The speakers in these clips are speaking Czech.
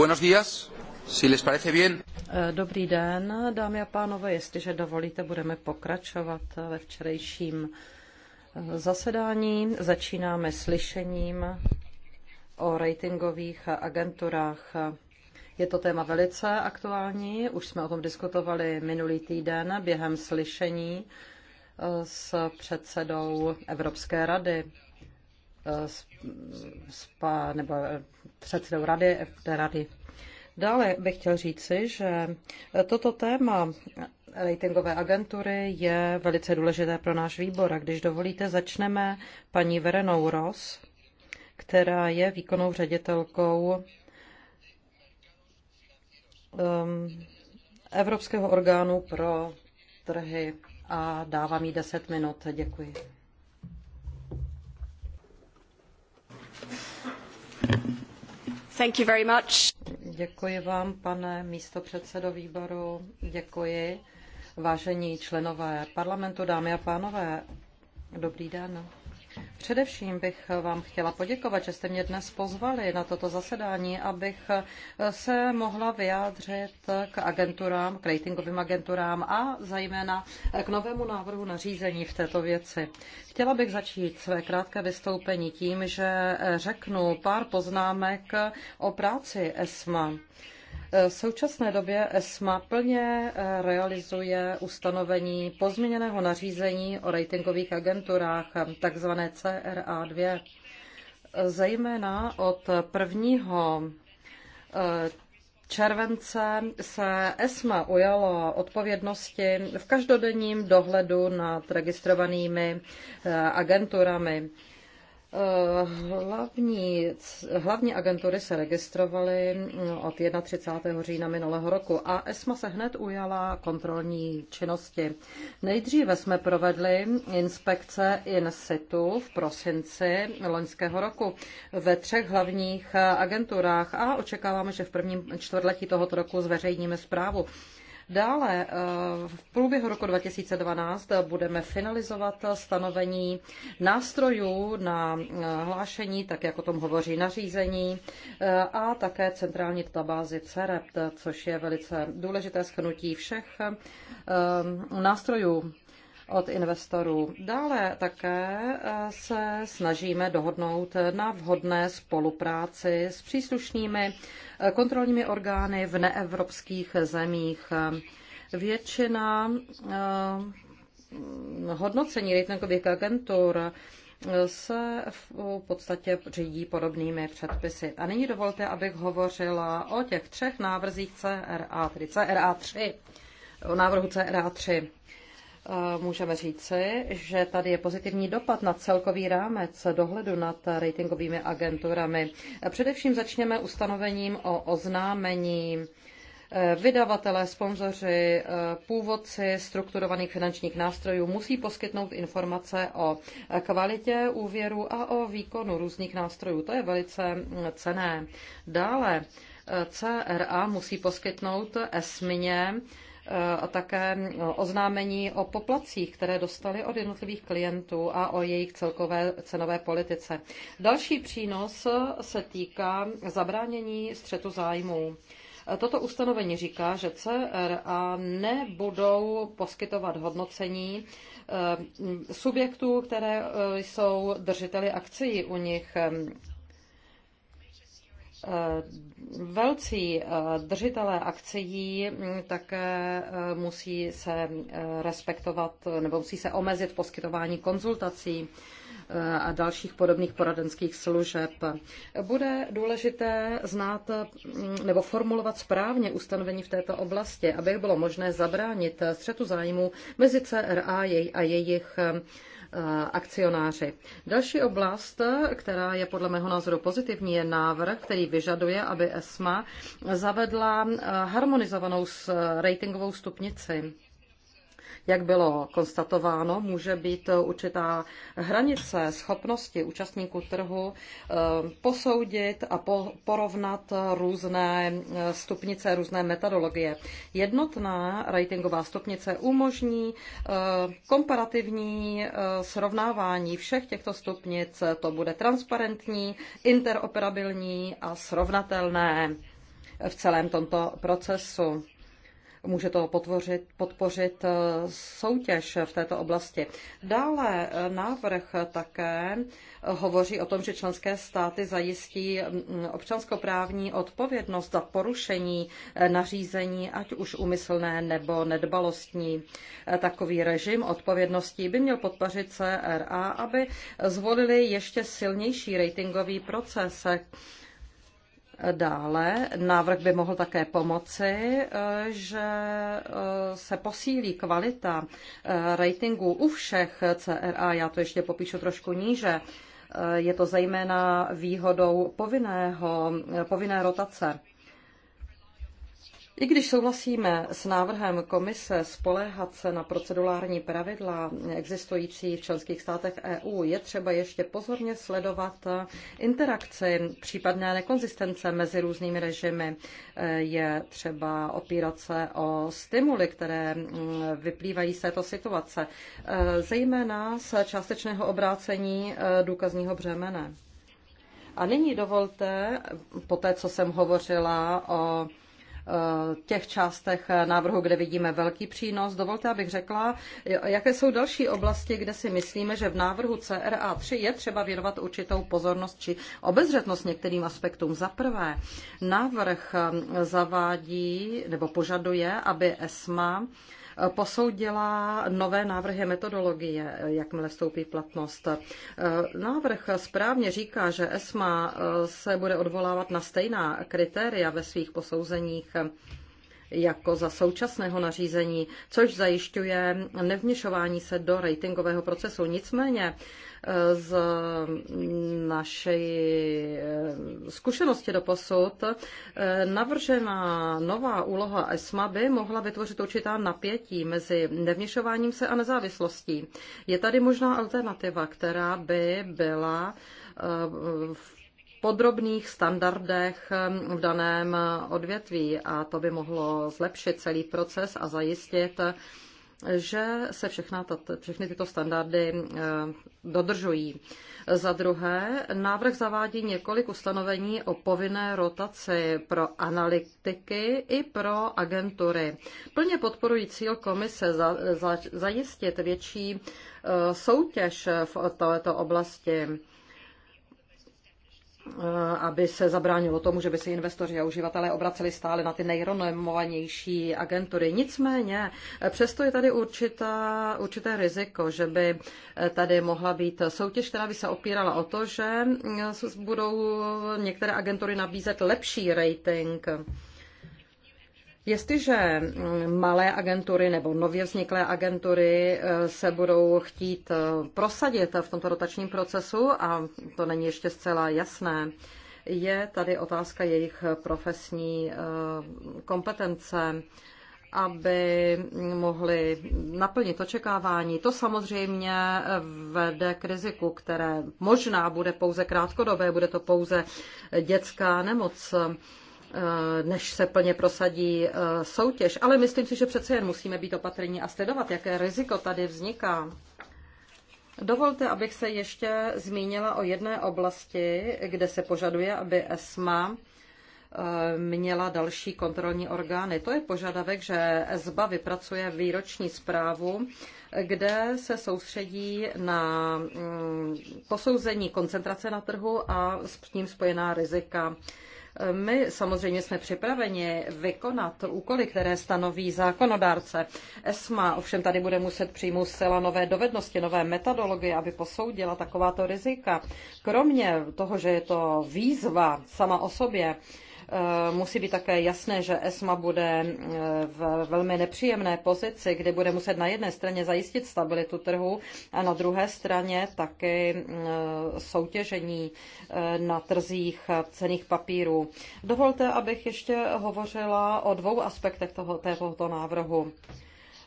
Buenos días, si les parece bien. Eh, dobrý den, dámy a pánové, jestliže dovolíte, budeme pokračovat ve včerejším eh, zasedání. Začínáme slyšením o ratingových agenturách. Je to téma velice aktuální, už jsme o tom diskutovali minulý týden během slyšení eh, s předsedou Evropské rady spa, nebo předsedou rady, rady. Dále bych chtěl říci, že toto téma ratingové agentury je velice důležité pro náš výbor. A když dovolíte, začneme paní Verenou Ross, která je výkonnou ředitelkou um, Evropského orgánu pro trhy a dávám jí 10 minut. Děkuji. Děkuji vám, pane místopředsedo výboru. Děkuji. Vážení členové parlamentu, dámy a pánové, dobrý den. Především bych vám chtěla poděkovat, že jste mě dnes pozvali na toto zasedání, abych se mohla vyjádřit k agenturám, k ratingovým agenturám a zejména k novému návrhu nařízení v této věci. Chtěla bych začít své krátké vystoupení tím, že řeknu pár poznámek o práci ESMA. V současné době ESMA plně eh, realizuje ustanovení pozměněného nařízení o ratingových agenturách, eh, takzvané CRA 2. Zejména od 1. Eh, července se ESMA ujala odpovědnosti v každodenním dohledu nad registrovanými agenturami. Hlavní, hlavní agentury se registrovaly mm, od 31. října minulého roku a ESMA se hned ujala kontrolní činnosti. Nejdříve jsme provedli inspekce in situ v prosinci loňského roku ve třech hlavních agenturách a očekáváme, že v prvním čtvrtletí tohoto roku zveřejníme zprávu Dále eh, v průběhu roku 2012 budeme finalizovat stanovení nástrojů na eh, hlášení, tak jak o tom hovoří nařízení, eh, a také centrální databázi CEREPT, což je velice důležité schnutí všech nástrojů od investorů. Dále také eh, se snažíme dohodnout na vhodné spolupráci s příslušnými eh, kontrolními orgány v neevropských zemích. Většina eh, hodnocení ratingových agentur se v podstatě řídí podobnými předpisy. A nyní dovolte, abych hovořila o těch třech návrzích CRA, tedy CRA 3, o návrhu CRA 3. Eh, můžeme říci, že tady je pozitivní dopad na celkový rámec dohledu nad ratingovými agenturami. Především začněme ustanovením o oznámení eh, Vydavatelé, sponzoři, eh, původci strukturovaných finančních nástrojů musí poskytnout informace o kvalitě úvěru a o výkonu různých nástrojů. To je velice mm, cené. Dále CRA musí poskytnout ESMINě a také oznámení o poplacích, které dostali od jednotlivých klientů a o jejich celkové cenové politice. Další přínos se týká zabránění střetu zájmů. Toto ustanovení říká, že CRA nebudou poskytovat hodnocení eh, subjektů, které eh, jsou držiteli akcií u nich. Eh, velcí eh, držitelé akcií mm, také eh, musí se respektovat nebo musí se omezit v poskytování konzultací a dalších podobných poradenských služeb. Bude důležité znát mm, nebo formulovat správně ustanovení v této oblasti, aby bylo možné zabránit střetu zájmu mezi CRA a jejich Eh, akcionáři. Další oblast, která je podle mého názoru pozitivní, je návrh, který vyžaduje, aby ESMA zavedla eh, harmonizovanou eh, ratingovou stupnici. Jak bylo konstatováno, může být určitá hranice schopnosti účastníků trhu eh, posoudit a porovnat různé eh, stupnice, různé metodologie. Jednotná ratingová stupnice umožní eh, komparativní srovnávání všech těchto stupnic. To bude transparentní, interoperabilní a srovnatelné v celém tomto procesu. Může to potvořit, podpořit eh, soutěž v této oblasti. Dále eh, návrh také eh, hovoří o tom, že členské státy zajistí mm, mm, občanskoprávní odpovědnost za porušení nařízení, ať už úmyslné nebo nedbalostní. Takový režim odpovědností by měl podpořit CRA, aby zvolili ještě silnější ratingový proces, Dále návrh by mohl také pomoci, e, že e, se posílí kvalita e, ratingu u všech CRA, já to ještě popíšu trošku níže. Je to zejména výhodou povinného, povinné rotace. I když souhlasíme s návrhem komise spoléhat se na procedurální pravidla existující v členských státech EU, je třeba ještě pozorně sledovat interakci, případné nekonzistence mezi různými režimy. Je třeba opírat se o stimuly, které mm, vyplývají z této situace, e, zejména z částečného obrácení e, důkazního břemene. A nyní dovolte, po té, co jsem hovořila o Eh, těch částech návrhu, kde vidíme velký přínos. Dovolte, abych řekla, jaké jsou další oblasti, kde si myslíme, že v návrhu CRA 3 je třeba věnovat určitou pozornost či obezřetnost některým aspektům. Za prvé, návrh eh, zavádí nebo požaduje, aby ESMA posoudila nové návrhy metodologie, jakmile vstoupí platnost. Návrh správně říká, že ESMA se bude odvolávat na stejná kritéria ve svých posouzeních jako za současného nařízení, což zajišťuje nevměšování se do ratingového procesu. Nicméně z naší eh, zkušenosti do posud, eh, navržená nová úloha ESMA by mohla vytvořit určitá napětí mezi nevněšováním se a nezávislostí. Je tady možná alternativa, která by byla eh, v podrobných standardech v daném odvětví a to by mohlo zlepšit celý proces a zajistit že se všechna tato, všechny tyto standardy eh, dodržují. Za druhé, návrh zavádí několik ustanovení o povinné rotaci pro analytiky i pro agentury. Plně podporují cíl komise za, za, zajistit větší eh, soutěž v této oblasti. Eh, aby se zabránilo tomu, že by se investoři a uživatelé obraceli stále na ty nejrenomovanější agentury. Nicméně, eh, přesto je tady určitá, určité riziko, že by eh, tady mohla být soutěž, která by se opírala o to, že mm, budou některé agentury nabízet lepší rating Jestliže mm, malé agentury nebo nově vzniklé agentury eh, se budou chtít eh, prosadit v tomto rotačním procesu, a to není ještě zcela jasné, je tady otázka jejich profesní eh, kompetence, aby mohli naplnit očekávání. To samozřejmě vede k riziku, které možná bude pouze krátkodobé, bude to pouze dětská nemoc, Eh, než se plně prosadí eh, soutěž. Ale myslím si, že přece jen musíme být opatrní a sledovat, jaké riziko tady vzniká. Dovolte, abych se ještě zmínila o jedné oblasti, kde se požaduje, aby ESMA eh, měla další kontrolní orgány. To je požadavek, že ESBA vypracuje výroční zprávu, kde se soustředí na mm, posouzení koncentrace na trhu a s tím spojená rizika. My samozřejmě jsme připraveni vykonat úkoly, které stanoví zákonodárce. ESMA ovšem tady bude muset přijmout zcela nové dovednosti, nové metodologie, aby posoudila takováto rizika. Kromě toho, že je to výzva sama o sobě, Eh, musí být také jasné, že ESMA bude eh, v velmi nepříjemné pozici, kdy bude muset na jedné straně zajistit stabilitu trhu a na druhé straně taky eh, soutěžení na trzích cených papírů. Dovolte, abych ještě hovořila o dvou aspektech toho, tohoto návrhu.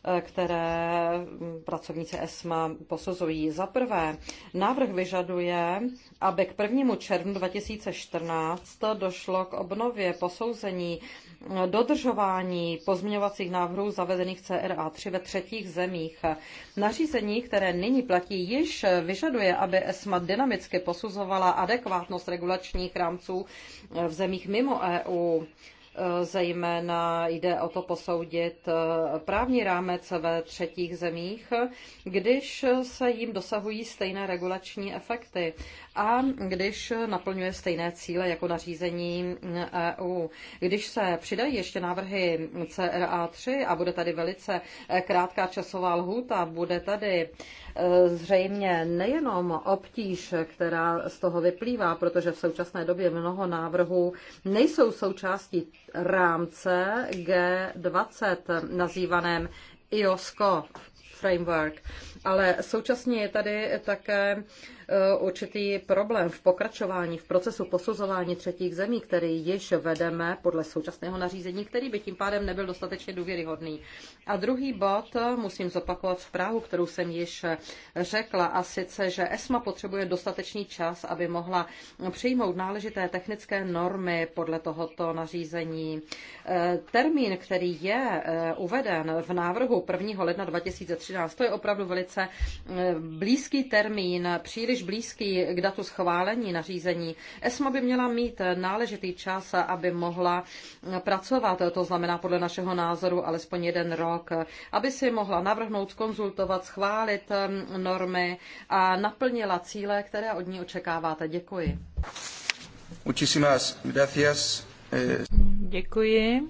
Eh, které mm, pracovníci ESMA posuzují. Za prvé, návrh vyžaduje, aby k 1. červnu 2014 došlo k obnově posouzení eh, dodržování pozměňovacích návrhů zavedených CRA3 ve třetích zemích. Nařízení, které nyní platí, již vyžaduje, aby ESMA dynamicky posuzovala adekvátnost regulačních rámců eh, v zemích mimo EU. Eh, zejména jde o to posoudit eh, právní rámec ve třetích zemích, když se jim dosahují stejné regulační efekty a když naplňuje stejné cíle jako nařízení EU. Když se přidají ještě návrhy CRA3 a bude tady velice eh, krátká časová lhůta, bude tady eh, zřejmě nejenom obtíž, která z toho vyplývá, protože v současné době mnoho návrhů nejsou součástí rámce G20 nazývaném IOSCO framework, ale současně je tady také Eh, určitý problém v pokračování, v procesu posuzování třetích zemí, který již vedeme podle současného nařízení, který by tím pádem nebyl dostatečně důvěryhodný. A druhý bod musím zopakovat zprávu, kterou jsem již řekla, a sice, že ESMA potřebuje dostatečný čas, aby mohla přijmout náležité technické normy podle tohoto nařízení. Eh, termín, který je eh, uveden v návrhu 1. ledna 2013, to je opravdu velice blízký termín, příliš příliš blízký k datu schválení nařízení. ESMA by měla mít náležitý čas, aby mohla pracovat, to znamená podle našeho názoru alespoň jeden rok, aby si mohla navrhnout, konzultovat, schválit um, normy a naplnila cíle, které od ní očekáváte. Děkuji. Muchísimas gracias. Eh, Děkuji.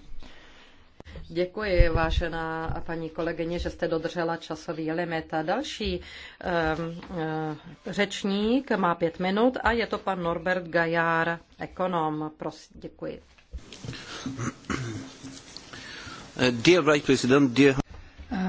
Děkuji, vážená paní kolegyně, že jste dodržela časový limit. Další ehm, eh, řečník má pět minut a je to pan Norbert Gajár, ekonom. Prosím, děkuji. Dear Vice President, dear...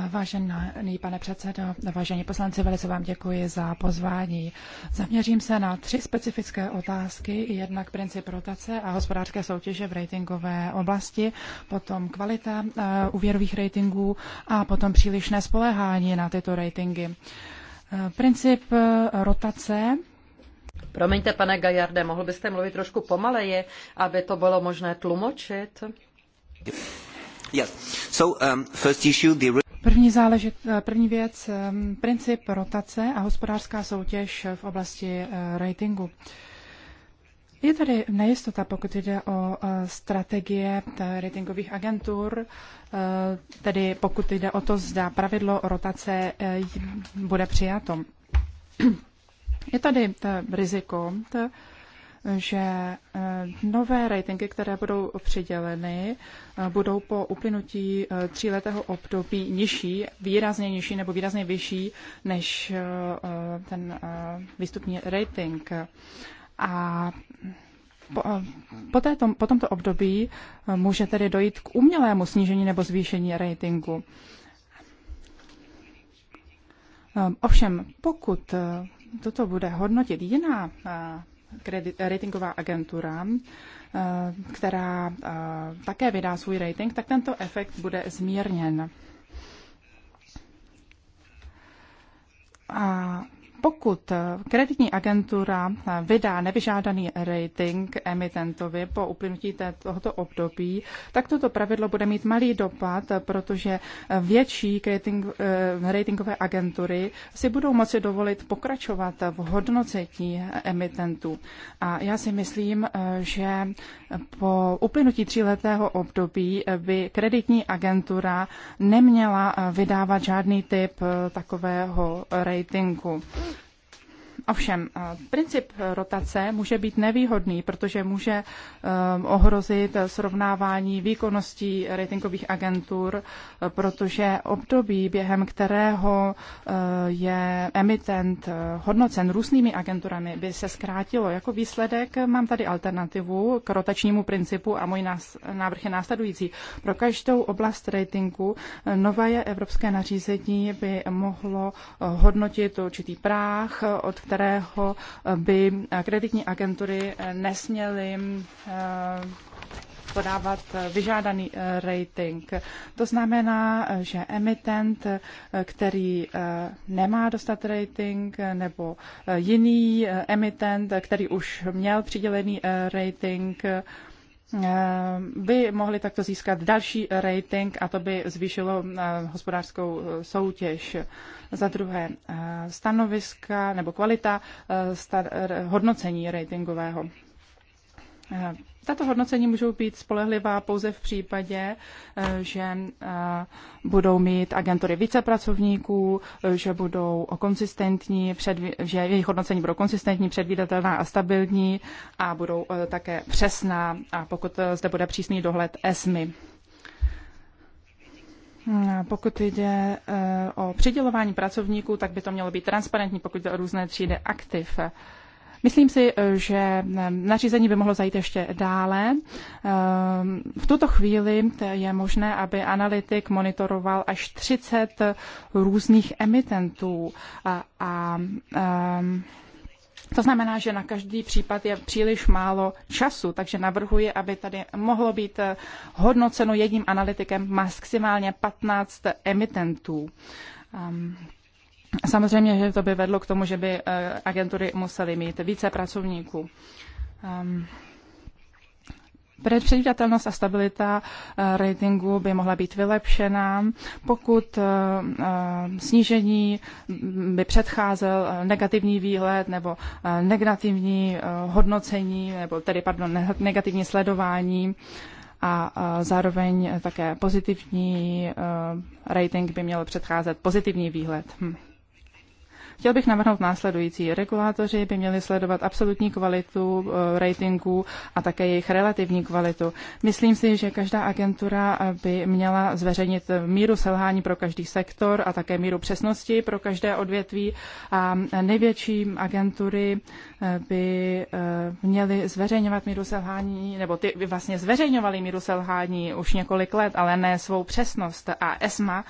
Vážený pane předsedo, vážení poslanci, velice vám děkuji za pozvání. Zaměřím se na tři specifické otázky, jednak princip rotace a hospodářské soutěže v ratingové oblasti, potom kvalita eh, úvěrových ratingů a potom přílišné spoléhání na tyto ratingy. Eh, princip eh, rotace Promiňte, pane Gajarde, mohl byste mluvit trošku pomaleji, aby to bylo možné tlumočit? Yes. So, um, first issue, the První, záležit, eh, první věc, ehm, princip rotace a hospodářská soutěž v oblasti eh, ratingu. Je tady nejistota, pokud jde o eh, strategie ratingových agentur, tedy pokud jde o to, zda pravidlo rotace bude přijato. Je tady riziko, že eh, nové ratingy, které budou přiděleny, eh, budou po uplynutí eh, tříletého období nižší, výrazně nižší nebo výrazně vyšší než ten výstupní rating. A po, po, této, po tomto období může tedy dojít k umělému snížení nebo zvýšení ratingu. Ovšem, pokud toto bude hodnotit jiná kredit, ratingová agentura, eh, která eh, také vydá svůj rating, tak tento efekt bude zmírněn. A pokud kreditní agentura vydá nevyžádaný rating emitentovi po uplynutí tohoto období, tak toto pravidlo bude mít malý dopad, protože větší rating, eh, ratingové agentury si budou moci dovolit pokračovat v hodnocení emitentů. A já si myslím, eh, že po uplynutí tříletého období by kreditní agentura neměla vydávat žádný typ eh, takového ratingu. Ovšem, eh, princip rotace může být nevýhodný, protože může eh, ohrozit srovnávání výkonností ratingových agentur, eh, protože období, během kterého je emitent hodnocen různými agenturami, by se zkrátilo. Jako výsledek mám tady alternativu k rotačnímu principu a můj návrh je následující. Pro každou oblast ratingu nové evropské nařízení by mohlo hodnotit určitý práh, od kterého by kreditní agentury nesměly eh, podávat vyžádaný eh, rating. To znamená, že emitent, eh, který nemá dostat rating, nebo jiný emitent, který už měl přidělený rating, by mohli takto získat další rating a to by zvýšilo eh, hospodářskou eh, soutěž. Za druhé, eh, stanoviska nebo kvalita hodnocení ratingového. Tato hodnocení můžou být spolehlivá pouze v případě, eh, že eh, budou mít agentury více pracovníků, eh, že budou konsistentní, že jejich hodnocení budou konsistentní, předvídatelná a stabilní a budou také přesná, a pokud zde bude přísný dohled ESMI. Hmm, pokud jde o přidělování pracovníků, tak by to mělo být transparentní, pokud jde o různé třídy aktiv. Myslím si, eh, že eh, nařízení by mohlo zajít ještě dále. Eh, v tuto chvíli je možné, aby analytik monitoroval až 30 různých emitentů a, a, a to znamená, že na každý případ je příliš málo času, takže navrhuji, aby tady mohlo být hodnoceno jedním analytikem maximálně 15 emitentů. Ehm, Samozřejmě, že to by vedlo k tomu, že by eh, agentury musely mít více pracovníků. Um, Předvídatelnost a stabilita eh, ratingu by mohla být vylepšena, pokud eh, snížení by předcházel negativní výhled nebo negativní hodnocení, nebo tedy, pardon, negativní sledování a zároveň také pozitivní rating by měl předcházet pozitivní výhled. Hm. Chtěl bych navrhnout následující. Regulátoři by měli sledovat absolutní kvalitu eh, ratingů a také jejich relativní kvalitu. Myslím si, že každá agentura eh, by měla zveřejnit míru selhání pro každý sektor a také míru přesnosti pro každé odvětví a největší agentury eh, by měly zveřejňovat míru selhání, nebo ty by vlastně zveřejňovaly míru selhání už několik let, ale ne svou přesnost. A ESMA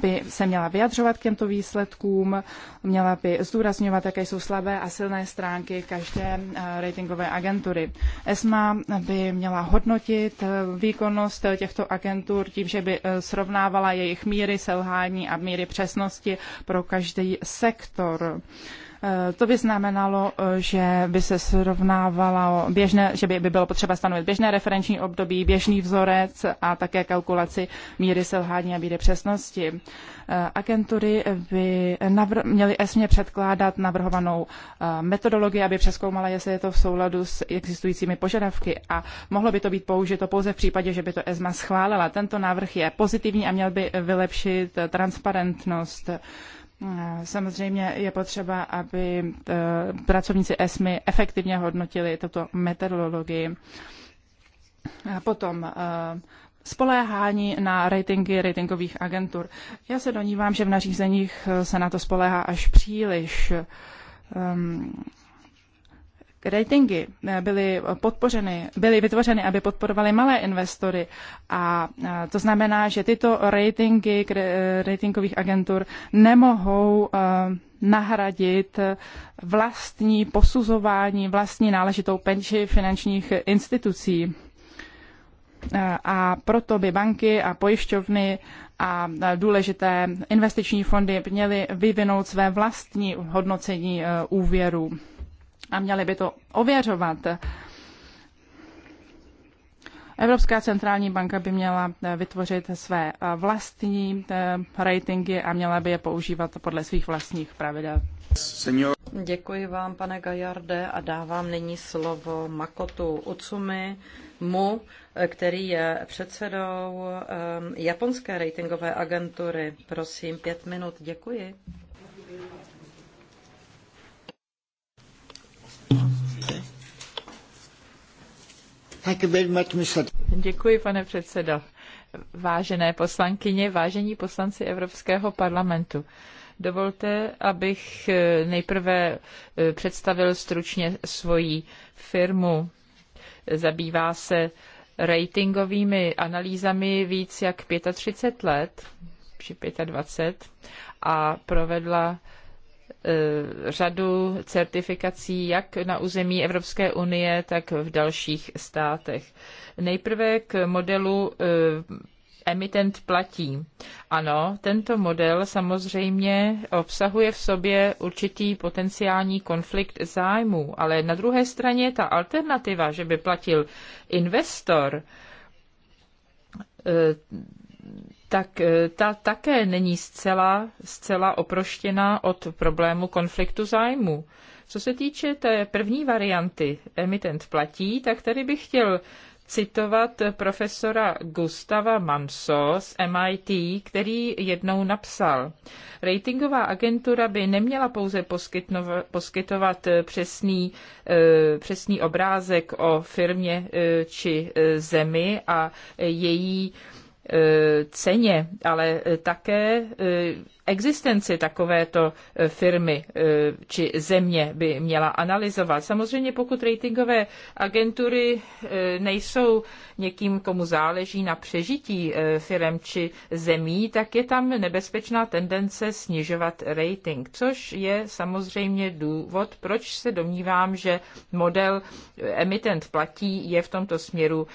by se měla vyjadřovat k těmto výsledkům, měla aby zdůrazňovat, jaké jsou slabé a silné stránky každé eh, ratingové agentury. ESMA by měla hodnotit eh, výkonnost eh, těchto agentur tím, že by srovnávala jejich míry selhání a míry přesnosti pro každý sektor. Uh, Eh, to by znamenalo, eh, že by se srovnávalo běžné, že by, by bylo potřeba stanovit běžné referenční období, běžný vzorec a také kalkulaci míry selhání a míry přesnosti. Eh, agentury by navr- měly ESMě předkládat navrhovanou metodologii, aby přeskoumala, jestli je to v souladu s existujícími požadavky a mohlo by to být použito pouze v případě, že by to ESMA schválila. Tento návrh je pozitivní a měl by vylepšit transparentnost Eh, samozřejmě je potřeba, aby eh, pracovníci ESMI efektivně hodnotili tuto metodologii. A potom eh, spoléhání na ratingy ratingových agentur. Já se donívám, že v nařízeních se na to spoléhá až příliš. Ehm, ratingy eh, byly podpořeny, byly vytvořeny, aby podporovaly malé investory a eh, to znamená, že tyto ratingy eh, ratingových agentur nemohou nahradit vlastní posuzování, vlastní náležitou penči finančních institucí. A proto by banky a pojišťovny a důležité investiční fondy měly vyvinout své vlastní hodnocení úvěru a měli by to ověřovat. Evropská centrální banka by měla eh, vytvořit své eh, vlastní eh, ratingy a měla by je používat podle svých vlastních pravidel. Děkuji vám, pane Gajarde, a dávám nyní slovo Makotu Utsumi Mu, který je předsedou japonské ratingové agentury. Prosím, pět minut. Děkuji. Děkuji, pane předsedo. Vážené poslankyně, vážení poslanci Evropského parlamentu. Dovolte, abych eh, nejprve eh, představil stručně svoji firmu. Zabývá se ratingovými analýzami víc jak 35 let, či 25, a provedla Eh, řadu certifikací jak na území Evropské unie, tak v dalších státech. Nejprve k modelu eh, emitent platí. Ano, tento model samozřejmě obsahuje v sobě určitý potenciální konflikt zájmů, ale na druhé straně ta alternativa, že by platil investor, eh, tak eh, ta také není zcela, zcela oproštěná od problému konfliktu zájmu. Co se týče té první varianty, emitent platí, tak tady bych chtěl citovat profesora Gustava Manso z MIT, který jednou napsal, ratingová agentura by neměla pouze poskytovat eh, přesný, eh, přesný obrázek o firmě či zemi a její Eh, ceně, ale eh, také eh, existenci takovéto firmy či země by měla analyzovat. Samozřejmě pokud ratingové agentury nejsou někým, komu záleží na přežití firm či zemí, tak je tam nebezpečná tendence snižovat rating, což je samozřejmě důvod, proč se domnívám, že model emitent platí je v tomto směru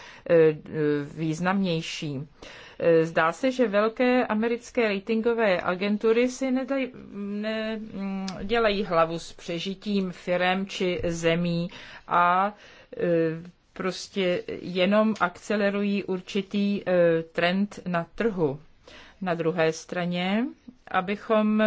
významnější. Eh, zdá se, že velké americké ratingové agentury si nedaj, nedělají mm, hlavu s přežitím firem či zemí a eh, prostě jenom akcelerují určitý eh, trend na trhu. Na druhé straně, abychom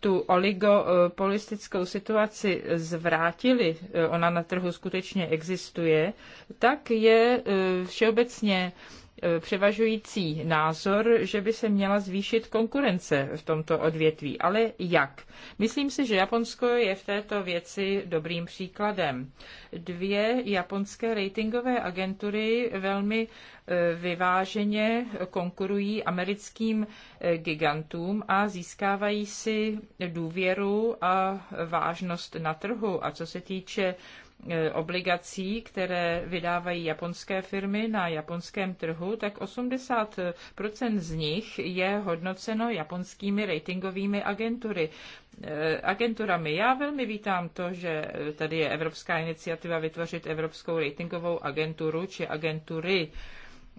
tu oligopolistickou situaci zvrátili, ona na trhu skutečně existuje, tak je všeobecně Eh, převažující názor, že by se měla zvýšit konkurence v tomto odvětví. Ale jak? Myslím si, že Japonsko je v této věci dobrým příkladem. Dvě japonské ratingové agentury velmi eh, vyváženě konkurují americkým eh, gigantům a získávají si důvěru a vážnost na trhu. A co se týče Eh, obligací, které vydávají japonské firmy na japonském trhu, tak 80% z nich je hodnoceno japonskými ratingovými agentury, eh, agenturami. Já velmi vítám to, že tady je evropská iniciativa vytvořit Evropskou ratingovou agenturu či agentury.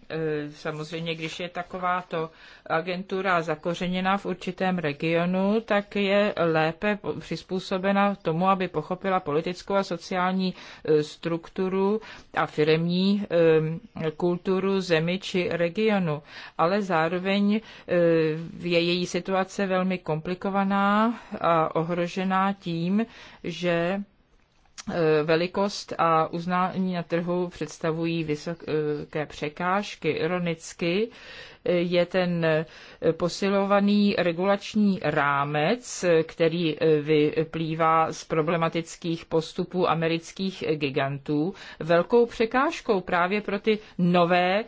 Eh, samozřejmě, když je takováto agentura zakořeněná v určitém regionu, tak je lépe přizpůsobena tomu, aby pochopila politickou a sociální eh, strukturu a firemní eh, kulturu zemi či regionu. Ale zároveň je její situace velmi komplikovaná a ohrožená tím, že Eh, velikost a uznání na trhu představují vysoké překážky. Ironicky eh, je ten eh, posilovaný regulační rámec, který vyplývá z problematických postupů amerických gigantů, velkou překážkou právě pro ty nové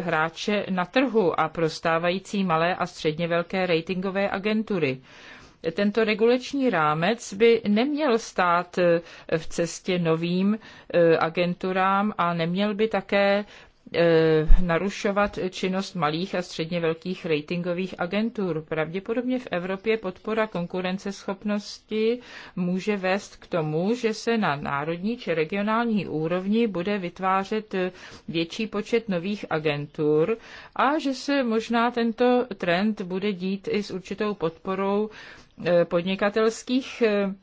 hráče na trhu a pro stávající malé a středně velké ratingové agentury. Tento regulační rámec by neměl stát eh, v cestě novým eh, agenturám a neměl by také eh, narušovat činnost malých a středně velkých ratingových agentur. Pravděpodobně v Evropě podpora konkurenceschopnosti může vést k tomu, že se na národní či regionální úrovni bude vytvářet větší počet nových agentur a že se možná tento trend bude dít i s určitou podporou E, podnikatelských e,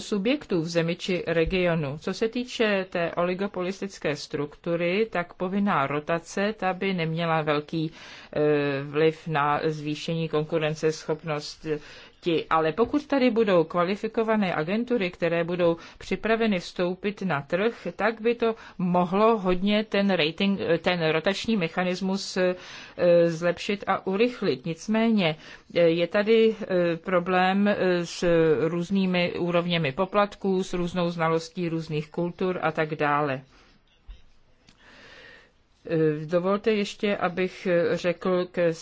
subjektů v zemi či regionu. Co se týče té oligopolistické struktury, tak povinná rotace ta by neměla velký e, vliv na zvýšení konkurenceschopnosti ti. Ale pokud tady budou kvalifikované agentury, které budou připraveny vstoupit na trh, tak by to mohlo hodně ten rating, ten rotační mechanismus eh, zlepšit a urychlit. Nicméně eh, je tady eh, problém s různými úrovněmi poplatků, s různou znalostí různých kultur a tak dále. Eh, dovolte ještě, abych řekl k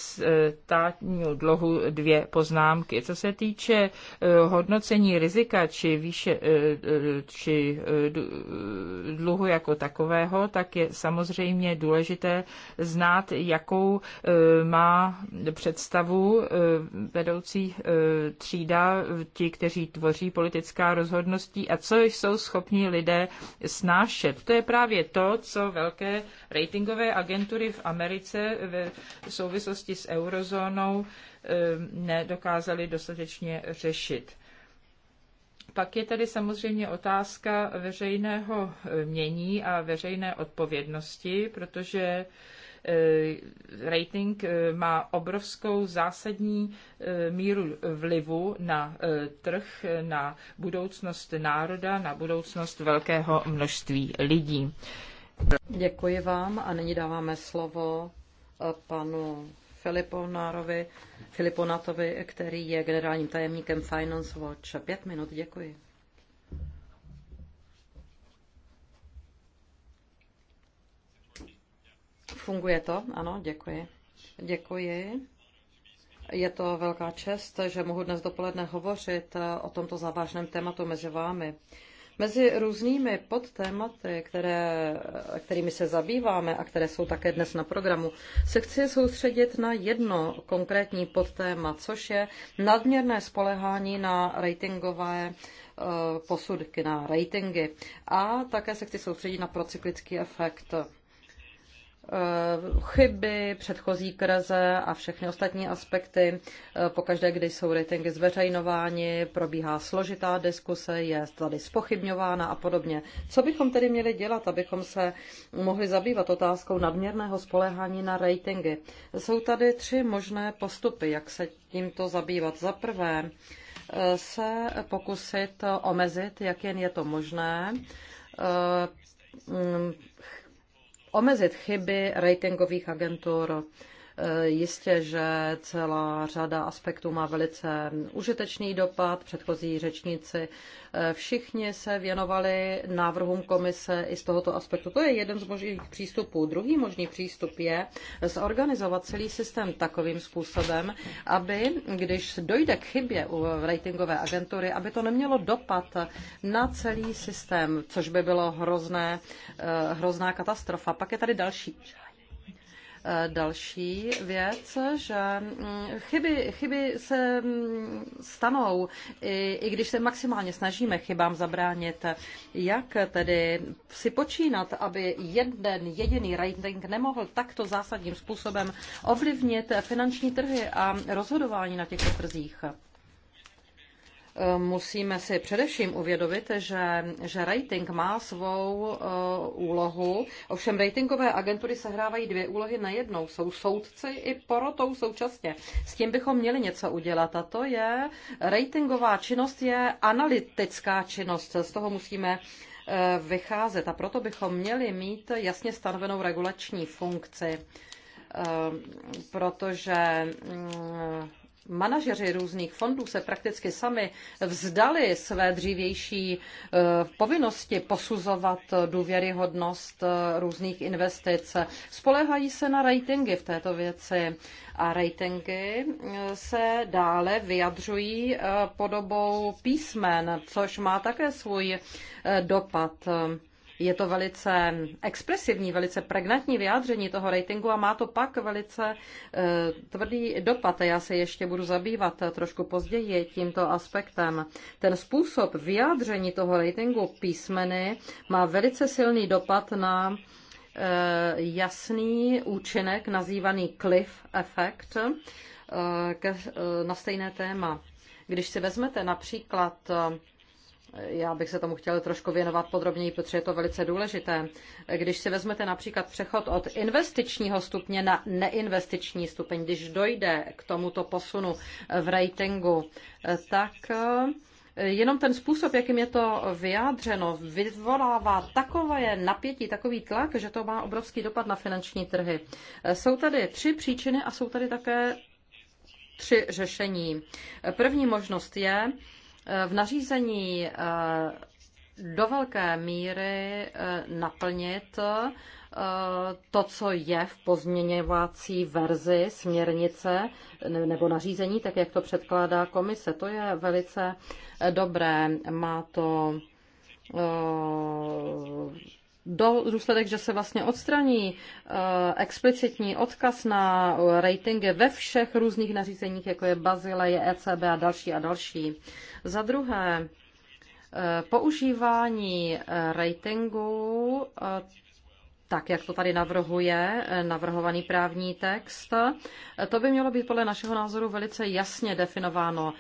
státnímu dluhu dvě poznámky. Co se týče eh, hodnocení rizika či, výše, eh, či dluhu jako takového, tak je samozřejmě důležité znát, jakou má představu vedoucí třída, ti, kteří tvoří politická rozhodností a co jsou schopni lidé snášet. To je právě to, co velké ratingové ratingové agentury v Americe v souvislosti s eurozónou eh, nedokázaly dostatečně řešit. Pak je tady samozřejmě otázka veřejného eh, mění a veřejné odpovědnosti, protože eh, rating má obrovskou zásadní míru vlivu na trh, na budoucnost národa, na budoucnost velkého množství lidí. Děkuji vám a nyní dáváme slovo eh, panu Filiponárovi, Filiponatovi, který je generálním tajemníkem Finance Watch. Pět minut, děkuji. Funguje to? Ano, děkuji. Děkuji. Je to velká čest, že mohu dnes dopoledne hovořit eh, o tomto závažném tématu mezi vámi. Mezi různými podtématy, které, kterými se zabýváme a které jsou také dnes na programu, se chci soustředit na jedno konkrétní podtéma, což je nadměrné spolehání na ratingové eh, posudky, na ratingy. A také se chci soustředit na procyklický efekt. Eh, chyby, předchozí krize a všechny ostatní aspekty. Eh, pokaždé, když jsou ratingy zveřejnováni, probíhá složitá diskuse, je tady spochybňována a podobně. Co bychom tedy měli dělat, abychom se mohli zabývat otázkou nadměrného spoléhání na ratingy? Jsou tady tři možné postupy, jak se tímto zabývat. Za prvé, eh, se pokusit omezit, jak jen je to možné, omezit chyby ratingových agentur. Eh, jistě, že celá řada aspektů má velice užitečný dopad. Předchozí řečníci eh, všichni se věnovali návrhům komise i z tohoto aspektu. To je jeden z možných přístupů. Druhý možný přístup je zorganizovat celý systém takovým způsobem, aby, když dojde k chybě u ratingové agentury, aby to nemělo dopad na celý systém, což by bylo hrozné, eh, hrozná katastrofa. Pak je tady další Eh, další věc, že mm, chyby, chyby se mm, stanou, i, i když se maximálně snažíme chybám zabránit. Jak tedy si počínat, aby jeden jediný rating nemohl takto zásadním způsobem ovlivnit finanční trhy a rozhodování na těchto trzích? Eh, musíme si především uvědomit, že, že rating má svou uh, úlohu. Ovšem ratingové agentury sehrávají dvě úlohy na jednou. Jsou soudci i porotou současně. S tím bychom měli něco udělat. A to je, ratingová činnost je analytická činnost. Z toho musíme uh, vycházet. A proto bychom měli mít jasně stanovenou regulační funkci. Uh, protože uh, manažeři různých fondů se prakticky sami vzdali své dřívější eh, povinnosti posuzovat důvěryhodnost eh, různých investic. Spolehají se na ratingy v této věci a ratingy eh, se dále vyjadřují podobou písmen, což má také svůj dopad. Je to velice expresivní, velice pregnantní vyjádření toho ratingu a má to pak velice eh, tvrdý dopad. Já se ještě budu zabývat trošku později tímto aspektem. Ten způsob vyjádření toho ratingu písmeny má velice silný dopad na eh, jasný účinek nazývaný cliff effect eh, na stejné téma. Když si vezmete například já bych se tomu chtěla trošku věnovat podrobněji, protože je to velice důležité. Když si vezmete například přechod od investičního stupně na neinvestiční stupeň, když dojde k tomuto posunu v ratingu, tak eh, jenom ten způsob, jakým je to vyjádřeno, vyvolává takové napětí, takový tlak, že to má obrovský dopad na finanční trhy. Eh, jsou tady tři příčiny a jsou tady také tři řešení. První možnost je, Eh, v nařízení eh, do velké míry eh, naplnit to, co je v pozměňovací verzi směrnice nebo nařízení, tak jak to předkládá komise. To je velice dobré. Má to do důsledek, že se vlastně odstraní explicitní odkaz na ratingy ve všech různých nařízeních, jako je Bazile, je ECB a další a další. Za druhé, eh, používání eh, ratingu, eh, tak jak to tady navrhuje navrhovaný právní text, to by mělo být podle našeho názoru velice jasně definováno.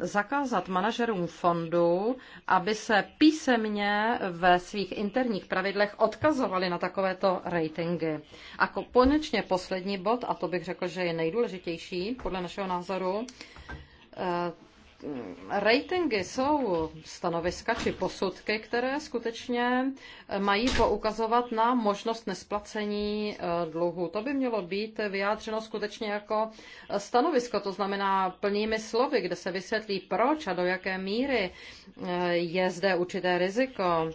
Zakázat manažerům fondu, aby se písemně ve svých interních pravidlech odkazovali na takovéto ratingy. A konečně poslední bod, a to bych řekl, že je nejdůležitější podle našeho názoru, ratingy jsou stanoviska či posudky, které skutečně eh, mají poukazovat na možnost nesplacení eh, dluhu. To by mělo být vyjádřeno skutečně jako eh, stanovisko, to znamená plnými slovy, kde se vysvětlí proč a do jaké míry je zde určité riziko.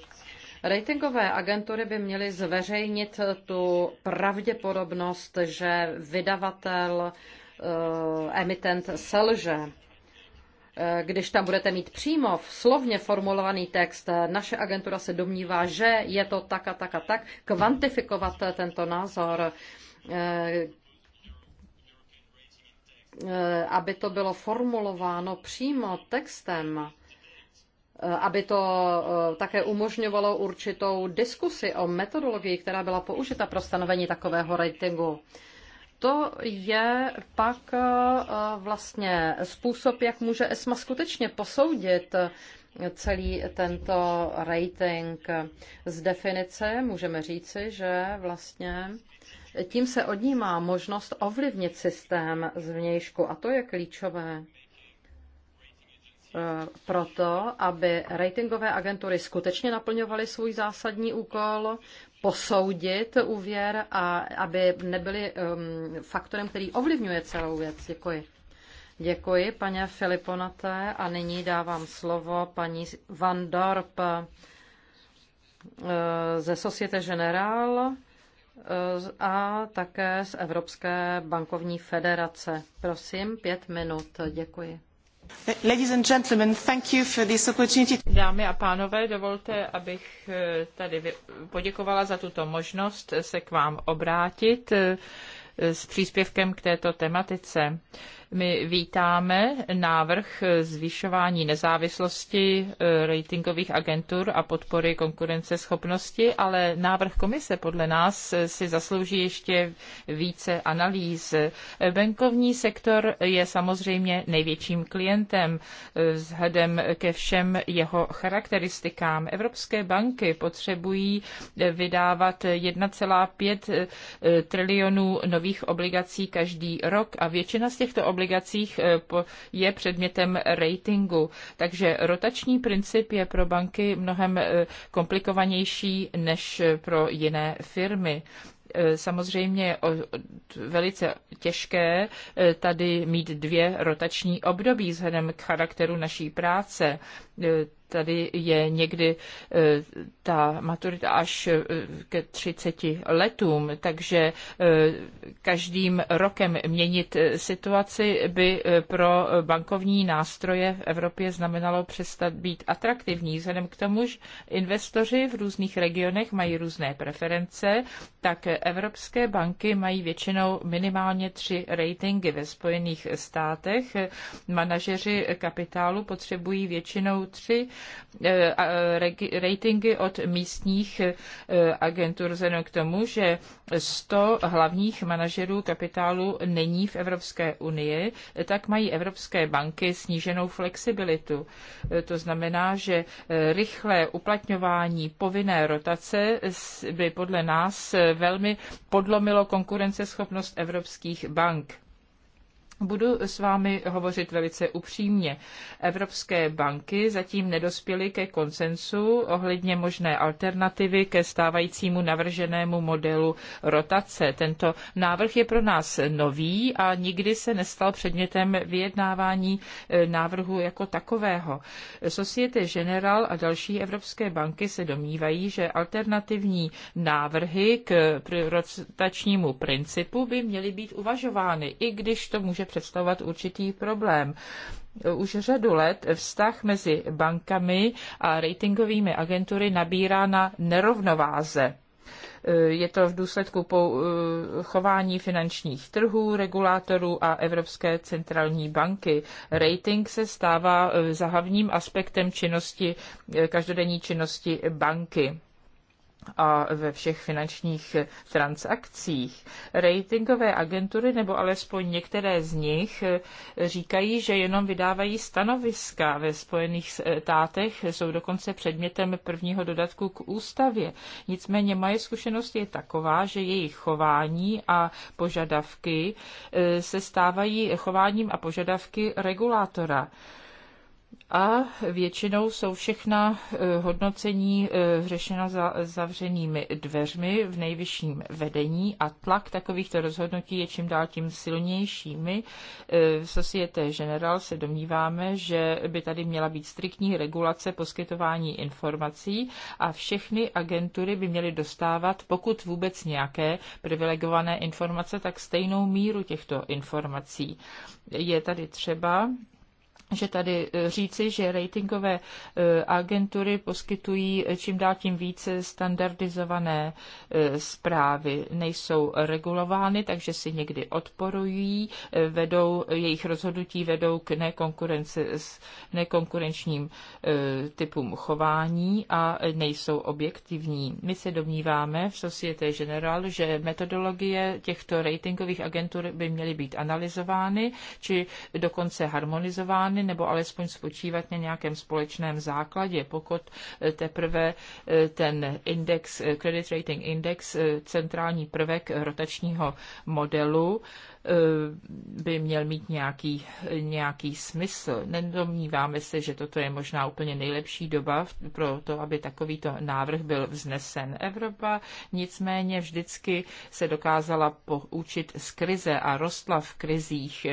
Ratingové agentury by měly zveřejnit tu pravděpodobnost, že vydavatel emitent selže. Eh, když tam budete mít přímo v slovně formulovaný text, eh, naše agentura se domnívá, že je to tak a tak a tak, kvantifikovat eh, tento názor, aby to bylo formulováno přímo textem, aby to také umožňovalo určitou diskusi o metodologii, která byla použita pro stanovení takového ratingu to je pak eh, vlastně způsob, jak může ESMA skutečně posoudit eh, celý tento rating. Z definice můžeme říci, že vlastně tím se odnímá možnost ovlivnit systém zvnějšku a to je klíčové eh, proto, aby ratingové agentury skutečně naplňovaly svůj zásadní úkol, posoudit úvěr a aby nebyly um, faktorem, který ovlivňuje celou věc. Děkuji. Děkuji, paně Filiponaté. A nyní dávám slovo paní Van Dorp eh, ze Societe General eh, a také z Evropské bankovní federace. Prosím, pět minut. Děkuji. Dámy a pánové, dovolte, abych eh, tady poděkovala za tuto možnost eh, se k vám obrátit eh, s příspěvkem k této tematice. My vítáme návrh zvyšování nezávislosti eh, ratingových agentur a podpory konkurenceschopnosti, ale návrh komise podle nás eh, si zaslouží ještě více analýz. Eh, bankovní sektor je samozřejmě největším klientem vzhledem ke všem jeho charakteristikám. Evropské banky potřebují vydávat 1,5 trilionů nových obligací každý rok a většina z těchto obligací obligacích eh, je předmětem ratingu. Takže rotační princip je pro banky mnohem eh, komplikovanější než eh, pro jiné firmy samozřejmě velice těžké tady mít dvě rotační období vzhledem k charakteru naší práce tady je někdy eh, ta maturita až eh, ke 30 letům, takže eh, každým rokem měnit situaci by pro bankovní nástroje v Evropě znamenalo přestat být atraktivní. Vzhledem k tomu, že investoři v různých regionech mají různé preference, tak evropské banky mají většinou minimálně tři ratingy ve Spojených státech. Manažeři kapitálu potřebují většinou tři Eh, ratingy od místních eh, agentur vzhledem k tomu, že 100 hlavních manažerů kapitálu není v Evropské unii, tak mají evropské banky sníženou flexibilitu. Eh, to znamená, že rychlé uplatňování povinné rotace by podle nás velmi podlomilo konkurenceschopnost evropských bank. Budu s vámi hovořit velice upřímně. Evropské banky zatím nedospěly ke konsensu ohledně možné alternativy ke stávajícímu navrženému modelu rotace. Tento návrh je pro nás nový a nikdy se nestal předmětem vyjednávání e, návrhu jako takového. Societe General a další evropské banky se domnívají, že alternativní návrhy k rotačnímu principu by měly být uvažovány, i když to může může představovat určitý problém už řadu let vztah mezi bankami a ratingovými agentury nabírá na nerovnováze. Je to v důsledku chování finančních trhů, regulátorů a Evropské centrální banky. Rating se stává eh, za hlavním aspektem činnosti, eh, každodenní činnosti banky a ve všech finančních transakcích. Ratingové agentury, nebo alespoň některé z nich, říkají, že jenom vydávají stanoviska. Ve Spojených státech jsou dokonce předmětem prvního dodatku k ústavě. Nicméně moje zkušenost je taková, že jejich chování a požadavky eh, se stávají chováním a požadavky regulátora a většinou jsou všechna eh, hodnocení eh, řešena za zavřenými dveřmi v nejvyšším vedení a tlak takovýchto rozhodnutí je čím dál tím silnějšími. Eh, v Societe General se domníváme, že by tady měla být striktní regulace poskytování informací a všechny agentury by měly dostávat, pokud vůbec nějaké privilegované informace, tak stejnou míru těchto informací. Je tady třeba že tady e, říci, že ratingové e, agentury poskytují e, čím dál tím více standardizované zprávy. Nejsou regulovány, takže si někdy odporují, vedou, jejich rozhodnutí vedou k nekonkurenčním typům chování a nejsou objektivní. My se domníváme v Societe General, že metodologie těchto ratingových agentur by měly být analyzovány či dokonce harmonizovány nebo alespoň spočívat na nějakém společném základě, pokud eh, teprve eh, ten index, eh, credit rating index, centrální prvek rotačního modelu, by měl mít nějaký, nějaký smysl. Nedomníváme se, že toto je možná úplně nejlepší doba pro to, aby takovýto návrh byl vznesen. Evropa nicméně vždycky se dokázala poučit z krize a rostla v krizích.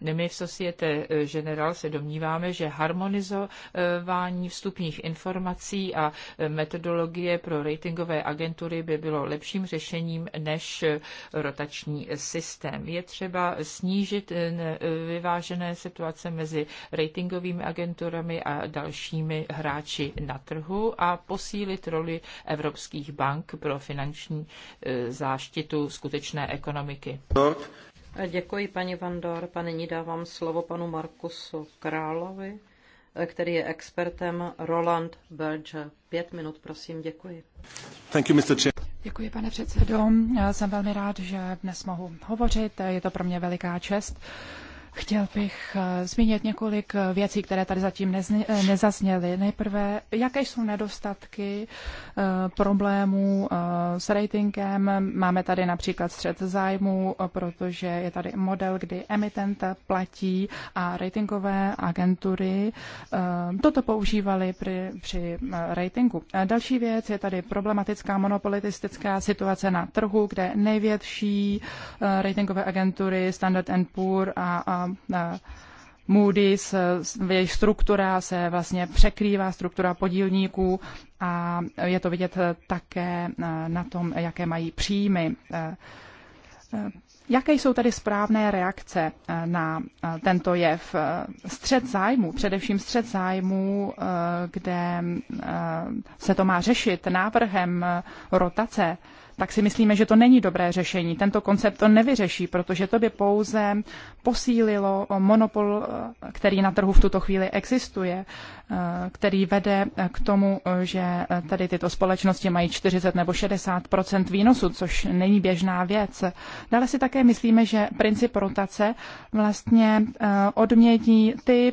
My v Societe General se domníváme, že harmonizování vstupních informací a metodologie pro ratingové agentury by bylo lepším řešením než rotační systém. Je třeba snížit eh, eh, vyvážené situace mezi ratingovými agenturami a dalšími hráči na trhu a posílit roli evropských bank pro finanční eh, záštitu skutečné ekonomiky. Děkuji, paní Vandor. A nyní dávám slovo panu Markusu Královi který je expertem Roland Berger. Pět minut, prosím, děkuji. Thank you, Mr. Chair. Děkuji, pane předsedo. Já jsem velmi rád, že dnes mohu hovořit. Je to pro mě veliká čest. Chtěl bych eh, zmínit několik eh, věcí, které tady zatím eh, nezazněly. Nejprve, jaké jsou nedostatky problémů s ratingem. Máme tady například střed zájmu, protože je tady model, kdy emitent platí a ratingové agentury toto používali při, při ratingu. Další věc je tady problematická monopolitistická situace na trhu, kde největší ratingové agentury Standard Poor a Moody's, jejich struktura se vlastně překrývá struktura podílníků a je to vidět eh, také eh, na tom, jaké mají příjmy. Eh, jaké jsou tedy správné reakce na tento jev? Střed zájmu, především střed zájmu, kde se to má řešit návrhem rotace tak si myslíme, že to není dobré řešení. Tento koncept to nevyřeší, protože to by pouze posílilo monopol, eh, který na trhu v tuto chvíli existuje. Eh, který vede eh, k tomu, eh, že tady tyto společnosti mají 40 nebo 60 výnosu, což není běžná věc. Dále si také myslíme, že princip rotace vlastně odmění ty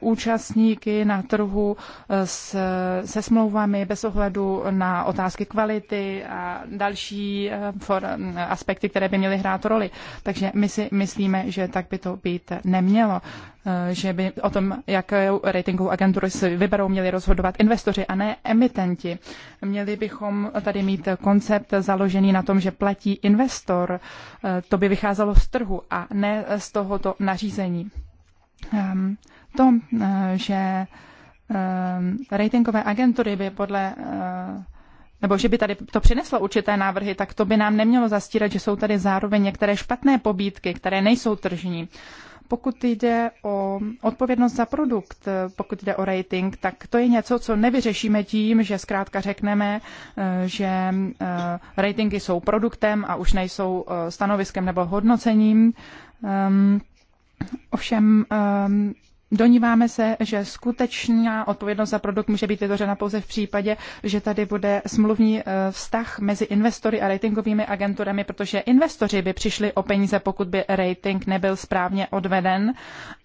účastníky na trhu s, se smlouvami bez ohledu na otázky kvality a další aspekty, které by měly hrát roli. Takže my si myslíme, že tak by to být nemělo. Eh, že by o tom, jakou ratingovou agenturu si vyberou, měli rozhodovat investoři a ne emitenti. Měli bychom tady mít koncept založený na tom, že platí investor. Eh, to by vycházelo z trhu a ne z tohoto nařízení. Ehm, to, eh, že ehm, ratingové agentury by podle nebo že by tady to přineslo určité návrhy, tak to by nám nemělo zastírat, že jsou tady zároveň některé špatné pobídky, které nejsou tržní. Uh, pokud jde o odpovědnost za produkt, pokud jde o rating, tak to je něco, co nevyřešíme tím, že zkrátka řekneme, eh, že eh, ratingy jsou produktem a už nejsou eh, stanoviskem nebo hodnocením. Ehm, ovšem ehm, Doníváme se, že skutečná odpovědnost za produkt může být vytvořena pouze v případě, že tady bude smluvní eh, vztah mezi investory a ratingovými agenturami, protože investoři by přišli o peníze, pokud by rating nebyl správně odveden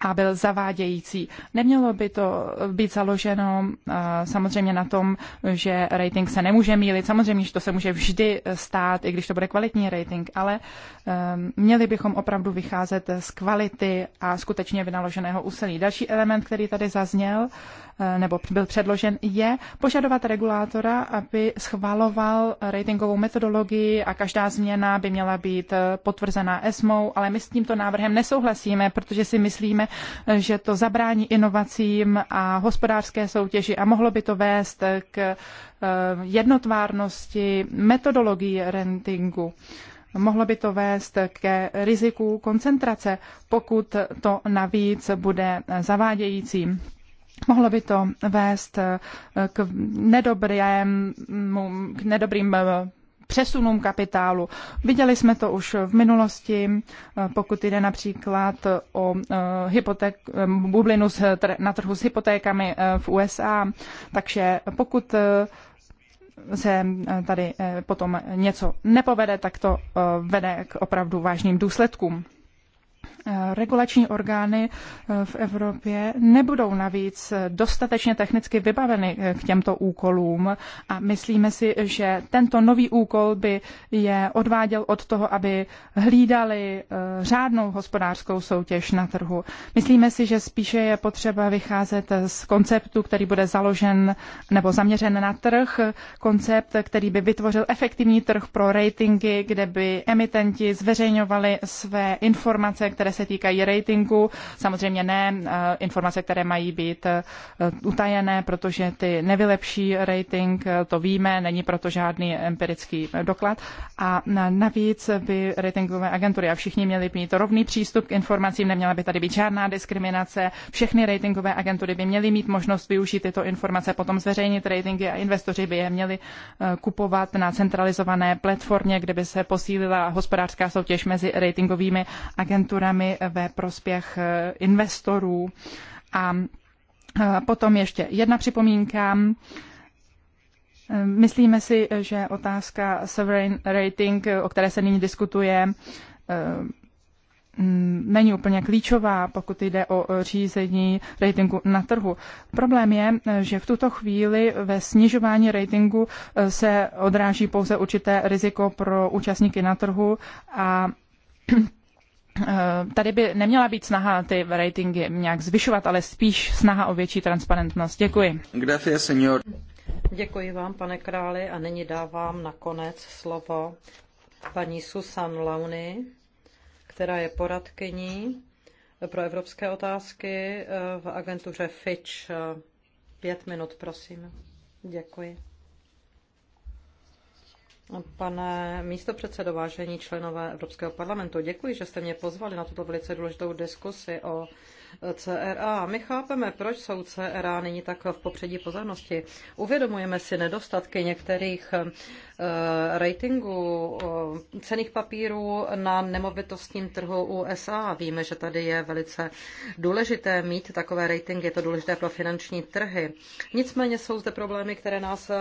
a byl zavádějící. Nemělo by to být založeno eh, samozřejmě na tom, že rating se nemůže mílit. Samozřejmě, že to se může vždy eh, stát, i když to bude kvalitní rating, ale měli bychom opravdu vycházet z kvality a skutečně vynaloženého úsilí. Další Další element, který tady zazněl, eh, nebo byl předložen, je požadovat regulátora, aby schvaloval ratingovou metodologii a každá změna by měla být eh, potvrzená ESMO, ale my s tímto návrhem nesouhlasíme, protože si myslíme, eh, že to zabrání inovacím a hospodářské soutěži a mohlo by to vést k jednotvárnosti metodologii ratingu. Mohlo by to vést ke riziku koncentrace, pokud to navíc bude zavádějícím. Mohlo by to vést k, nedobrému, k nedobrým přesunům kapitálu. Viděli jsme to už v minulosti, pokud jde například o eh, hypoték, bublinu na trhu s hypotékami eh, v USA. Takže pokud eh, se eh, tady eh, potom něco nepovede, tak to eh, vede k opravdu vážným důsledkům. Eh, regulační orgány eh, v Evropě nebudou navíc eh, dostatečně technicky vybaveny k těmto úkolům a myslíme si, že tento nový úkol by je odváděl od toho, aby hlídali řádnou hospodářskou soutěž na trhu. Myslíme si, že spíše je potřeba vycházet z konceptu, který bude založen nebo zaměřen na trh, koncept, který by vytvořil efektivní trh pro ratingy, kde by emitenti zveřejňovali své informace, které se se týkají ratingu, samozřejmě ne eh, informace, které mají být eh, utajené, protože ty nevylepší rating, eh, to víme, není proto žádný empirický doklad. A navíc by ratingové agentury a všichni měli mít rovný přístup k informacím, neměla by tady být žádná diskriminace. Všechny ratingové agentury by měly mít možnost využít tyto informace, potom zveřejnit ratingy a investoři by je měli kupovat na centralizované platformě, kde by se posílila hospodářská soutěž mezi ratingovými agenturami firmy ve prospěch eh, investorů. A eh, potom ještě jedna připomínka. Eh, myslíme si, že otázka sovereign rating, o které se nyní diskutuje, mm, není úplně klíčová, pokud jde o řízení ratingu na trhu. Problém je, že v tuto chvíli ve snižování ratingu se odráží pouze určité riziko pro účastníky na trhu a Eh, tady by neměla být snaha ty ratingy nějak zvyšovat, ale spíš snaha o větší transparentnost. Děkuji. Děkuji vám, pane králi, a nyní dávám nakonec slovo paní Susan Launy, která je poradkyní pro evropské otázky eh, v agentuře Fitch. Eh, pět minut, prosím. Děkuji. Pane místo předsedo, vážení členové Evropského parlamentu, děkuji, že jste mě pozvali na tuto velice důležitou diskusi o CRA. My chápeme, proč jsou CRA nyní tak v popředí pozornosti. Uvědomujeme si nedostatky některých eh, ratingu eh, cených papírů na nemovitostním trhu USA. Víme, že tady je velice důležité mít takové ratingy, je to důležité pro finanční trhy. Nicméně jsou zde problémy, které nás eh,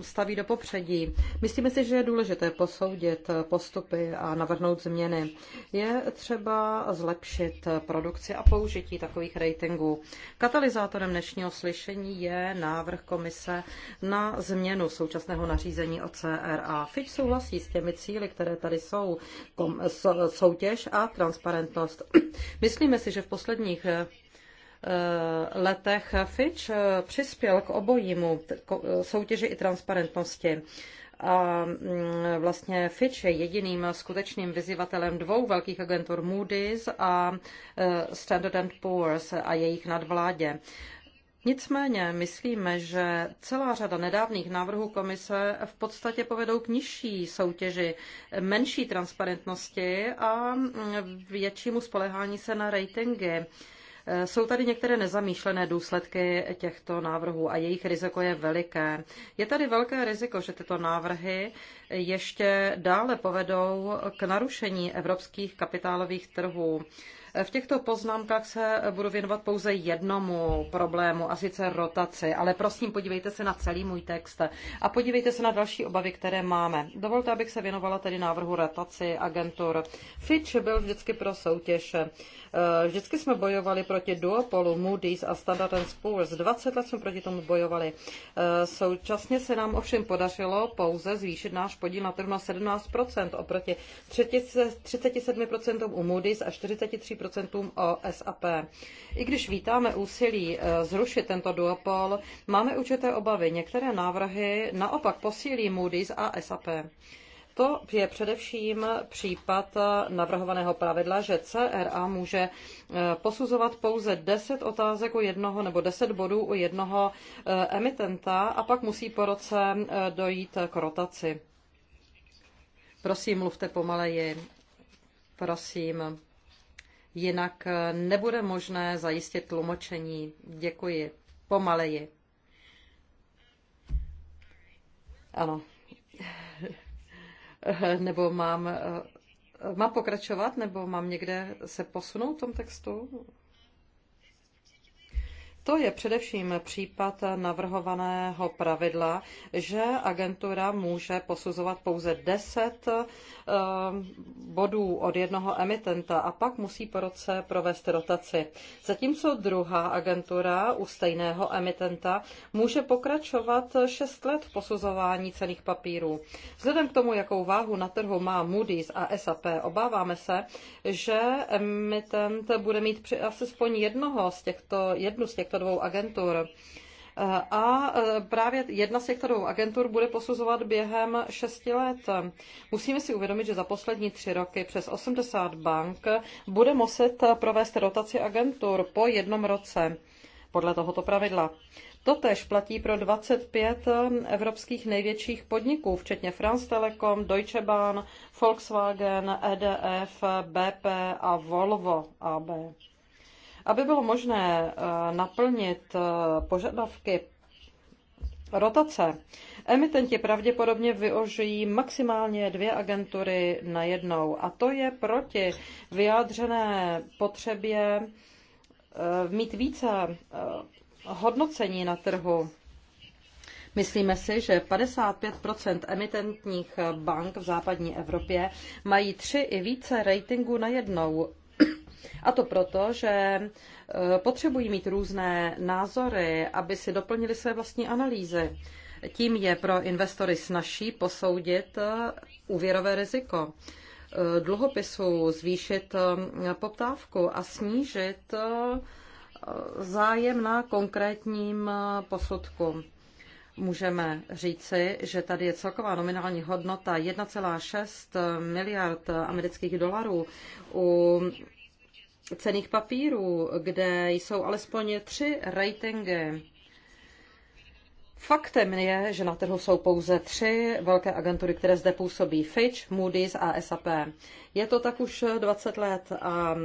staví do popředí. Myslíme si, že je důležité posoudit postupy a navrhnout změny. Je třeba zlepšit produkci a použití takových ratingů. Katalyzátorem dnešního slyšení je návrh komise na změnu současného nařízení o CRA. Fitch souhlasí s těmi cíly, které tady jsou, soutěž a transparentnost. Myslíme si, že v posledních eh, letech Fitch eh, přispěl k obojímu soutěži i transparentnosti. A mm, vlastně Fitch je jediným skutečným vyzývatelem dvou velkých agentur Moody's a e, Standard Poor's a jejich nadvládě. Nicméně myslíme, že celá řada nedávných návrhů komise v podstatě povedou k nižší soutěži, menší transparentnosti a mm, většímu spolehání se na ratingy. Jsou tady některé nezamýšlené důsledky těchto návrhů a jejich riziko je veliké. Je tady velké riziko, že tyto návrhy ještě dále povedou k narušení evropských kapitálových trhů. V těchto poznámkách se budu věnovat pouze jednomu problému, a sice rotaci, ale prosím, podívejte se na celý můj text a podívejte se na další obavy, které máme. Dovolte, abych se věnovala tedy návrhu rotaci agentur. Fitch byl vždycky pro soutěž. Eh, vždycky jsme bojovali proti duopolu Moody's a Standard Poor's. 20 let jsme proti tomu bojovali. Eh, současně se nám ovšem podařilo pouze zvýšit náš podíl na trhu na 17% oproti 37% u Moody's a 43% o OSAP. I když vítáme úsilí eh, zrušit tento duopol, máme určité obavy. Některé návrhy naopak posílí Moody's a SAP. To je především případ eh, navrhovaného pravidla, že CRA může eh, posuzovat pouze 10 otázek u jednoho nebo 10 bodů u jednoho emitenta a pak musí po roce dojít k rotaci. Prosím, mluvte pomaleji. Prosím jinak eh, nebude možné zajistit tlumočení. Děkuji. Pomaleji. Ano. nebo mám, eh, mám pokračovat, nebo mám někde se posunout v tom textu? To je především případ navrhovaného pravidla, že agentura může posuzovat pouze 10 eh, bodů od jednoho emitenta a pak musí po roce provést rotaci. Zatímco druhá agentura u stejného emitenta může pokračovat 6 let v posuzování cených papírů. Vzhledem k tomu, jakou váhu na trhu má Moody's a SAP, obáváme se, že emitent bude mít při aspoň jednoho z těchto, jednu z těchto sektorovou dvou agentur. Eh, a eh, právě jedna z těchto dvou agentur bude posuzovat během šesti let. Musíme si uvědomit, že za poslední tři roky přes 80 bank bude muset provést rotaci agentur po jednom roce podle tohoto pravidla. Totež platí pro 25 eh, evropských největších podniků, včetně France Telecom, Deutsche Bahn, Volkswagen, EDF, BP a Volvo AB. Aby bylo možné eh, naplnit eh, požadavky rotace, emitenti pravděpodobně využijí maximálně dvě agentury na jednou. A to je proti vyjádřené potřebě eh, mít více hodnocení na trhu. Myslíme si, že 55 emitentních bank v západní Evropě mají tři i více ratingů na jednou a to proto, že eh, potřebují mít různé názory, aby si doplnili své vlastní analýzy. Tím je pro investory snažší posoudit eh, úvěrové riziko eh, dluhopisů, zvýšit poptávku a snížit zájem na konkrétním posudku. Můžeme říci, že tady je celková nominální hodnota 1,6 miliard amerických dolarů u cených papírů, kde jsou alespoň tři ratingy. Faktem je, že na trhu jsou pouze tři velké agentury, které zde působí Fitch, Moody's a SAP. Je to tak už 20 let a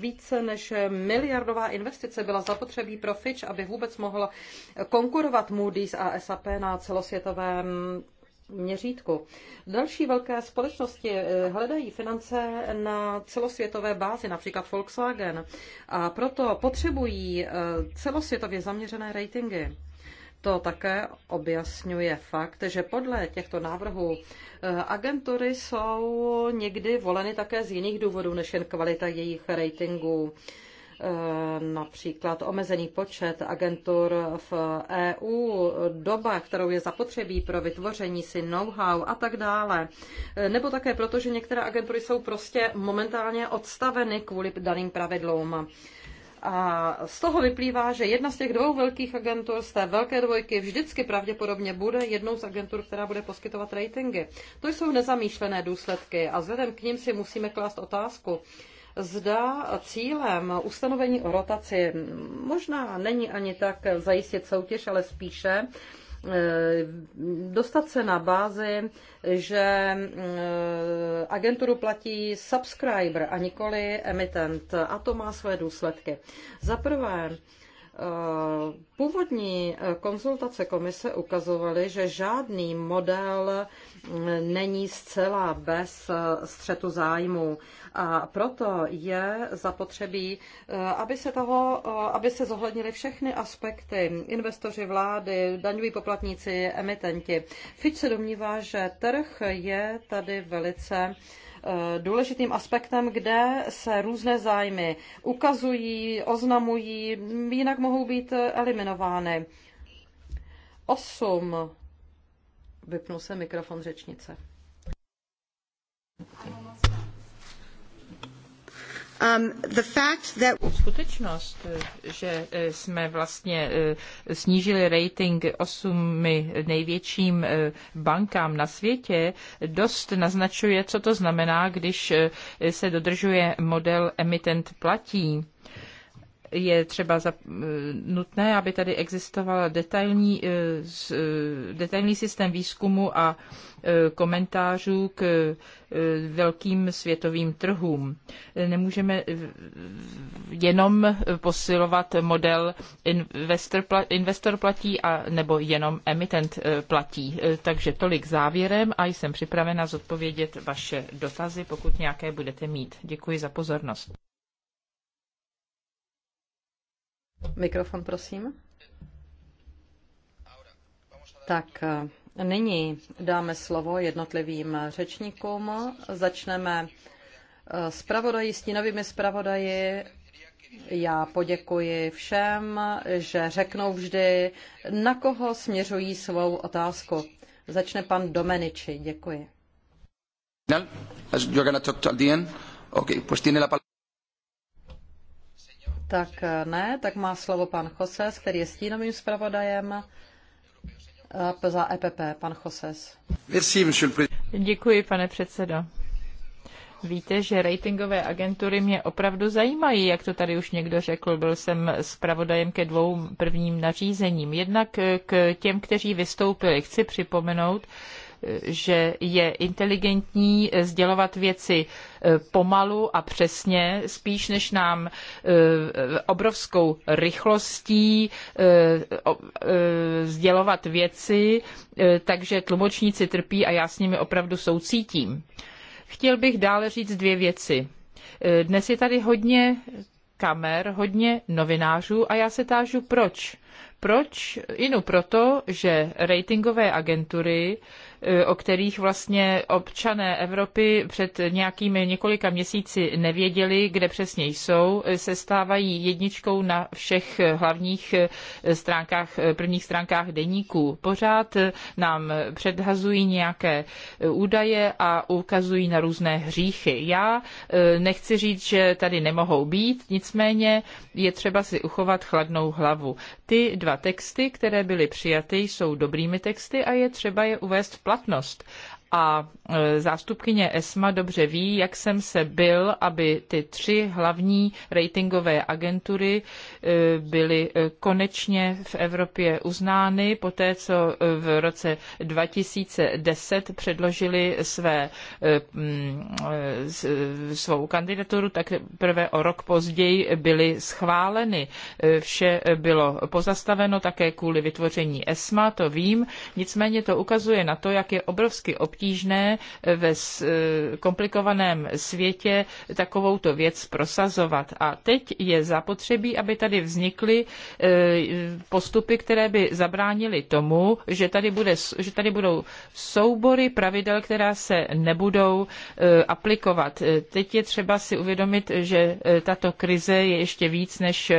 více než miliardová investice byla zapotřebí pro Fitch, aby vůbec mohla konkurovat Moody's a SAP na celosvětovém měřítku. Další velké společnosti eh, hledají finance na celosvětové bázi, například Volkswagen, a proto potřebují eh, celosvětově zaměřené ratingy. To také objasňuje fakt, že podle těchto návrhů eh, agentury jsou někdy voleny také z jiných důvodů než jen kvalita jejich ratingů. Eh, například omezený počet agentur v EU, doba, kterou je zapotřebí pro vytvoření si know-how a tak dále. Eh, nebo také proto, že některé agentury jsou prostě momentálně odstaveny kvůli daným pravidlům. A z toho vyplývá, že jedna z těch dvou velkých agentur z té velké dvojky vždycky pravděpodobně bude jednou z agentur, která bude poskytovat ratingy. To jsou nezamýšlené důsledky a vzhledem k ním si musíme klást otázku, zda cílem ustanovení o rotaci možná není ani tak zajistit soutěž, ale spíše eh, dostat se na bázi, že eh, agenturu platí subscriber a nikoli emitent. A to má své důsledky. Za prvé, Eh, původní eh, konzultace komise ukazovaly, že žádný model mm, není zcela bez eh, střetu zájmu a proto je zapotřebí, aby se, toho, aby se zohlednili všechny aspekty, investoři vlády, daňoví poplatníci, emitenti. Fitch se domnívá, že trh je tady velice Eh, důležitým aspektem, kde se různé zájmy ukazují, oznamují, jinak mohou být eh, eliminovány. Osm. Vypnu se mikrofon řečnice. Ano. Um, skutečnost, že eh, jsme vlastně eh, snížili rating osmi největším eh, bankám na světě, dost naznačuje, co to znamená, když se dodržuje model emitent platí je třeba za, eh, nutné, aby tady existoval detailní, eh, eh, detailní systém výzkumu a komentářů k velkým světovým trhům. Nemůžeme jenom posilovat model investor, investor platí a nebo jenom emitent platí. Takže tolik závěrem a jsem připravena zodpovědět vaše dotazy, pokud nějaké budete mít. Děkuji za pozornost. Mikrofon, prosím. Tak nyní dáme slovo jednotlivým řečníkům. Začneme s eh, pravodají, tínovými zpravodaji. Já poděkuji všem, že řeknou vždy, na koho směřují svou otázku. Začne pan Domeniči. Děkuji. Tak ne, tak má slovo pan Choses, který je stínovým zpravodajem eh, za EPP. Pan Choses. Děkuji, pane předsedo. Víte, že ratingové agentury mě opravdu zajímají, jak to tady už někdo řekl. Byl jsem zpravodajem ke dvou prvním nařízením. Jednak k těm, kteří vystoupili, chci připomenout, že je inteligentní sdělovat věci eh, pomalu a přesně, spíš než nám eh, obrovskou rychlostí eh, sdělovat věci, takže tlumočníci trpí a já s nimi opravdu soucítím. Chtěl bych dále říct dvě věci. Dnes je tady hodně kamer, hodně novinářů a já se tážu proč. Proč? Inu proto, že ratingové agentury E, o kterých vlastně občané Evropy před nějakými několika měsíci nevěděli, kde přesně jsou, e, se stávají jedničkou na všech hlavních e, stránkách, prvních stránkách deníků. Pořád nám předhazují nějaké údaje a ukazují na různé hříchy. Já nechci říct, že tady nemohou být, nicméně je třeba si uchovat chladnou hlavu. Ty dva texty, které byly přijaty, jsou dobrými texty a je třeba je uvést v platnost a e, zástupkyně ESMA dobře ví, jak jsem se byl, aby ty tři hlavní ratingové agentury e, byly e, konečně v Evropě uznány, poté co v roce 2010 předložili své, svou kandidaturu, tak prvé o rok později byly schváleny. Vše bylo pozastaveno také kvůli vytvoření ESMA, to vím, nicméně to ukazuje na to, jak je obrovsky obtížné obtížné ve e, komplikovaném světě takovouto věc prosazovat. A teď je zapotřebí, aby tady vznikly e, postupy, které by zabránily tomu, že tady, bude, že tady budou soubory pravidel, která se nebudou e, aplikovat. Teď je třeba si uvědomit, že tato krize je ještě víc než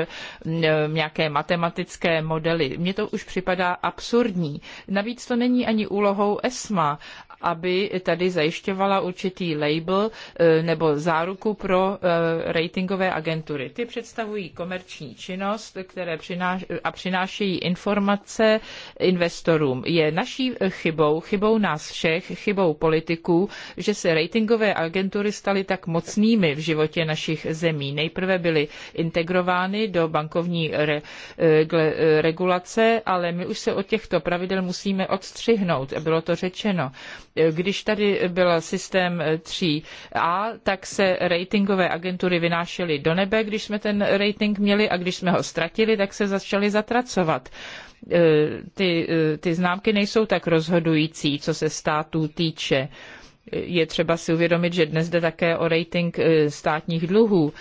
nějaké matematické modely. Mně to už připadá absurdní. Navíc to není ani úlohou ESMA aby tady zajišťovala určitý label e, nebo záruku pro e, ratingové agentury. Ty představují komerční činnost které přináš- a přinášejí informace investorům. Je naší chybou, chybou nás všech, chybou politiků, že se ratingové agentury staly tak mocnými v životě našich zemí. Nejprve byly integrovány do bankovní re- e, regulace, ale my už se od těchto pravidel musíme odstřihnout. Bylo to řečeno. Když tady byl systém 3A, tak se ratingové agentury vynášely do nebe, když jsme ten rating měli a když jsme ho ztratili, tak se začaly zatracovat e, ty, e, ty známky nejsou tak rozhodující, co se států týče. Je třeba si uvědomit, že dnes jde také o rating e, státních dluhů,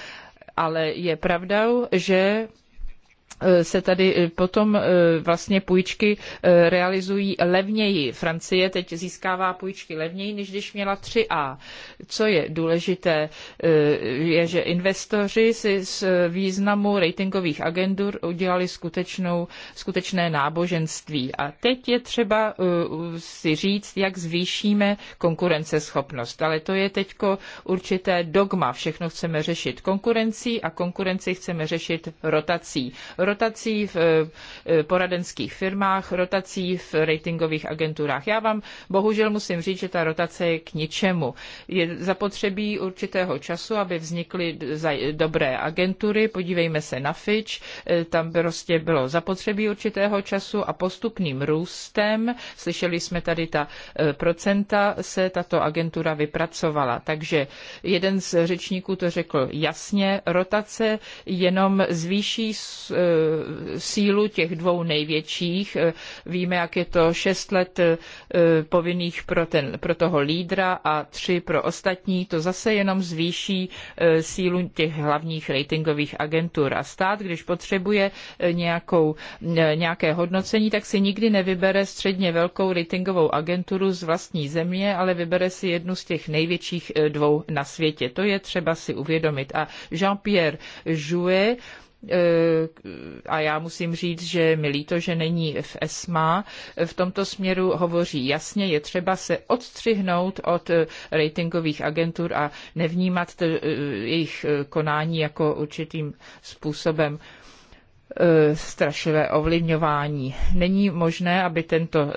ale je pravdou, že Eh, se tady eh, potom eh, vlastně půjčky realizují levněji. Francie teď získává půjčky levněji, než když měla 3A. Co je důležité, je, že investoři si z významu ratingových agentur udělali skutečnou, skutečné náboženství. A teď je třeba si říct, jak zvýšíme konkurenceschopnost. Ale to je teď určité dogma. Všechno chceme řešit konkurencí a konkurenci chceme řešit rotací. Rotací rotací v eh, poradenských firmách, rotací v ratingových agenturách. Já vám bohužel musím říct, že ta rotace je k ničemu. Je zapotřebí určitého času, aby vznikly dobré agentury. Podívejme se na Fitch, eh, tam prostě bylo zapotřebí určitého času a postupným růstem, slyšeli jsme tady ta eh, procenta, se tato agentura vypracovala. Takže jeden z řečníků to řekl jasně, rotace jenom zvýší Eh, sílu těch dvou největších. Eh, víme, jak je to šest let eh, povinných pro, ten, pro toho lídra a tři pro ostatní. To zase jenom zvýší sílu těch hlavních ratingových agentur. A stát, když potřebuje nějakou, nějaké hodnocení, tak si nikdy nevybere středně velkou ratingovou agenturu z vlastní země, ale vybere si jednu z těch největších dvou na světě. To je třeba si uvědomit. A Jean-Pierre Jouet, Eh, a já musím říct, že mi líto, že není v ESMA, v tomto směru hovoří jasně, je třeba se odstřihnout od eh, ratingových agentur a nevnímat eh, jejich konání jako určitým způsobem strašlivé ovlivňování. Není možné, aby tento,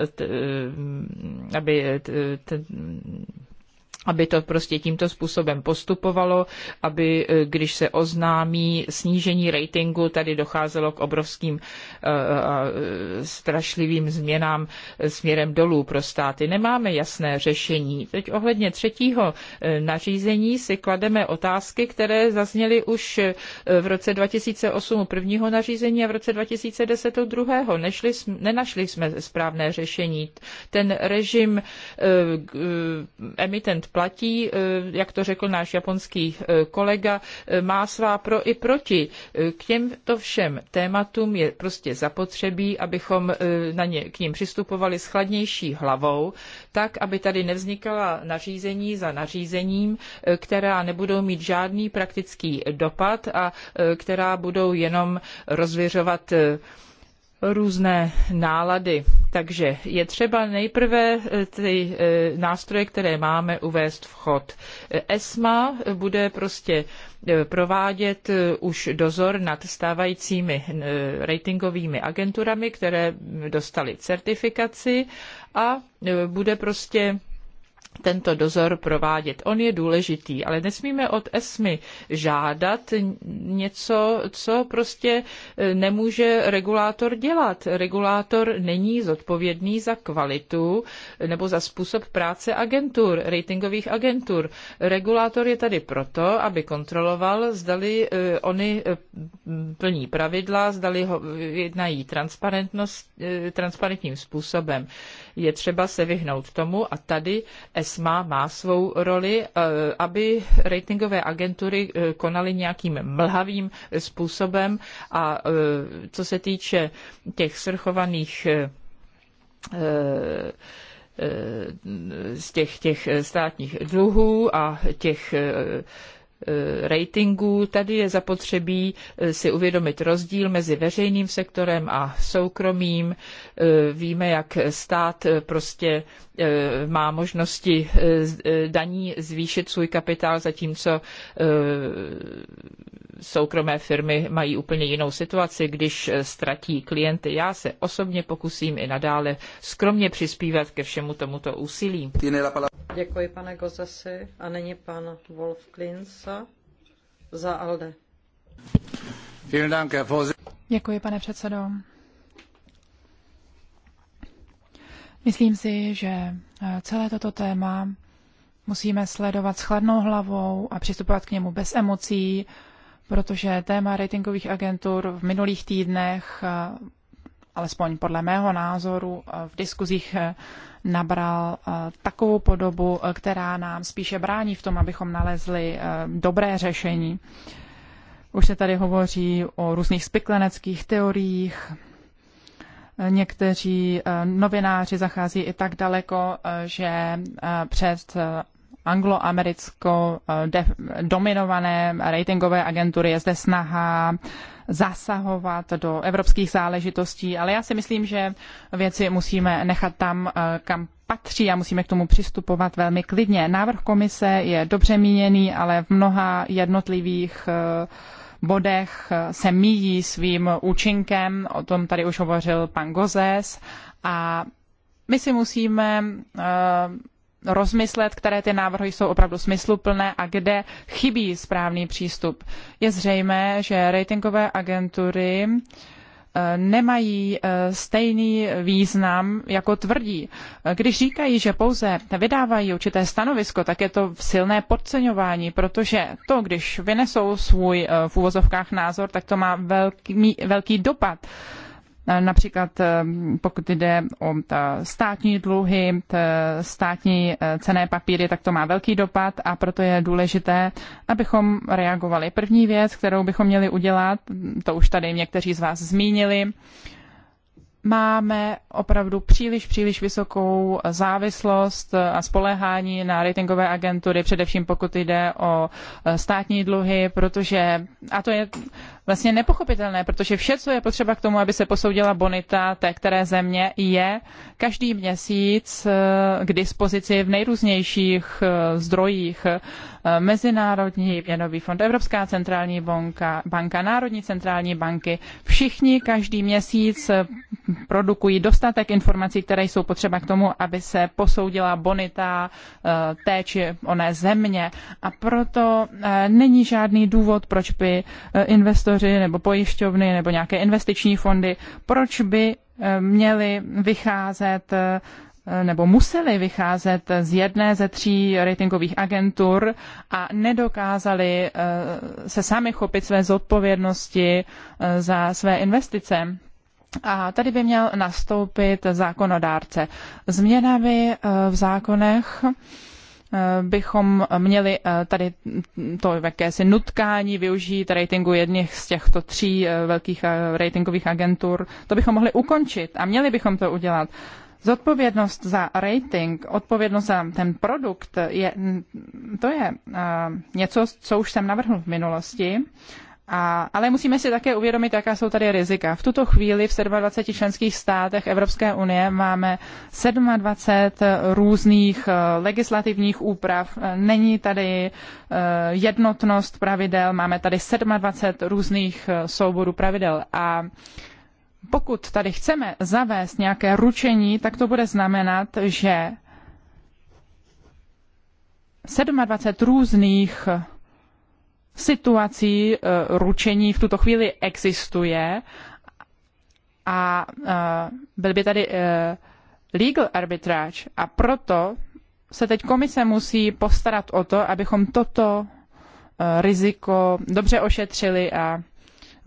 aby ten aby to prostě tímto způsobem postupovalo, aby eh, když se oznámí snížení ratingu, tady docházelo k obrovským eh, eh, strašlivým změnám směrem dolů pro státy. Nemáme jasné řešení. Teď ohledně třetího nařízení si klademe otázky, které zazněly už v roce 2008 u prvního nařízení a v roce 2010 u druhého. Nešli, nenašli jsme správné řešení. Ten režim emitent platí, eh, jak to řekl náš japonský eh, kolega, eh, má svá pro i proti. K těmto všem tématům je prostě zapotřebí, abychom na ně, k ním přistupovali s chladnější hlavou, tak, aby tady nevznikala nařízení za nařízením, která nebudou mít žádný praktický dopad a která budou jenom rozvěřovat různé nálady. Takže je třeba nejprve eh, ty eh, nástroje, které máme, uvést v chod. Eh, ESMA bude prostě provádět už dozor nad stávajícími ratingovými agenturami, které dostaly certifikaci a bude prostě tento dozor provádět. On je důležitý, ale nesmíme od ESMY žádat něco, co prostě e, nemůže regulátor dělat. Regulátor není zodpovědný za kvalitu e, nebo za způsob práce agentur, ratingových agentur. Regulátor je tady proto, aby kontroloval, zdali e, oni plní pravidla, zdali ho jednají transparentnost, transparentním způsobem. Je třeba se vyhnout tomu a tady ESMA má svou roli, e, aby ratingové agentury e, konaly nějakým mlhavým e, způsobem a co se týče těch svrchovaných z těch, těch státních dluhů a těch ratingů. Tady je zapotřebí si uvědomit rozdíl mezi veřejným sektorem a soukromým. Víme, jak stát prostě E, má možnosti e, e, daní zvýšit svůj kapitál, zatímco soukromé firmy mají úplně jinou situaci, když ztratí klienty. Já se osobně pokusím i nadále skromně přispívat ke všemu tomuto úsilí. Děkuji, pane Gozasi. A není pan Wolf Klinsa za ALDE. Děkuji, pane předsedo. Myslím si, že eh, celé toto téma musíme sledovat s chladnou hlavou a přistupovat k němu bez emocí, protože téma ratingových agentur v minulých týdnech, eh, alespoň podle mého názoru, eh, v diskuzích nabral takovou podobu, která nám spíše brání v tom, abychom nalezli dobré řešení. Už se tady hovoří o různých spikleneckých teoriích, Někteří eh, novináři zachází i tak daleko, eh, že eh, před angloamericko dominované ratingové agentury je zde snaha zasahovat do evropských záležitostí, ale já si myslím, že věci musíme nechat tam, kam patří a musíme k tomu přistupovat velmi klidně. Návrh komise je dobře míněný, ale v mnoha jednotlivých uh, bodech eh, se míjí svým účinkem, o tom tady už hovořil pan Gozes, a my si musíme eh, rozmyslet, které ty návrhy jsou opravdu smysluplné a kde chybí správný přístup. Je zřejmé, že ratingové agentury uh, Eh, nemají eh, stejný význam, jako tvrdí. Eh, když říkají, že pouze vydávají určité stanovisko, tak je to silné podceňování, protože to, když vynesou svůj v úvozovkách názor, tak to má velký, velký dopad. Eh, například eh, pokud jde o státní dluhy, státní eh, cené papíry, tak to má velký dopad a proto je důležité, abychom reagovali. První věc, kterou bychom měli udělat, to už tady někteří z vás zmínili, máme opravdu příliš, příliš vysokou závislost a spoléhání na ratingové agentury, především pokud jde o státní dluhy, protože, a to je vlastně nepochopitelné, protože vše, co je potřeba k tomu, aby se posoudila bonita té které země, je každý měsíc eh, k dispozici v nejrůznějších eh, zdrojích. Mezinárodní měnový fond, Evropská centrální banka, banka, Národní centrální banky. Všichni každý měsíc eh, produkují dostatek informací, které jsou potřeba k tomu, aby se posoudila bonita eh, té či oné země. A proto eh, není žádný důvod, proč by investoři nebo pojišťovny nebo nějaké investiční fondy, proč by měli vycházet Eh, nebo museli vycházet z jedné ze tří ratingových agentur a nedokázali eh, se sami chopit své zodpovědnosti eh, za své investice. A tady by měl nastoupit zákonodárce. Změnami v zákonech bychom měli tady to jakési nutkání využít ratingu jedných z těchto tří velkých ratingových agentur. To bychom mohli ukončit a měli bychom to udělat. Zodpovědnost za rating, odpovědnost za ten produkt, je, to je uh, něco, co už jsem navrhl v minulosti. A, ale musíme si také uvědomit, jaká jsou tady rizika. V tuto chvíli v 27 členských státech Evropské unie máme 27 různých eh, legislativních úprav. Není tady eh, jednotnost pravidel, máme tady 27 různých souborů pravidel. A pokud tady chceme zavést nějaké ručení, tak to bude znamenat, že 27 různých situací eh, ručení v tuto chvíli existuje a eh, byl by tady eh, legal arbitráž a proto se teď komise musí postarat o to, abychom toto riziko dobře ošetřili a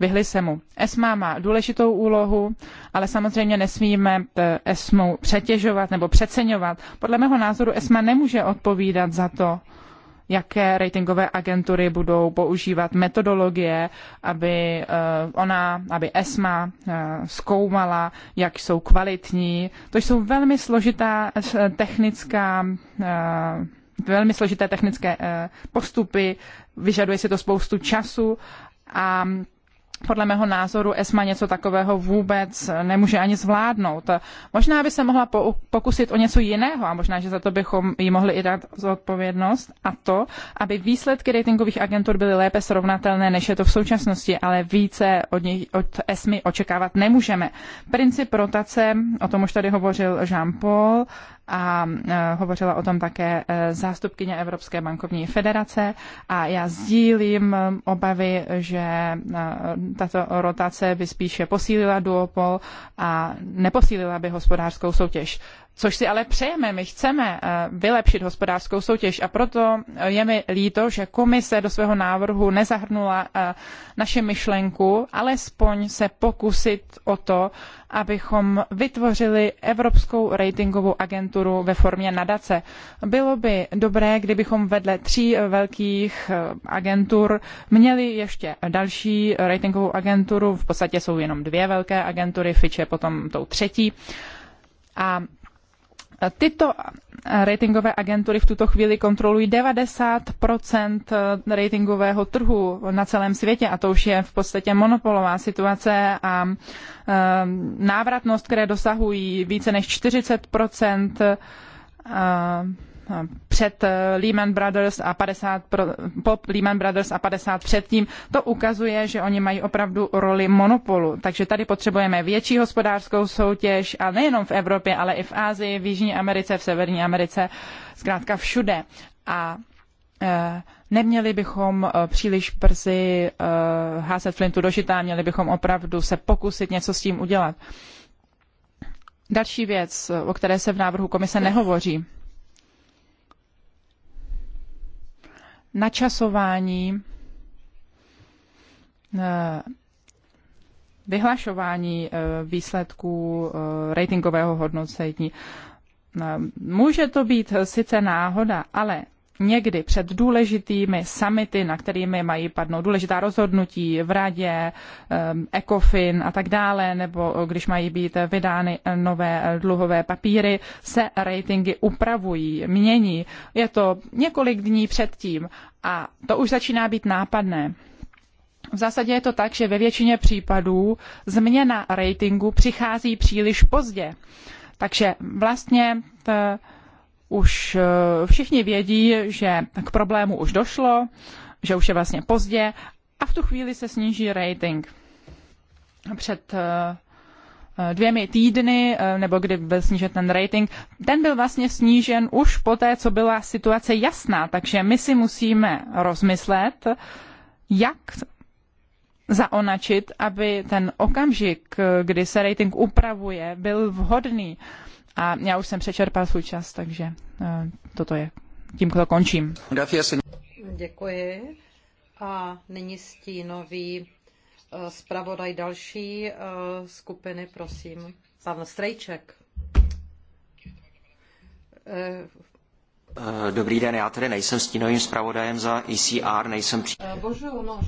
vyhli se mu. ESMA má důležitou úlohu, ale samozřejmě nesmíme eh, ESMU přetěžovat nebo přeceňovat. Podle mého názoru ESMA nemůže odpovídat za to, jaké ratingové agentury budou používat metodologie, aby eh, ona, aby ESMA eh, zkoumala, jak jsou kvalitní. To jsou velmi složitá technická velmi složité technické postupy, vyžaduje si to spoustu času a podle mého názoru ESMA něco takového vůbec nemůže ani zvládnout. Možná by se mohla pokusit o něco jiného a možná, že za to bychom jí mohli i dát zodpovědnost a to, aby výsledky ratingových agentur byly lépe srovnatelné, než je to v současnosti, ale více od, něj, od ESMY očekávat nemůžeme. Princip rotace, o tom už tady hovořil Jean-Paul a e, hovořila o tom také e, zástupkyně Evropské bankovní federace a já sdílím e, obavy, že tato rotace by spíše posílila duopol a neposílila by hospodářskou soutěž což si ale přejeme, my chceme eh, vylepšit hospodářskou soutěž a proto je mi líto, že komise do svého návrhu nezahrnula eh, naši myšlenku, alespoň se pokusit o to, abychom vytvořili Evropskou ratingovou agenturu ve formě nadace. Bylo by dobré, kdybychom vedle tří velkých eh, agentur měli ještě další ratingovou agenturu, v podstatě jsou jenom dvě velké agentury, Fitch je potom tou třetí. A Tyto ratingové agentury v tuto chvíli kontrolují 90 ratingového trhu na celém světě a to už je v podstatě monopolová situace a e, návratnost, které dosahují více než 40 před eh, Lehman Brothers a 50 pro, po Lehman Brothers a 50 předtím, to ukazuje, že oni mají opravdu roli monopolu. Takže tady potřebujeme větší hospodářskou soutěž a nejenom v Evropě, ale i v Ázii, v Jižní Americe, v Severní Americe, zkrátka všude. A e, neměli bychom eh, příliš brzy e, házet flintu do žita, měli bychom opravdu se pokusit něco s tím udělat. Další věc, o které se v návrhu komise nehovoří načasování eh, vyhlašování eh, výsledků eh, ratingového hodnocení. Může to být sice náhoda, ale někdy před důležitými summity, na kterými mají padnout důležitá rozhodnutí v radě, ehm, ECOFIN a tak dále, nebo když mají být vydány nové dluhové papíry, se ratingy upravují, mění. Je to několik dní předtím a to už začíná být nápadné. V zásadě je to tak, že ve většině případů změna ratingu přichází příliš pozdě. Takže vlastně t- už eh, všichni vědí, že k problému už došlo, že už je vlastně pozdě a v tu chvíli se sníží rating. Před eh, eh, dvěmi týdny, nebo kdy byl snížen ten rating, ten byl vlastně snížen už po té, co byla situace jasná, takže my si musíme rozmyslet, jak zaonačit, aby ten okamžik, kdy se rating upravuje, byl vhodný. A já už jsem přečerpal svůj čas, takže eh, toto je. Tím to končím. Děkuji. A nyní stínový eh, zpravodaj další eh, skupiny, prosím. Pan Strejček. Dobrý den, já tady nejsem stínovým zpravodajem za ECR, nejsem při... No,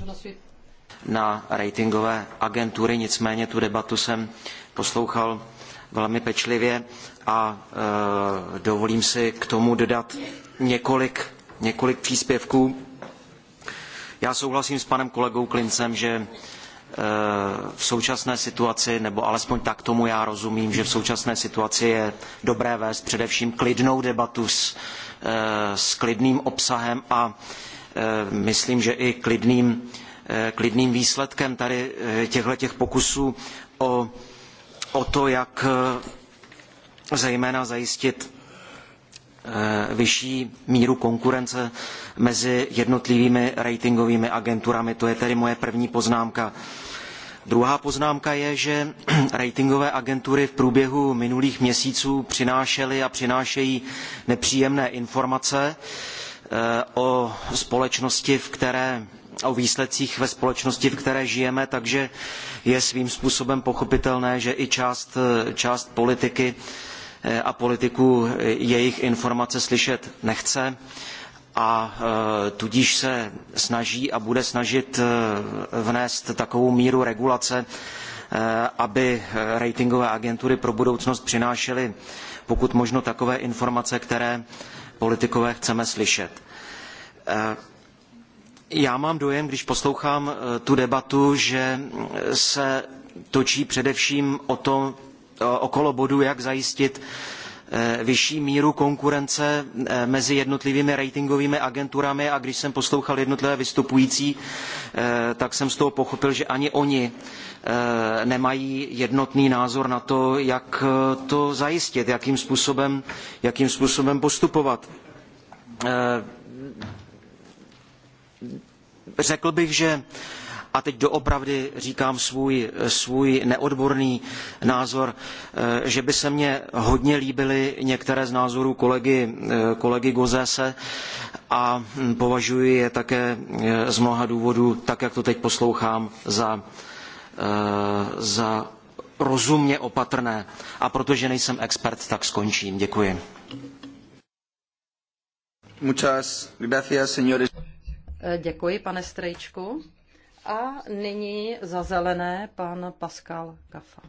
na ratingové agentury, nicméně tu debatu jsem poslouchal velmi pečlivě a eh, dovolím si k tomu dodat několik, několik příspěvků. Já souhlasím s panem kolegou Klincem, že eh, v současné situaci, nebo alespoň tak tomu já rozumím, že v současné situaci je dobré vést především klidnou debatu s, eh, s klidným obsahem a myslím, že i klidným, klidným výsledkem tady těchto pokusů o o to, jak eh, zejména zajistit eh, vyšší míru konkurence mezi jednotlivými ratingovými agenturami. To je tedy moje první poznámka. Druhá poznámka je, že ratingové agentury v průběhu minulých měsíců přinášely a přinášejí nepříjemné informace eh, o společnosti, v které o výsledcích ve společnosti, v které žijeme, takže je svým způsobem pochopitelné, že i část, část politiky eh, a politiků eh, jejich informace slyšet nechce a eh, tudíž se snaží a bude snažit vnést takovou míru regulace, aby ratingové agentury pro budoucnost přinášely pokud možno takové informace, které politikové chceme slyšet. Já mám dojem, když poslouchám eh, tu debatu, že eh, se točí především o tom, eh, okolo bodu, jak zajistit vyšší míru konkurence mezi jednotlivými ratingovými agenturami a když jsem poslouchal jednotlivé vystupující, tak jsem z toho pochopil, že ani oni nemají jednotný názor na to, jak to zajistit, jakým způsobem, jakým způsobem postupovat řekl bych, že a teď doopravdy říkám svůj, svůj neodborný názor, eh, že by se mně hodně líbily některé z názorů kolegy, eh, kolegy a hm, považuji je také eh, z mnoha důvodů, tak jak to teď poslouchám, za, za rozumně opatrné. A protože nejsem expert, tak skončím. Děkuji. Muchas gracias, señores. Děkuji, pane Strejčku. A nyní za zelené pan Pascal Kafa.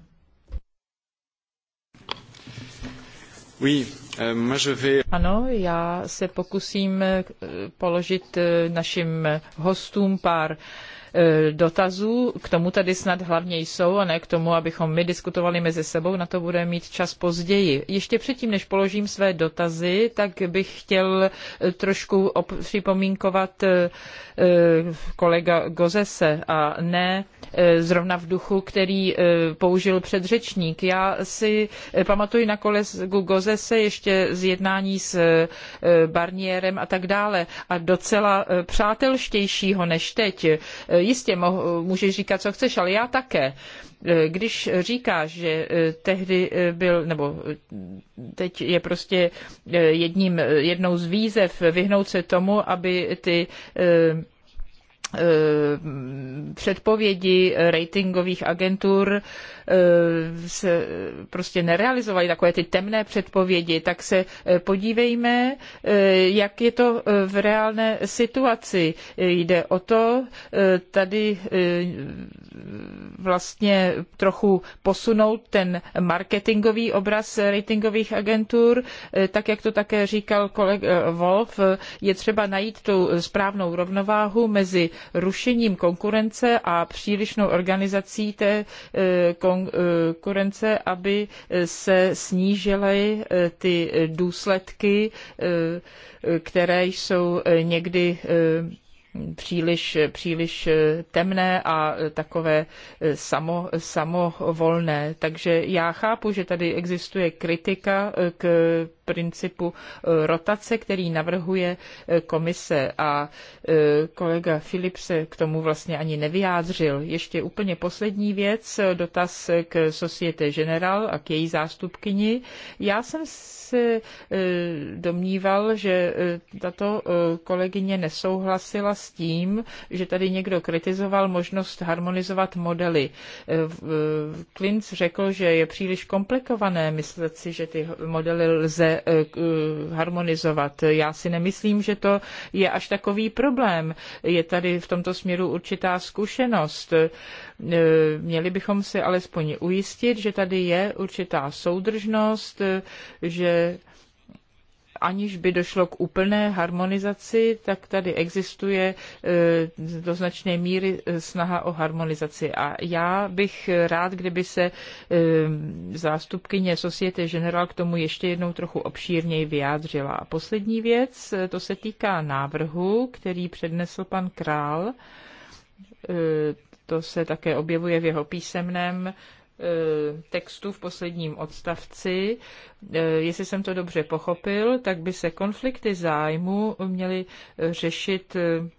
Euh, ano, já se pokusím eh, položit eh, našim hostům pár E, dotazů. K tomu tady snad hlavně jsou a ne k tomu, abychom my diskutovali mezi sebou. Na to bude mít čas později. Ještě předtím, než položím své dotazy, tak bych chtěl e, trošku připomínkovat e, kolega Gozese a ne zrovna v duchu, který použil předřečník. Já si pamatuji na kolegu Gozese ještě z jednání s Barnierem a tak dále a docela přátelštějšího než teď jistě můžeš říkat, co chceš, ale já také. E, když říkáš, že e, tehdy e, byl, nebo teď je prostě jedním, jednou z výzev vyhnout se tomu, aby ty předpovědi ratingových agentur Eh, se prostě nerealizovaly takové ty temné předpovědi, tak se eh, podívejme, eh, jak je to v reálné situaci. Jde o to tady vlastně trochu posunout ten marketingový obraz ratingových agentur, tak jak to také říkal kolega Wolf, je třeba najít tu správnou rovnováhu mezi rušením konkurence a přílišnou organizací té konkurence konkurence, aby se snížily eh, ty eh, důsledky, eh, které jsou někdy příliš, příliš temné a takové samo, samovolné. Takže já chápu, že tady existuje kritika k principu rotace, který navrhuje komise a e, kolega Filip se k tomu vlastně ani nevyjádřil. Ještě úplně poslední věc, dotaz k Societe General a k její zástupkyni. Já jsem se e, domníval, že e, tato kolegyně nesouhlasila s tím, že tady někdo kritizoval možnost harmonizovat modely. Eh, eh, Klinc řekl, že je příliš komplikované myslet si, že ty modely lze eh, harmonizovat. Já si nemyslím, že to je až takový problém. Je tady v tomto směru určitá zkušenost. Měli bychom si alespoň ujistit, že tady je určitá soudržnost, že aniž by došlo k úplné harmonizaci, tak tady existuje eh, do značné míry eh, snaha o harmonizaci. A já bych rád, kdyby se eh, zástupkyně Societe General k tomu ještě jednou trochu obšírněji vyjádřila. A poslední věc, to se týká návrhu, který přednesl pan Král. To se také objevuje v jeho písemném Eh, textu v posledním odstavci, eh, jestli jsem to dobře pochopil, tak by se konflikty zájmu měly řešit eh,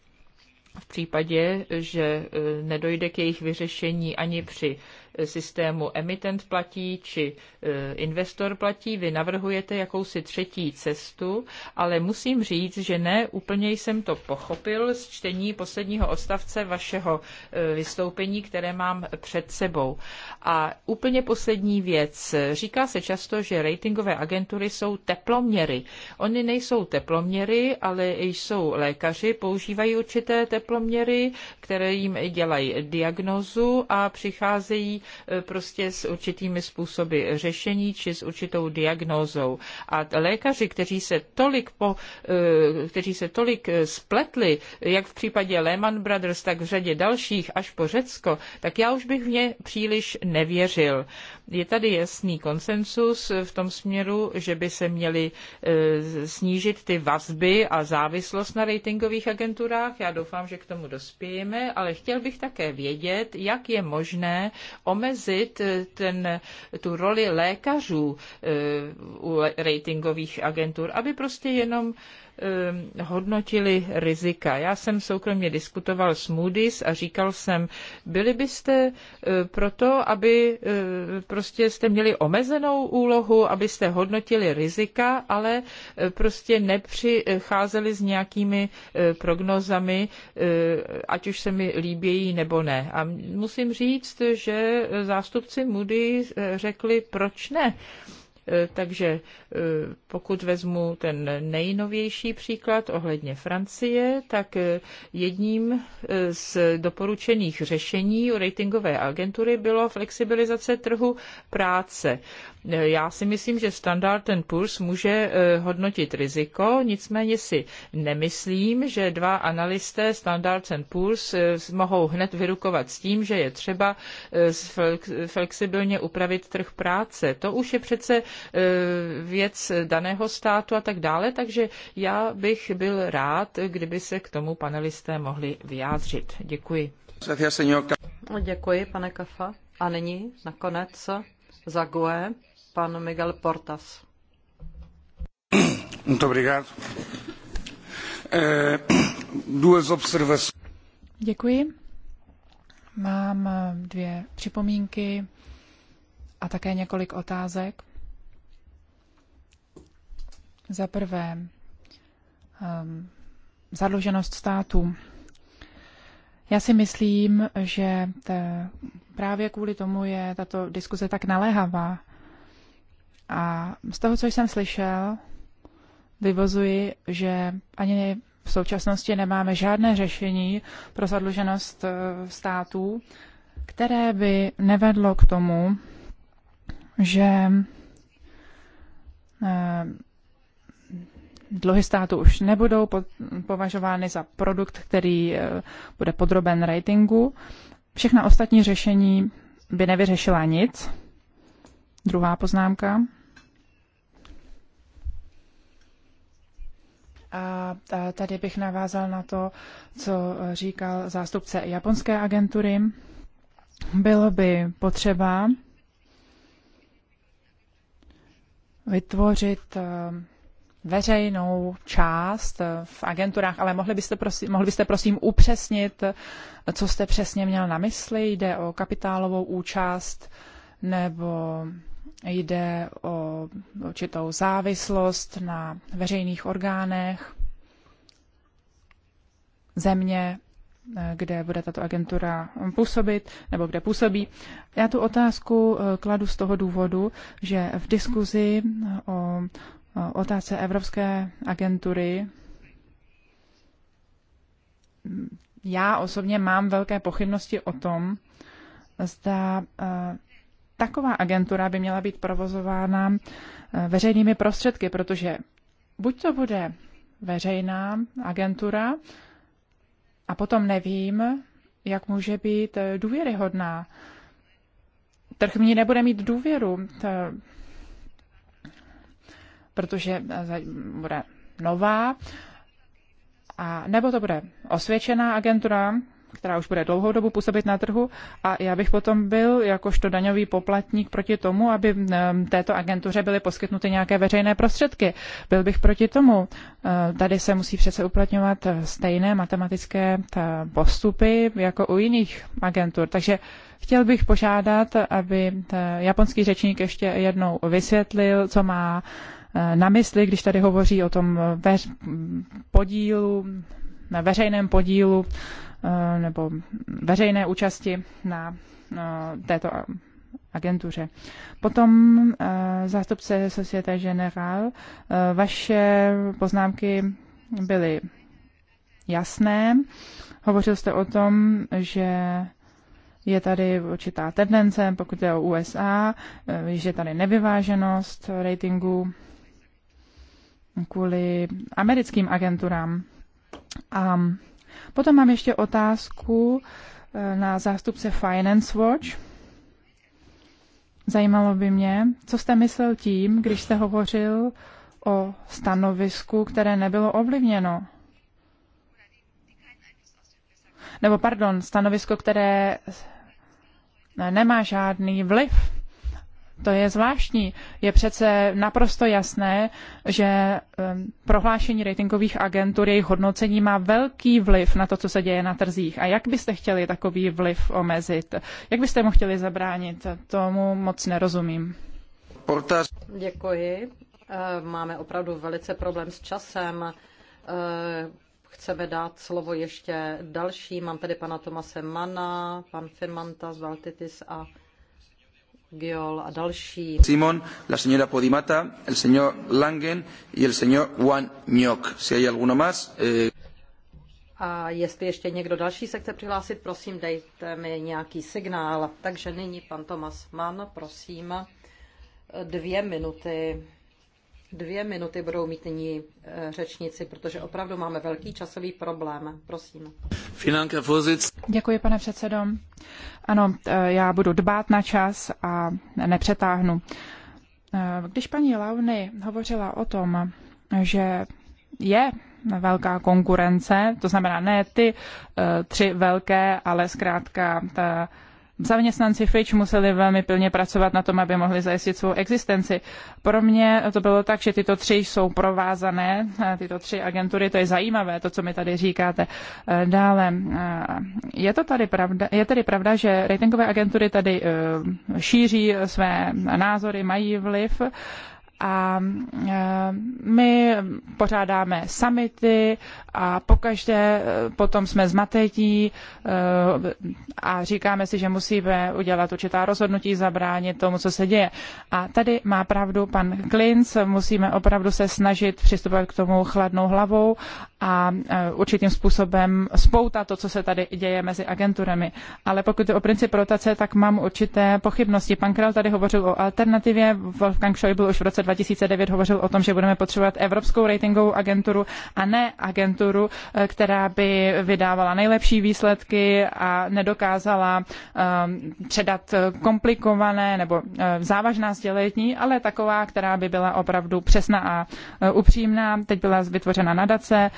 v případě, že nedojde k jejich vyřešení ani při systému emitent platí či e, investor platí. Vy navrhujete jakousi třetí cestu, ale musím říct, že ne úplně jsem to pochopil z čtení posledního odstavce vašeho e, vystoupení, které mám před sebou. A úplně poslední věc. Říká se často, že ratingové agentury jsou teploměry. Oni nejsou teploměry, ale jsou lékaři, používají určité teploměry, které jim dělají diagnózu a přicházejí Eh, prostě s určitými způsoby řešení či s určitou diagnózou. A lékaři, kteří se tolik, po, eh, kteří se tolik eh, spletli, jak v případě Lehman Brothers, tak v řadě dalších až po Řecko, tak já už bych v ně příliš nevěřil. Je tady jasný konsensus v tom směru, že by se měly snížit ty vazby a závislost na ratingových agenturách. Já doufám, že k tomu dospějeme, ale chtěl bych také vědět, jak je možné omezit eh, ten, tu roli lékařů eh, u ratingových agentur, aby prostě jenom Ehm, hodnotili rizika. Já jsem soukromě diskutoval s Moody's a říkal jsem, byli byste eh, proto, aby eh, prostě jste měli omezenou úlohu, abyste hodnotili rizika, ale eh, prostě nepřicházeli s nějakými prognozami, ať už se mi líbějí nebo ne. A musím říct, že zástupci Moody's řekli, proč ne. E, takže e, pokud vezmu ten nejnovější příklad ohledně Francie, tak e, jedním z doporučených řešení ratingové agentury bylo flexibilizace trhu práce. Já si myslím, že Standard Poor's může eh, hodnotit riziko, nicméně si nemyslím, že dva analysté Standard Poor's eh, mohou hned vyrukovat s tím, že je třeba eh, flexibilně upravit trh práce. To už je přece věc daného státu a tak dále, takže já bych byl rád, kdyby se k tomu panelisté mohli vyjádřit. Děkuji. Děkuji, pane Kafa. A nyní nakonec za Goe pan Miguel Portas. Muito obrigado. Eh, duas observações. Děkuji. Mám eh, dvě připomínky a také několik otázek. Za prvé, ehm, zadluženost státu. Já si myslím, že právě kvůli tomu je tato diskuze tak naléhavá. A z toho, co jsem slyšel, vyvozuji, že ani v současnosti nemáme žádné řešení pro zadluženost e, států, které by nevedlo k tomu, že e, dluhy státu už nebudou považovány za produkt, který e, bude podroben ratingu. Všechna ostatní řešení by nevyřešila nic. Druhá poznámka. A tady bych navázal na to, co e, říkal zástupce japonské agentury. Bylo by potřeba vytvořit e, veřejnou část e, v agenturách, ale mohli byste, prosím, mohli byste prosím upřesnit, co jste přesně měl na mysli, jde o kapitálovou účast nebo jde o určitou závislost na veřejných orgánech země, kde bude tato agentura působit, nebo kde působí. Já tu otázku eh, kladu z toho důvodu, že v diskuzi o eh, otázce Evropské agentury mm, já osobně mám velké pochybnosti o tom, zda eh, taková agentura by měla být provozována eh, veřejnými prostředky, protože buď to bude veřejná agentura a potom nevím, jak může být eh, důvěryhodná. Trh mě nebude mít důvěru, protože eh, bude nová, a nebo to bude osvědčená agentura, která už bude dlouhou dobu působit na trhu a já bych potom byl jakožto daňový poplatník proti tomu, aby této agentuře byly poskytnuty nějaké veřejné prostředky. Byl bych proti tomu. E, tady se musí přece uplatňovat e, stejné matematické e, postupy jako u jiných agentur. Takže Chtěl bych požádat, aby japonský řečník ještě jednou vysvětlil, co má na mysli, když tady hovoří o tom veř- podílu, na veřejném podílu Eh, nebo veřejné účasti na eh, této agentuře. Potom eh, zástupce Societe General, vaše poznámky byly jasné. Hovořil jste o tom, že je tady určitá tendence, pokud je o USA, že je tady nevyváženost ratingu kvůli americkým agenturám. A Potom mám ještě otázku eh, na zástupce Finance Watch. Zajímalo by mě, co jste myslel tím, když jste hovořil o stanovisku, které nebylo ovlivněno. Nebo pardon, stanovisko, které nemá žádný vliv to je zvláštní. Je přece naprosto jasné, že ehm, prohlášení ratingových agentur, jejich hodnocení má velký vliv na to, co se děje na trzích. A jak byste chtěli takový vliv omezit? Jak byste mu chtěli zabránit? Tomu moc nerozumím. Děkuji. Eh, máme opravdu velice problém s časem. Eh, chceme dát slovo ještě další. Mám tady pana Tomase Mana, pan Firmanta z Valtitis a Giol a další. Simon, la señora Podimata, el señor Langen y el señor Wan Nyok. Si hay alguno más. Eh... A jestli ještě někdo další se chce přihlásit, prosím, dejte mi nějaký signál. Takže nyní pan Tomas Mann, prosím, dvě minuty. Dvě minuty budou mít nyní eh, řečnici, protože opravdu máme velký časový problém. Prosím. Děkuji, pane předsedo. Ano, eh, já budu dbát na čas a nepřetáhnu. Eh, když paní Launy hovořila o tom, že je velká konkurence, to znamená ne ty tři velké, ale zkrátka ta Zaměstnanci Fitch museli velmi pilně pracovat na tom, aby mohli zajistit svou existenci. Pro mě to bylo tak, že tyto tři jsou provázané, eh, tyto tři agentury, to je zajímavé, to, co mi tady říkáte. Eh, dále, eh, je, to tady pravda, je tedy pravda, že ratingové agentury tady šíří své názory, mají vliv, a e, my pořádáme samity a pokaždé e, potom jsme zmatetí e, a říkáme si, že musíme udělat určitá rozhodnutí, zabránit tomu, co se děje. A tady má pravdu pan Klinc, musíme opravdu se snažit přistupovat k tomu chladnou hlavou a určitým způsobem spoutat to, co se tady děje mezi agenturami. Ale pokud je o princip rotace, tak mám určité pochybnosti. Pan Král tady hovořil o alternativě, Wolfgang Schäuble už v roce 2009 hovořil o tom, že budeme potřebovat evropskou ratingovou agenturu a ne agenturu, eh, která by vydávala nejlepší výsledky a nedokázala eh, předat eh, komplikované nebo závažná sdělení, ale taková, která by byla opravdu přesná a upřímná. Teď byla vytvořena nadace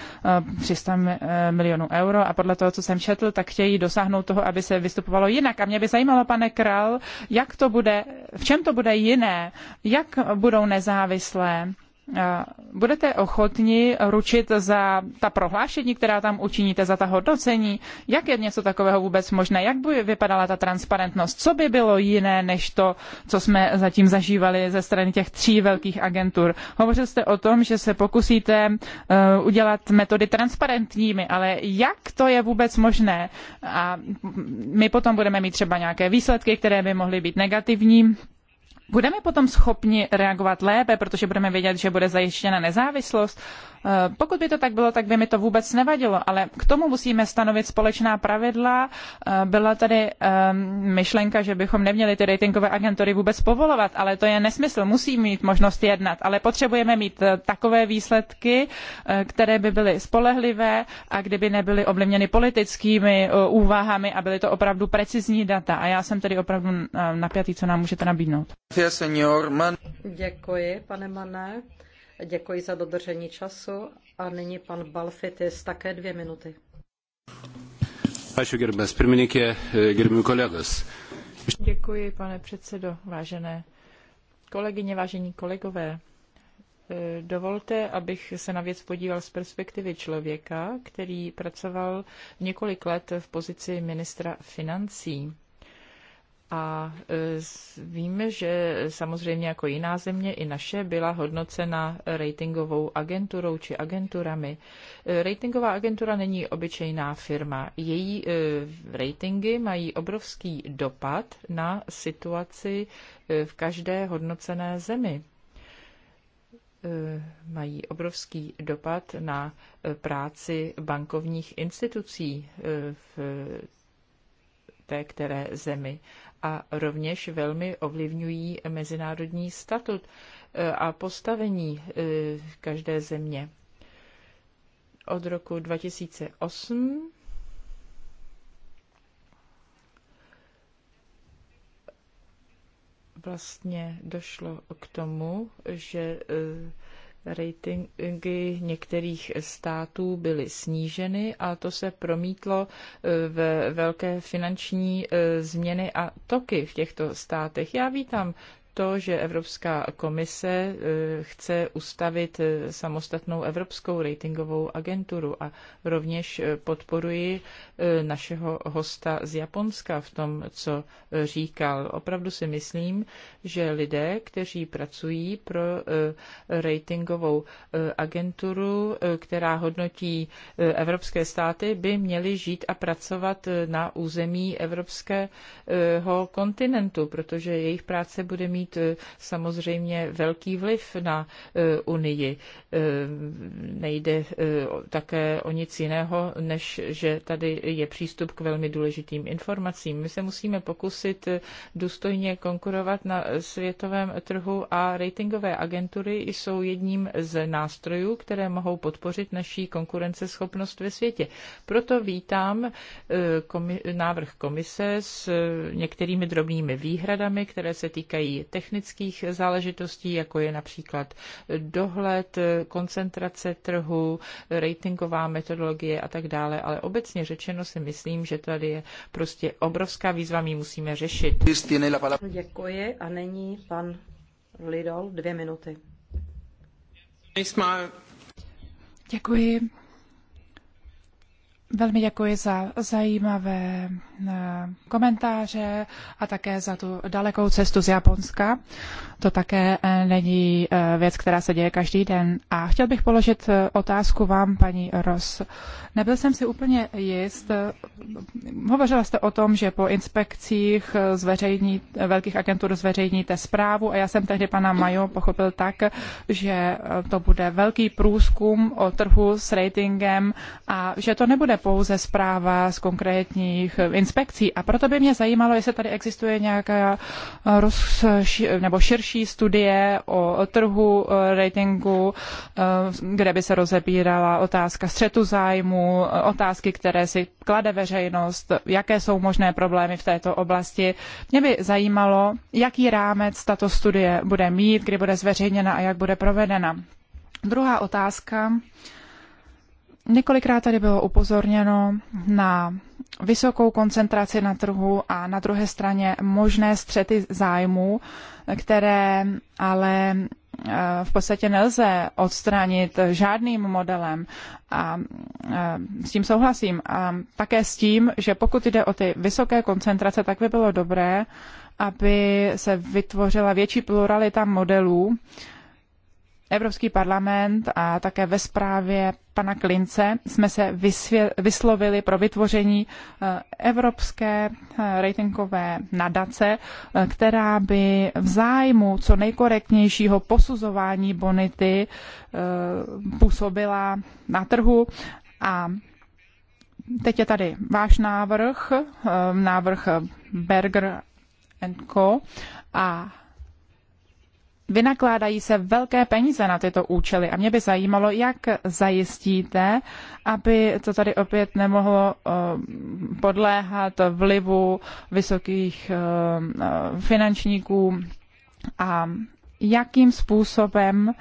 300 milionů euro a podle toho, co jsem četl, tak chtějí dosáhnout toho, aby se vystupovalo jinak. A mě by zajímalo, pane Král, jak to bude, v čem to bude jiné, jak budou nezávislé nezávislé. Eh, budete ochotni ručit za ta prohlášení, která tam učiníte, za ta hodnocení? Jak je něco takového vůbec možné? Jak by vypadala ta transparentnost? Co by bylo jiné než to, co jsme zatím zažívali ze strany těch tří velkých agentur? Hovořil jste o tom, že se pokusíte eh, udělat metody transparentními, ale jak to je vůbec možné? A my potom budeme mít třeba nějaké výsledky, které by mohly být negativní budeme potom schopni reagovat lépe, protože budeme vědět, že bude zajištěna nezávislost? Eh, pokud by to tak bylo, tak by mi to vůbec nevadilo, ale k tomu musíme stanovit společná pravidla. Eh, byla tady ehm, myšlenka, že bychom neměli ty ratingové agentury vůbec povolovat, ale to je nesmysl. Musí mít možnost jednat, ale potřebujeme mít eh, takové výsledky, které by byly spolehlivé a kdyby nebyly ovlivněny politickými úvahami a byly to opravdu precizní data. A já jsem tedy opravdu napjatý, co nám můžete nabídnout. Děkuji, pane Mané. Děkuji za dodržení času a nyní pan Balfitis také dvě minuty. Ačiū gerbiamas pirmininkė, gerbiami kolegos. Děkuji, pane předsedo, vážené kolegyně, vážení kolegové. E, dovolte, abych se na věc podíval z perspektivy člověka, který pracoval několik let v pozici ministra financí. A e, víme, že samozřejmě jako jiná země i naše byla hodnocena ratingovou agenturou či agenturami. E, ratingová agentura není obyčejná firma. Její e, ratingy mají obrovský dopad na situaci v každé hodnocené zemi mají obrovský dopad na práci bankovních institucí v té které zemi a rovněž velmi ovlivňují mezinárodní statut e, a postavení e, každé země. Od roku 2008 vlastně došlo k tomu, že e, ratingy některých států byly sníženy a to se promítlo e, ve velké finanční e, změny a toky v těchto státech. Já vítám to, že Evropská komise eh, chce ustavit eh, samostatnou Evropskou ratingovou agenturu a rovněž eh, podporuji našeho hosta z Japonska v tom, co říkal. Opravdu si myslím, že lidé, kteří pracují pro ratingovou agenturu, která hodnotí evropské státy, by měli žít a pracovat na území evropského kontinentu, protože jejich práce bude mít mít eh, samozřejmě velký vliv na eh, Unii. Eh, nejde také o nic jiného, než že tady je přístup k velmi důležitým informacím. My se musíme pokusit důstojně konkurovat na světovém trhu a ratingové agentury jsou jedním z nástrojů, které mohou podpořit naší konkurenceschopnost ve světě. Proto vítám komi- návrh komise s některými drobnými výhradami, které se týkají technických záležitostí, jako je například dohled, koncentrace trhu, ratingová metodologie a tak dále, ale obecně řečeno si myslím, že tady je prostě obrovská výzva, my musíme řešit. Děkuji a není pan Lidol dvě minuty. Děkuji. Velmi děkuji za zajímavé eh, komentáře a také za tu dalekou cestu z Japonska. To také eh, není eh, věc, která se děje každý den. A chtěl bych položit otázku vám, paní Ros. Nebyl jsem si úplně jist. Hovořila jste o tom, že po inspekcích zveřejní, velkých agentur zveřejníte zprávu a já jsem tehdy pana Majo pochopil tak, že to bude velký průzkum o trhu s ratingem a že to nebude pouze zpráva z konkrétních eh, inspekcí. A proto by mě zajímalo, jestli tady existuje nějaká eh, roz, nebo širší studie o trhu eh, ratingu, kde by se rozebírala otázka střetu zájmu, otázky, které si klade veřejnost, jaké jsou možné problémy v této oblasti. Mě by zajímalo, jaký rámec tato studie bude mít, kdy bude zveřejněna a jak bude provedena. Druhá otázka Několikrát tady bylo upozorněno na vysokou koncentraci na trhu a na druhé straně možné střety zájmů, které ale eh, v podstatě nelze odstranit žádným modelem. A eh, s tím souhlasím. A také s tím, že pokud jde o ty vysoké koncentrace, tak by bylo dobré, aby se vytvořila větší pluralita modelů, Evropský parlament a také ve zprávě pana Klince jsme se vyslovili pro vytvoření eh, evropské eh, ratingové nadace, eh, která by v zájmu co nejkorektnějšího posuzování bonity působila na trhu a Teď je tady váš návrh, návrh Berger Co. A Vynakládají se velké peníze na tyto účely a mě by zajímalo, jak zajistíte, aby to tady opět nemohlo eh, podléhat vlivu vysokých eh, eh, finančníků a jakým způsobem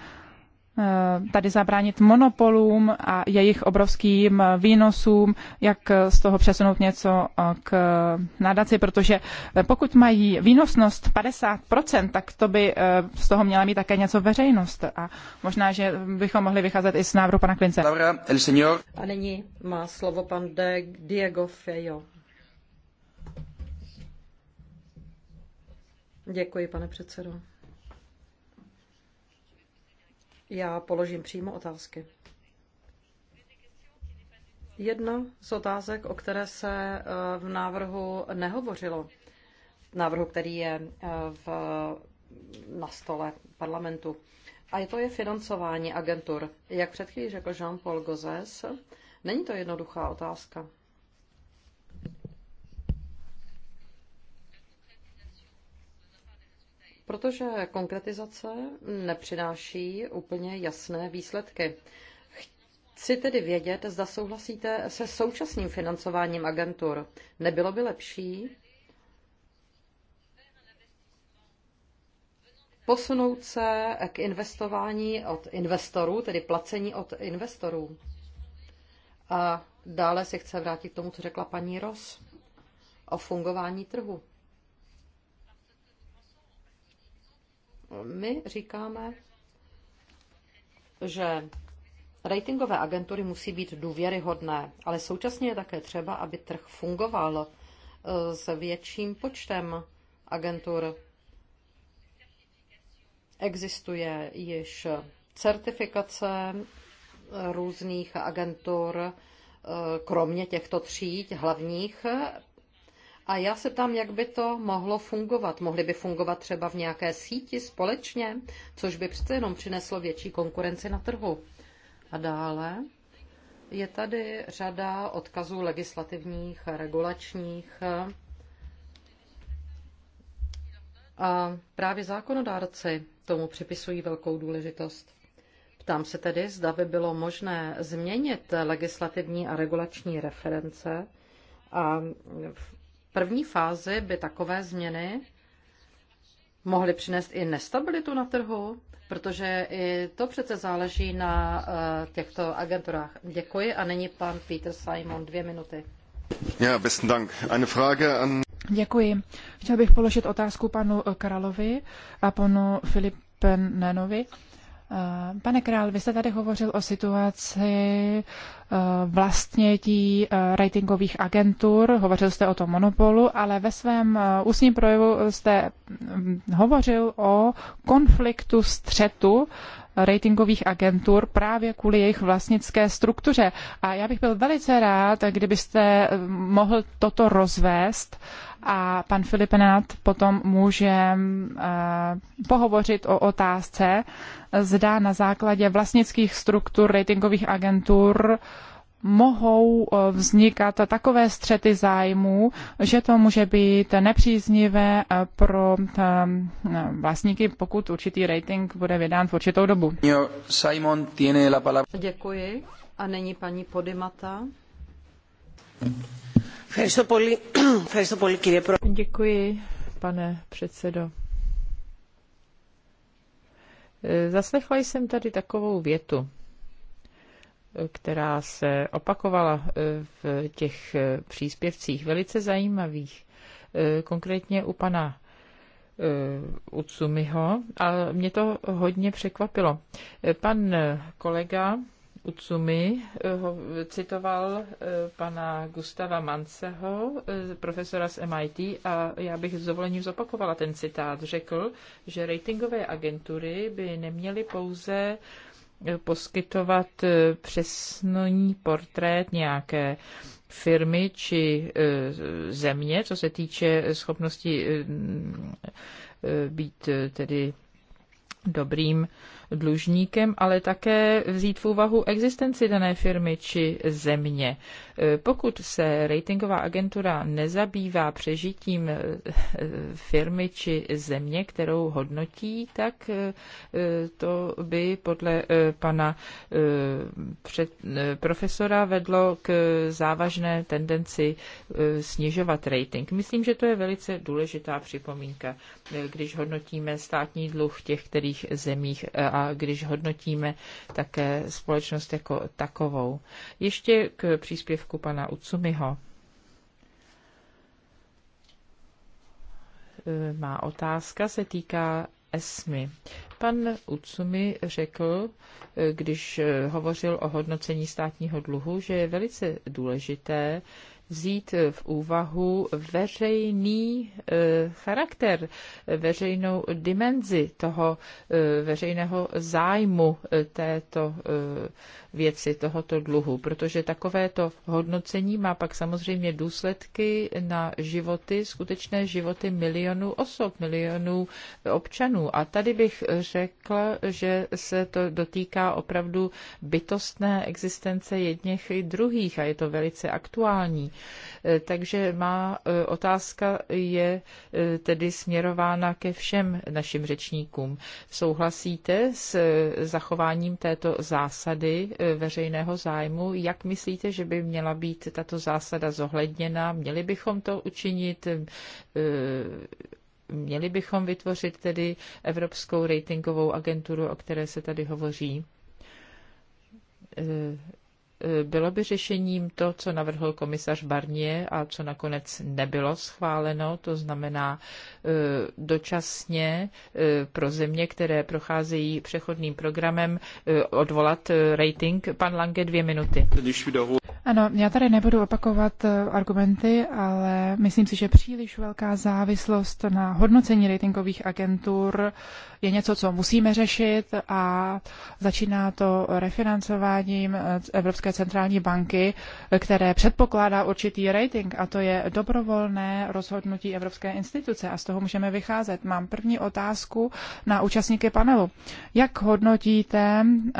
Eh, tady zabránit monopolům a jejich obrovským výnosům, jak z toho přesunout něco eh, k nadaci, protože eh, pokud mají výnosnost 50%, tak to by z toho měla mít také něco veřejnost. A možná, že bychom mohli vycházet i z návrhu pana Klince. A nyní má slovo pan De Diego Fejo. Děkuji, pane předsedo. Já položím přímo otázky. Jedna z otázek, o které se eh, v návrhu nehovořilo, v návrhu, který je eh, v, na stole parlamentu, a to je financování agentur. Jak před chvílí řekl Jean-Paul Gozes, není to jednoduchá otázka. protože konkretizace nepřináší úplně jasné výsledky. Chci tedy vědět, zda souhlasíte se současným financováním agentur. Nebylo by lepší posunout se k investování od investorů, tedy placení od investorů. A dále se chce vrátit k tomu, co řekla paní Ros o fungování trhu. My říkáme, že ratingové agentury musí být důvěryhodné, ale současně je také třeba, aby trh fungoval eh, s větším počtem agentur. Existuje již certifikace různých agentur, eh, kromě těchto tří hlavních a já se tam, jak by to mohlo fungovat. Mohly by fungovat třeba v nějaké síti společně, což by přece jenom přineslo větší konkurenci na trhu. A dále je tady řada odkazů legislativních, regulačních. A právě zákonodárci tomu připisují velkou důležitost. Ptám se tedy, zda by bylo možné změnit legislativní a regulační reference a první fázi by takové změny mohly přinést i nestabilitu na trhu, protože i to přece záleží na eh, těchto agenturách. Děkuji a nyní pan Peter Simon, dvě minuty. Ja, besten Dank. Eine Frage an... Děkuji. Chtěl bych položit otázku panu Karalovi a panu Filipenenovi. Eh, pane král, vy jste tady hovořil o situaci eh, vlastnětí eh, ratingových agentur, hovořil jste o tom monopolu, ale ve svém ústním projevu jste hm, hovořil o konfliktu střetu ratingových agentur právě kvůli jejich vlastnické struktuře. A já bych byl velice rád, kdybyste eh, mohl toto rozvést a pan Filipenát potom může eh, pohovořit o otázce, zda na základě vlastnických struktur ratingových agentur mohou eh, vznikat takové střety zájmů, že to může být nepříznivé eh, pro eh, vlastníky, pokud určitý rating bude vydán v určitou dobu. Simon tiene la palabra. Děkuji. A není paní Podimata. Děkuji, pane předsedo. Zaslechla jsem tady takovou větu která se opakovala eh, v těch eh, příspěvcích, velice zajímavých, eh, konkrétně u pana Utsumiho a mě to hodně překvapilo. Pan kolega Utsumi citoval pana Gustava Manseho, profesora z MIT, a já bych s dovolením zopakovala ten citát. Řekl, že ratingové agentury by neměly pouze poskytovat eh, přesný portrét nějaké firmy či eh, země, co se týče schopnosti eh, být tedy dobrým dlužníkem, ale také vzít v úvahu existenci dané firmy či země. E, pokud se ratingová agentura nezabývá přežitím e, firmy či země, kterou hodnotí, tak e, to by podle pana před, profesora vedlo k závažné tendenci snižovat rating. Myslím, že to je velice důležitá připomínka, když hodnotíme státní dluh těch, který jednotlivých zemích eh, a když hodnotíme také společnost jako takovou. Ještě k příspěvku pana Utsumiho. Eh, má otázka se týká Esmy. Pan Utsumi řekl, eh, když hovořil o hodnocení státního dluhu, že je velice důležité vzít eh, v úvahu veřejný eh, charakter, veřejnou dimenzi toho eh, veřejného zájmu této věci, tohoto dluhu, protože takovéto hodnocení má pak samozřejmě důsledky na životy, skutečné životy milionů osob, milionů občanů. A tady bych řekla, že se to dotýká opravdu bytostné existence jedněch i druhých a je to velice aktuální. Eh, takže má eh, otázka je eh, tedy směrována ke všem našim řečníkům. Souhlasíte s zachováním této zásady veřejného zájmu? Jak myslíte, že by měla být tato zásada zohledněna? Měli bychom to učinit? Měli bychom vytvořit tedy Evropskou ratingovou agenturu, o které se tady hovoří? bylo by řešením to, co navrhl komisař Barnier a co nakonec nebylo schváleno, to znamená e, dočasně e, pro země, které procházejí přechodným programem, e, odvolat rating. Pan Lange dvě minuty. Ano, já tady nebudu opakovat argumenty, ale myslím si, že příliš velká závislost na hodnocení ratingových agentur je něco, co musíme řešit a začíná to refinancováním Evropské centrální banky, které předpokládá určitý rating a to je dobrovolné rozhodnutí Evropské instituce a z toho můžeme vycházet. Mám první otázku na účastníky panelu. Jak hodnotíte uh,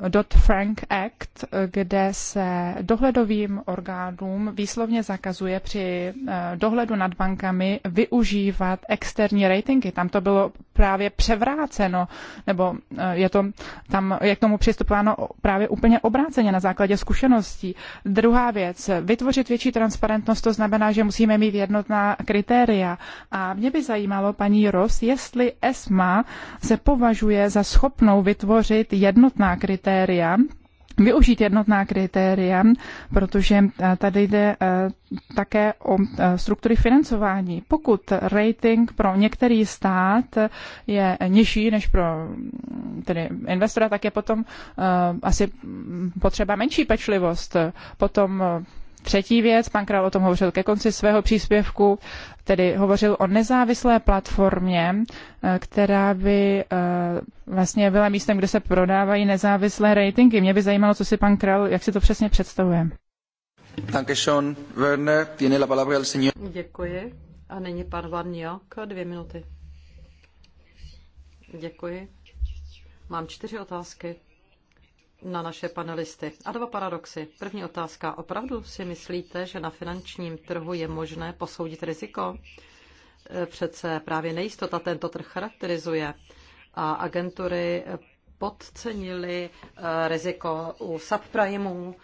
Dodd-Frank Act, kde se dohledovým orgánům výslovně zakazuje při eh, dohledu nad bankami využívat externí ratingy. Tam to bylo právě převráceno, nebo eh, je to tam, je k tomu přistupováno právě úplně obráceně na základě zkušeností. Druhá věc, vytvořit větší transparentnost, to znamená, že musíme mít jednotná kritéria. A mě by zajímalo, paní Ros, jestli ESMA se považuje za schopnou vytvořit jednotná kritéria kritéria, využít jednotná kritéria, protože eh, tady jde eh, také o eh, struktury financování. Pokud rating pro některý stát je nižší než pro mm, tedy investora, tak je potom asi potřeba menší pečlivost. Potom Třetí věc, pan Král o tom hovořil ke konci svého příspěvku, tedy hovořil o nezávislé platformě, eh, která by eh, vlastně byla místem, kde se prodávají nezávislé ratingy. Mě by zajímalo, co si pan Král, jak si to přesně představuje. Děkuji. A nyní pan Van dvě minuty. Děkuji. Mám čtyři otázky na naše panelisty. A dva paradoxy. První otázka. Opravdu si myslíte, že na finančním trhu je možné posoudit riziko? E, přece právě nejistota tento trh charakterizuje a agentury podcenili e, riziko u subprimů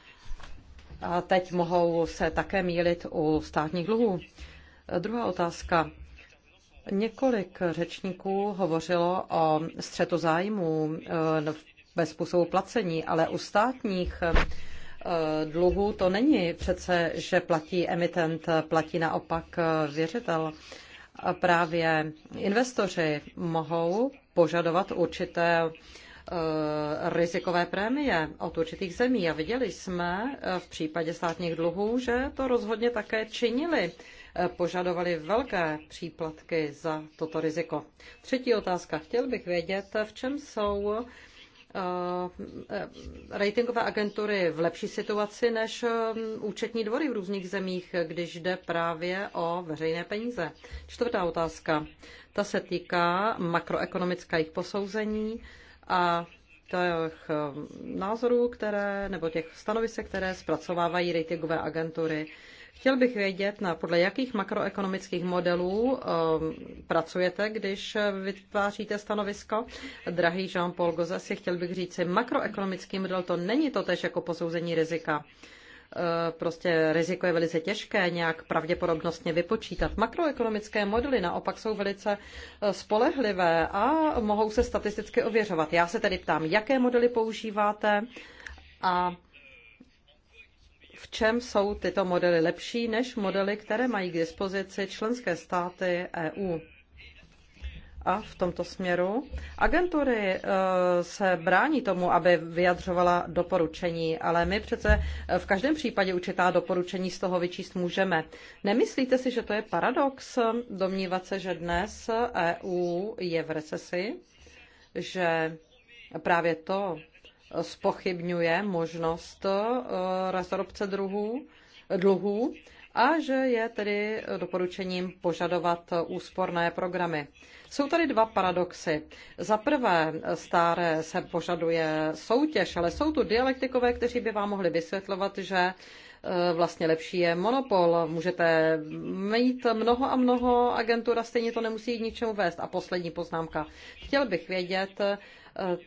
a teď mohou se také mílit u státních dluhů. E, druhá otázka. Několik řečníků hovořilo o střetu zájmů v ve způsobu placení, ale u státních eh, dluhů to není přece, že platí emitent, platí naopak eh, věřitel. Právě investoři mohou požadovat určité eh, rizikové prémie od určitých zemí. A viděli jsme v případě státních dluhů, že to rozhodně také činili. Požadovali velké příplatky za toto riziko. Třetí otázka. Chtěl bych vědět, v čem jsou Eh, ratingové agentury v lepší situaci než eh, účetní dvory v různých zemích, když jde právě o veřejné peníze. Čtvrtá otázka. Ta se týká makroekonomických posouzení a těch eh, názorů, které, nebo těch stanovisek, které zpracovávají ratingové agentury. Chtěl bych vědět, na, podle jakých makroekonomických modelů um, pracujete, když vytváříte stanovisko. Drahý Jean-Paul Gozesi, chtěl bych říct si, makroekonomický model to není to tež jako posouzení rizika eh, prostě riziko je velice těžké nějak pravděpodobnostně vypočítat. Makroekonomické modely naopak jsou velice eh, spolehlivé a mohou se statisticky ověřovat. Já se tedy ptám, jaké modely používáte a v čem jsou tyto modely lepší než modely, které mají k dispozici členské státy EU. A v tomto směru agentury eh, se brání tomu, aby vyjadřovala doporučení, ale my přece eh, v každém případě určitá doporučení z toho vyčíst můžeme. Nemyslíte si, že to je paradox eh, domnívat se, že dnes EU je v recesi, že právě to, spochybňuje možnost eh, resorpce druhů, dluhů a že je tedy doporučením požadovat úsporné programy. Jsou tady dva paradoxy. Za prvé, staré se požaduje soutěž, ale jsou tu dialektikové, kteří by vám mohli vysvětlovat, že eh, vlastně lepší je monopol. Můžete mít mnoho a mnoho agentur a stejně to nemusí ničemu vést. A poslední poznámka. Chtěl bych vědět,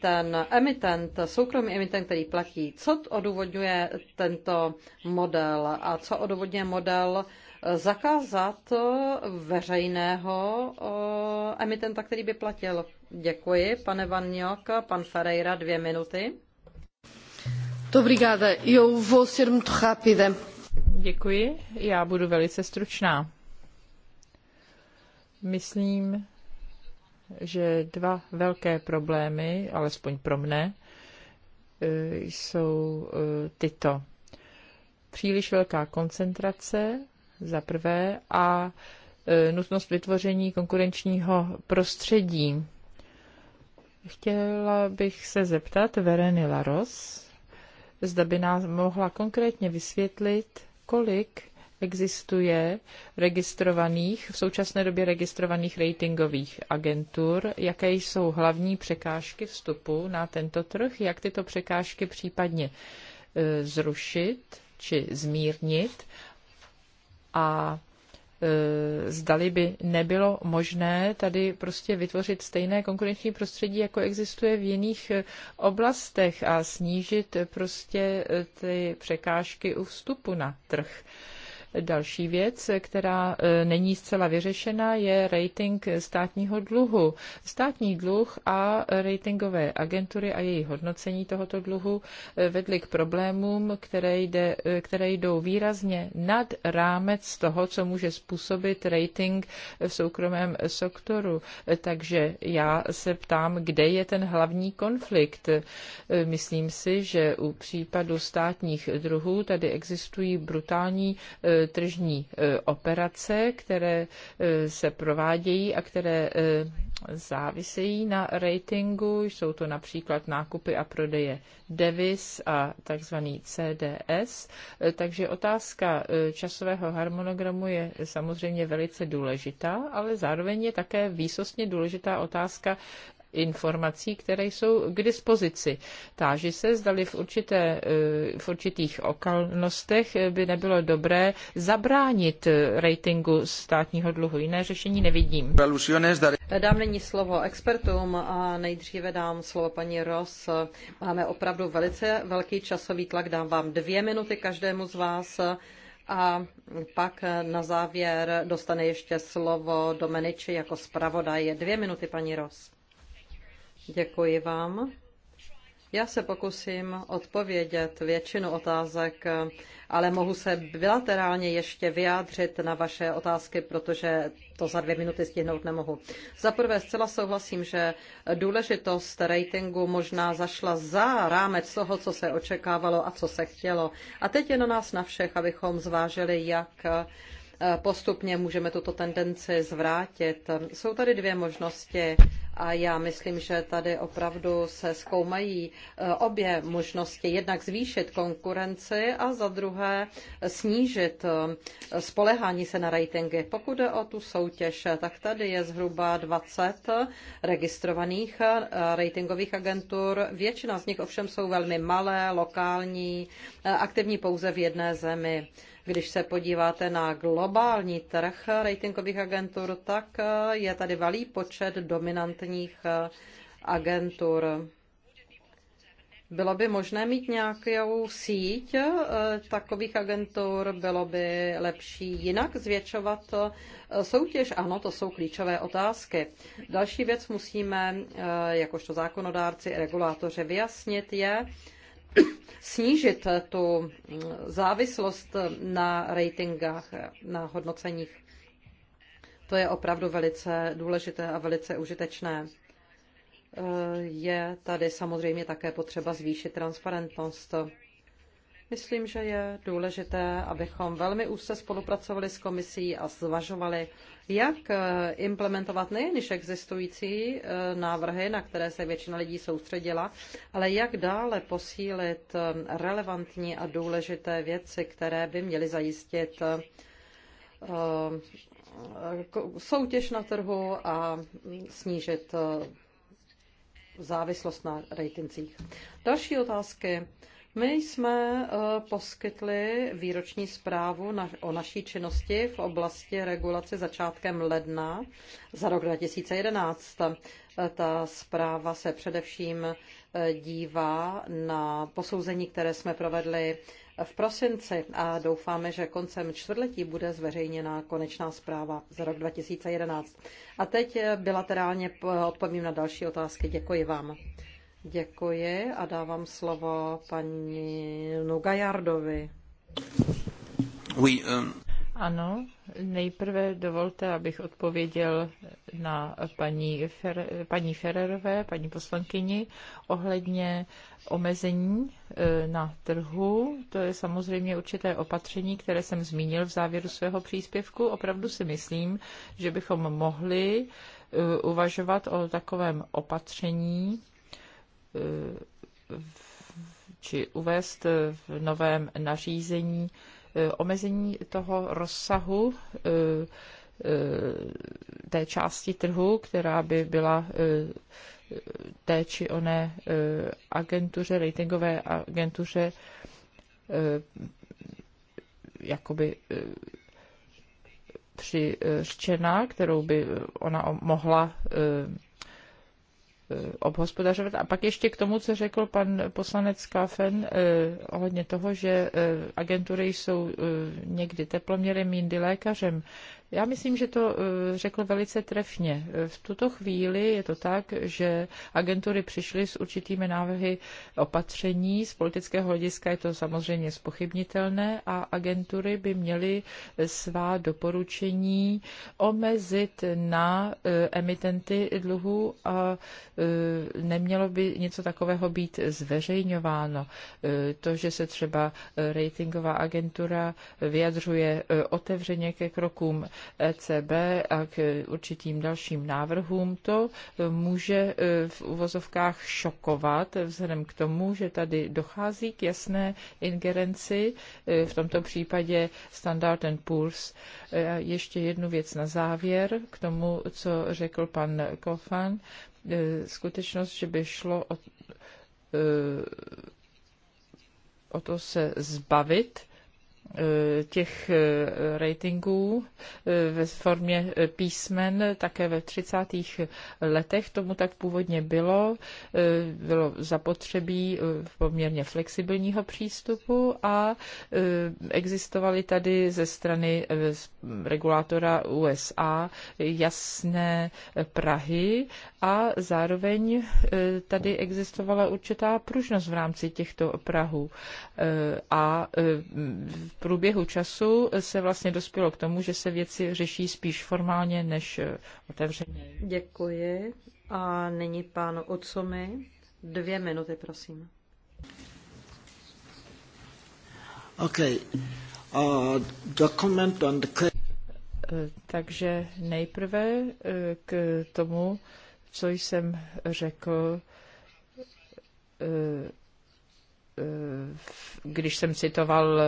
ten emitent, soukromý emitent, který platí, co odůvodňuje tento model a co odůvodňuje model zakázat veřejného emitenta, který by platil. Děkuji, pane Vanjok, pan Ferreira, dvě minuty. Obrigada. Eu vou ser muito rápida. Děkuji, já budu velice stručná. Myslím, že dva velké problémy, alespoň pro mne, e, jsou e, tyto. Příliš velká koncentrace za prvé a e, nutnost vytvoření konkurenčního prostředí. Chtěla bych se zeptat Vereny Laros, zda by nám mohla konkrétně vysvětlit, kolik existuje registrovaných, v současné době registrovaných ratingových agentur, jaké jsou hlavní překážky vstupu na tento trh, jak tyto překážky případně e, zrušit či zmírnit a e, zdali by nebylo možné tady prostě vytvořit stejné konkurenční prostředí, jako existuje v jiných e, oblastech a snížit prostě ty překážky u vstupu na trh. Další věc, která e, není zcela vyřešena, je rating státního dluhu. Státní dluh a ratingové agentury a její hodnocení tohoto dluhu e, vedly k problémům, které, jde, e, které jdou výrazně nad rámec toho, co může způsobit rating v soukromém sektoru. Takže já se ptám, kde je ten hlavní konflikt. Myslím si, že u případu státních druhů tady existují brutální tržní e, operace, které e, se provádějí a které e, závisejí na ratingu. Jsou to například nákupy a prodeje devis a takzvaný CDS. Takže otázka časového harmonogramu je samozřejmě velice důležitá, ale zároveň je také výsostně důležitá otázka informací, které jsou k dispozici. Táži se, zdali v, určité, eh, v určitých okolnostech by nebylo dobré zabránit eh, ratingu státního dluhu. Jiné řešení nevidím. Dám nyní slovo expertům a nejdříve dám slovo paní Ross. Máme opravdu velice velký časový tlak, dám vám dvě minuty každému z vás a pak na závěr dostane ještě slovo Domeniči jako zpravodaj. Dvě minuty, paní Ros. Děkuji vám. Já se pokusím odpovědět většinu otázek, ale mohu se bilaterálně ještě vyjádřit na vaše otázky, protože to za dvě minuty stihnout nemohu. Za prvé zcela souhlasím, že důležitost ratingu možná zašla za rámec toho, co se očekávalo a co se chtělo. A teď je na nás na všech, abychom zvážili, jak postupně můžeme tuto tendenci zvrátit. Jsou tady dvě možnosti a já myslím, že tady opravdu se zkoumají eh, obě možnosti. Jednak zvýšit konkurenci a za druhé snížit eh, spolehání se na ratingy. Pokud jde o tu soutěž, tak tady je zhruba 20 registrovaných eh, ratingových agentur. Většina z nich ovšem jsou velmi malé, lokální, aktivní pouze v jedné zemi. Když se podíváte na globální trh ratingových agentur, tak eh, je tady valý počet dominantních eh, agentur. Bylo by možné mít nějakou síť eh, takových agentur, bylo by lepší jinak zvětšovat soutěž? Ano, to jsou klíčové otázky. Další věc musíme, jakožto zákonodárci, regulátoři vyjasnit je, snížit tu závislost na ratingách, na hodnoceních. To je opravdu velice důležité a velice užitečné. Je tady samozřejmě také potřeba zvýšit transparentnost. Myslím, že je důležité, abychom velmi úzce spolupracovali s komisí a zvažovali, jak eh, implementovat nejen již existující eh, návrhy, na které se většina lidí soustředila, ale jak dále posílit eh, relevantní a důležité věci, které by měly zajistit soutěž na trhu a snížit závislost na ratingcích. Další otázky my jsme eh, poskytli výroční zprávu na, o naší činnosti v oblasti regulace začátkem ledna za rok 2011. Eh, ta zpráva se především eh, dívá na posouzení, které jsme provedli v prosinci a doufáme, že koncem čtvrtletí bude zveřejněna konečná zpráva za rok 2011. A teď bilaterálně odpovím na další otázky. Děkuji vám. Děkuji a dávám slovo paní Nugajardovi. Oui, um... Ano, nejprve dovolte, abych odpověděl na paní, Fer, paní Fererové, paní poslankyni, ohledně omezení eh, na trhu. To je samozřejmě určité opatření, které jsem zmínil v závěru svého příspěvku. Opravdu si myslím, že bychom mohli eh, uvažovat o takovém opatření, Eh, či uvést v novém nařízení eh, omezení toho rozsahu eh, té části trhu, která by byla té či oné agentuře, ratingové agentuře, jakoby přiřčena, kterou by ona mohla Eh, obhospodařovat. A pak ještě k tomu, co řekl pan poslanec Kafen eh, ohledně toho, že eh, agentury jsou někdy teploměrem, jindy lékařem. Já myslím, že to eh, řekl velice trefně. Eh, v tuto chvíli je to tak, že agentury přišly s určitými návrhy opatření. Z politického hlediska je to samozřejmě spochybnitelné a agentury by měly eh, svá doporučení omezit na emitenty dluhu a nemělo by něco takového být zveřejňováno. To, že se třeba ratingová agentura vyjadřuje otevřeně ke krokům ECB a k určitým dalším návrhům, to může e, v uvozovkách šokovat vzhledem k tomu, že tady dochází k jasné ingerenci, e, v tomto případě Standard and Poor's. E, ještě jednu věc na závěr k tomu, co řekl pan Kofan. Skutečnost, že by šlo o o to se zbavit Eh, těch eh, ratingů eh, ve formě písmen také ve 30. letech. Tomu tak původně bylo. Bylo zapotřebí poměrně flexibilního přístupu a existovaly tady ze strany regulátora USA jasné Prahy a zároveň tady existovala určitá pružnost v rámci těchto Prahů. A průběhu času se vlastně dospělo k tomu, že se věci řeší spíš formálně než eh, otevřeně. Děkuji. A nyní pán Ocomi. Dvě minuty, prosím. OK. Uh, document on the... Eh, takže nejprve eh, k tomu, co jsem řekl když jsem citoval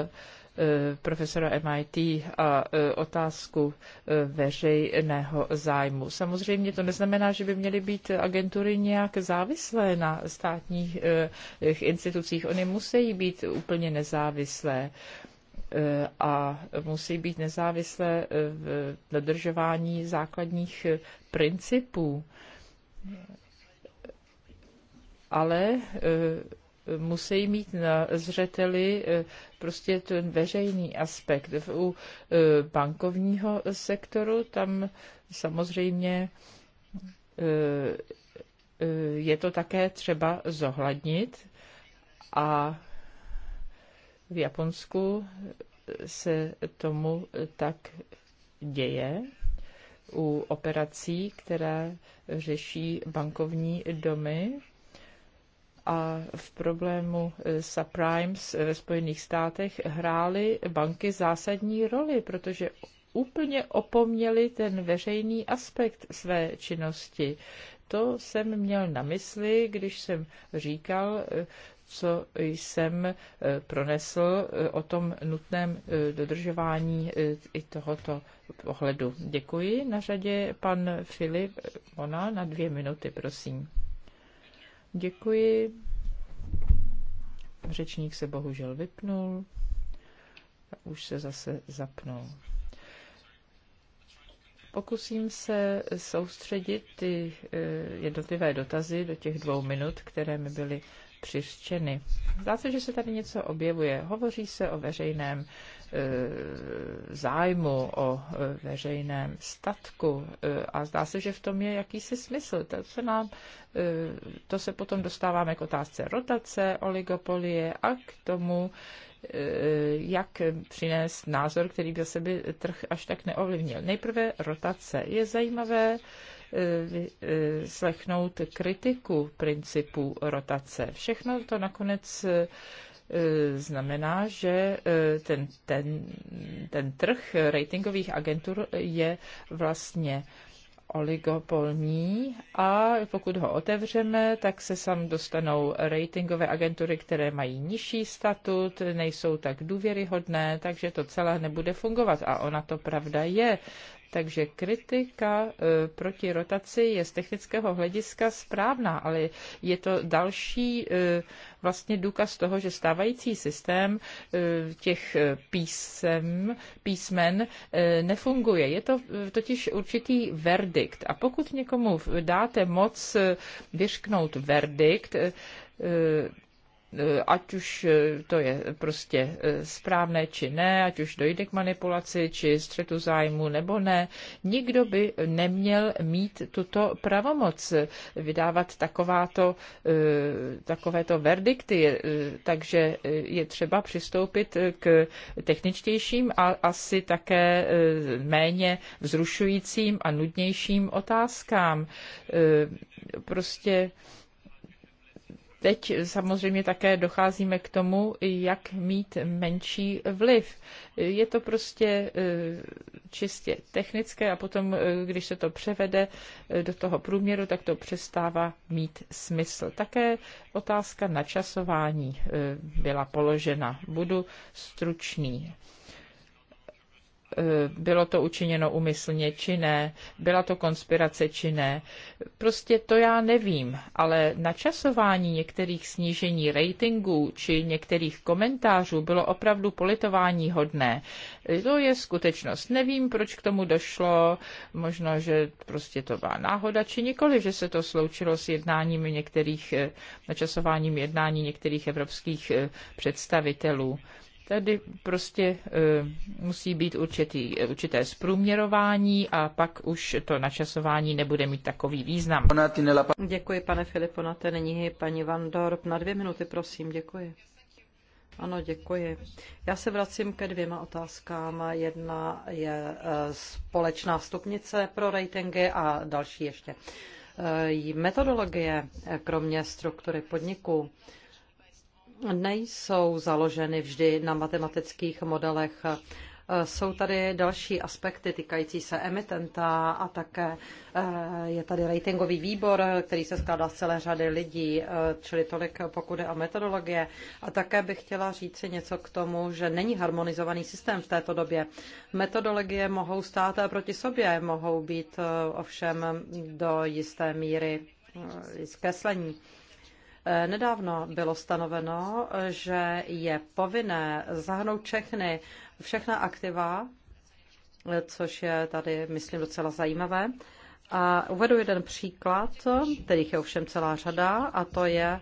Eh, profesora MIT a eh, otázku eh, veřejného zájmu. Samozřejmě to neznamená, že by měly být agentury nějak závislé na státních institucích. Ony musí být úplně nezávislé a musí být nezávislé v dodržování základních principů. Ale musí mít na zřeteli e, prostě ten veřejný aspekt. U e, bankovního sektoru tam samozřejmě e, je to také třeba zohlednit a v Japonsku se tomu tak děje u operací, které řeší bankovní domy a v problému e, subprimes e, ve Spojených státech hrály banky zásadní roli, protože úplně opomněli ten veřejný aspekt své činnosti. To jsem měl na mysli, když jsem říkal, e, co jsem pronesl o tom nutném dodržování i tohoto pohledu. Děkuji. Na řadě pan Filip Ona na dvě minuty, prosím. Děkuji. Řečník se bohužel vypnul. A už se zase zapnul. Pokusím se soustředit ty eh, jednotlivé dotazy do těch dvou minut, které mi byly přiřčeny. Zdá se, že se tady něco objevuje. Hovoří se o veřejném Eh, zájmu, o eh, veřejném statku eh, a zdá se, že v tom je jakýsi smysl. To se, nám, to se potom dostáváme k otázce rotace, oligopolie a k tomu, jak přinést názor, který by se by trh až tak neovlivnil. Nejprve rotace. Je zajímavé, slechnout kritiku principu rotace. Všechno to nakonec E, znamená, že e, ten, ten, ten trh ratingových agentur je vlastně oligopolní a pokud ho otevřeme, tak se sam dostanou ratingové agentury, které mají nižší statut, nejsou tak důvěryhodné, takže to celé nebude fungovat. A ona to pravda je. Takže kritika e, proti rotaci je z technického hlediska správná, ale je to další e, vlastně důkaz toho, že stávající systém e, těch písem, písmen nefunguje. Je to totiž určitý verdikt. A pokud někomu dáte moc vyřknout verdikt, Eh, ať už eh, to je prostě eh, správné či ne, ať už dojde k manipulaci či střetu zájmu nebo ne, nikdo by neměl mít tuto pravomoc vydávat takováto, takovéto verdikty, takže je třeba přistoupit k techničtějším a asi také méně vzrušujícím a nudnějším otázkám. Prostě teď samozřejmě také docházíme k tomu, jak mít menší vliv. Je to prostě eh, čistě technické a potom, eh, když se to převede eh, do toho průměru, tak to přestává mít smysl. Také otázka načasování byla položena. Budu stručný. Eh, bylo to učiněno umyslně či ne, byla to konspirace či ne. Prostě to já nevím, ale načasování některých snížení ratingů či některých komentářů bylo opravdu politování hodné. To je skutečnost. Nevím, proč k tomu došlo, možná, že prostě to byla náhoda, či nikoli, že se to sloučilo s jednáním některých, eh, načasováním jednání některých evropských eh, představitelů. Tady prostě e, musí být určitý, určité zprůměrování a pak už to načasování nebude mít takový význam. Děkuji, pane na té Nyní paní Van Dorp. Na dvě minuty, prosím. Děkuji. Ano, děkuji. Já se vracím ke dvěma otázkám. Jedna je e, společná stupnice pro ratingy a další ještě. E, metodologie, e, kromě struktury podniku, nejsou založeny vždy na matematických modelech. Jsou tady další aspekty týkající se emitenta a také eh, je tady ratingový výbor, který se skládá z celé řady lidí, eh, čili tolik pokud je o metodologie. A také bych chtěla si něco k tomu, že není harmonizovaný systém v této době. Metodologie mohou stát proti sobě, mohou být eh, ovšem do jisté míry zkreslení. Eh, nedávno bylo stanoveno, že je povinné zahrnout všechny, všechna aktiva, eh, což je tady, myslím, docela zajímavé. A uvedu jeden příklad, kterých je ovšem celá řada, a to je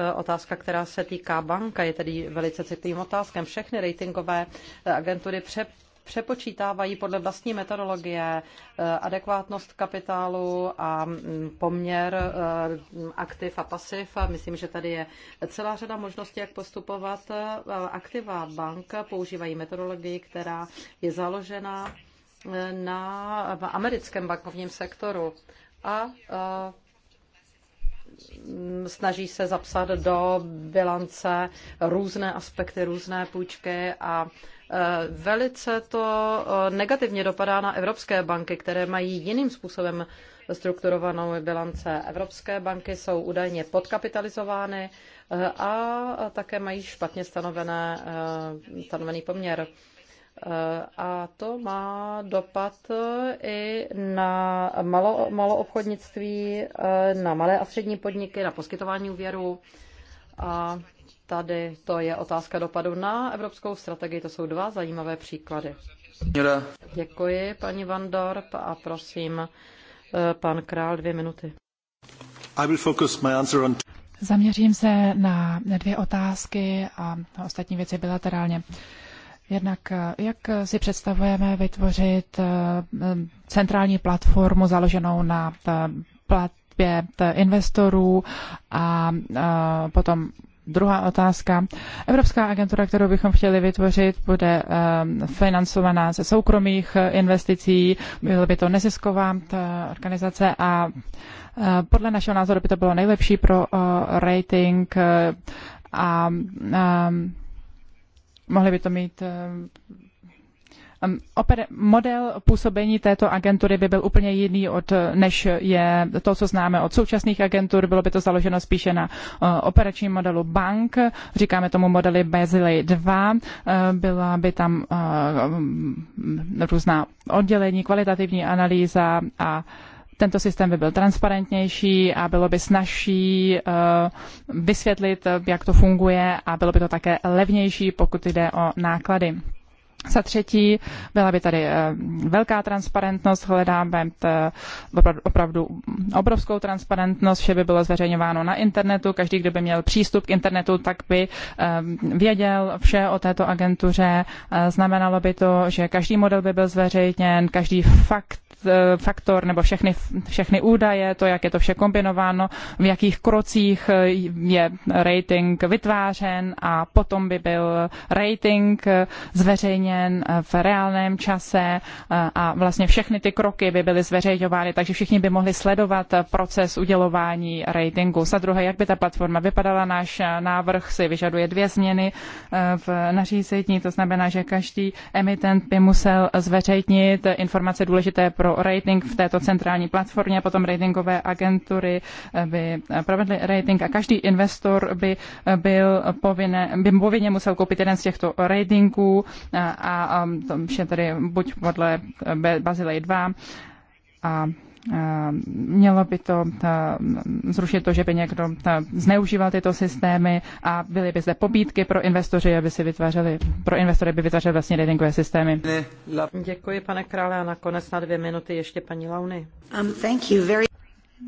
eh, otázka, která se týká banka, je tedy velice citlivým otázkem. Všechny ratingové agentury přepočítávají podle vlastní metodologie eh, adekvátnost kapitálu a mm, poměr eh, aktiv a pasiv. Myslím, že tady je celá řada možností, jak postupovat. Eh, aktiva bank používají metodologii, která je založena na americkém bankovním sektoru a mm, snaží se zapsat do bilance různé aspekty, různé půjčky a Eh, velice to eh, negativně dopadá na evropské banky, které mají jiným způsobem strukturovanou bilance. Evropské banky jsou údajně podkapitalizovány eh, a také mají špatně stanovené, stanovený poměr. A to má dopad i na malo, maloobchodnictví, na malé a střední podniky, na poskytování úvěru. A Tady to je otázka dopadu na evropskou strategii. To jsou dva zajímavé příklady. Děkuji, paní Van Dorp, a prosím, eh, pan Král, dvě minuty. I will focus my answer on... Zaměřím se na dvě otázky a na ostatní věci bilaterálně. Jednak, eh, jak si představujeme vytvořit eh, centrální platformu založenou na platbě investorů a potom druhá otázka. Evropská agentura, kterou bychom chtěli vytvořit, bude ehm, financovaná ze soukromých eh, investicí, byla by to nezisková eh, organizace a eh, podle našeho názoru by to bylo nejlepší pro rating a ehm, mohli by to mít model působení této agentury by byl úplně jiný, od, eh, než je to, co známe od současných agentur. Bylo by to založeno spíše na eh, operačním modelu bank, říkáme tomu modely Basel 2. Eh, byla by tam různá oddělení, kvalitativní analýza a tento systém by byl transparentnější a bylo by snažší vysvětlit, jak to funguje a bylo by to také levnější, pokud jde o náklady. Za třetí, byla by tady eh, velká transparentnost, hledáme eh, opravdu obrovskou transparentnost, vše by bylo zveřejňováno na internetu, každý, kdo by měl přístup k internetu, tak by eh, věděl vše o této agentuře. Znamenalo by to, že každý model by byl zveřejněn, každý fakt Eh, faktor nebo všechny, všechny údaje, to, jak je to vše kombinováno, v jakých krocích eh, je rating vytvářen a potom by byl rating eh, zveřejněn v reálném čase a vlastně všechny ty kroky by byly zveřejňovány, takže všichni by mohli sledovat proces udělování ratingu. Za druhé, jak by ta platforma vypadala, náš návrh si vyžaduje dvě změny v nařízení, to znamená, že každý emitent by musel zveřejnit informace důležité pro pro rating v této centrální platformě, potom ratingové agentury eh, by eh, provedly rating a každý investor by eh, byl povinne, by povinně musel koupit jeden z těchto ratingů a, a to je tedy buď podle Bazilej 2 a Eh, mělo by to eh, zrušit to, že by někdo eh, zneužíval tyto systémy a byly by zde pobídky pro investoři, aby si vytvářeli, pro investory by vytvářeli vlastně ratingové systémy. Děkuji, pane krále, a nakonec na dvě minuty ještě paní Launy. Um, thank you very...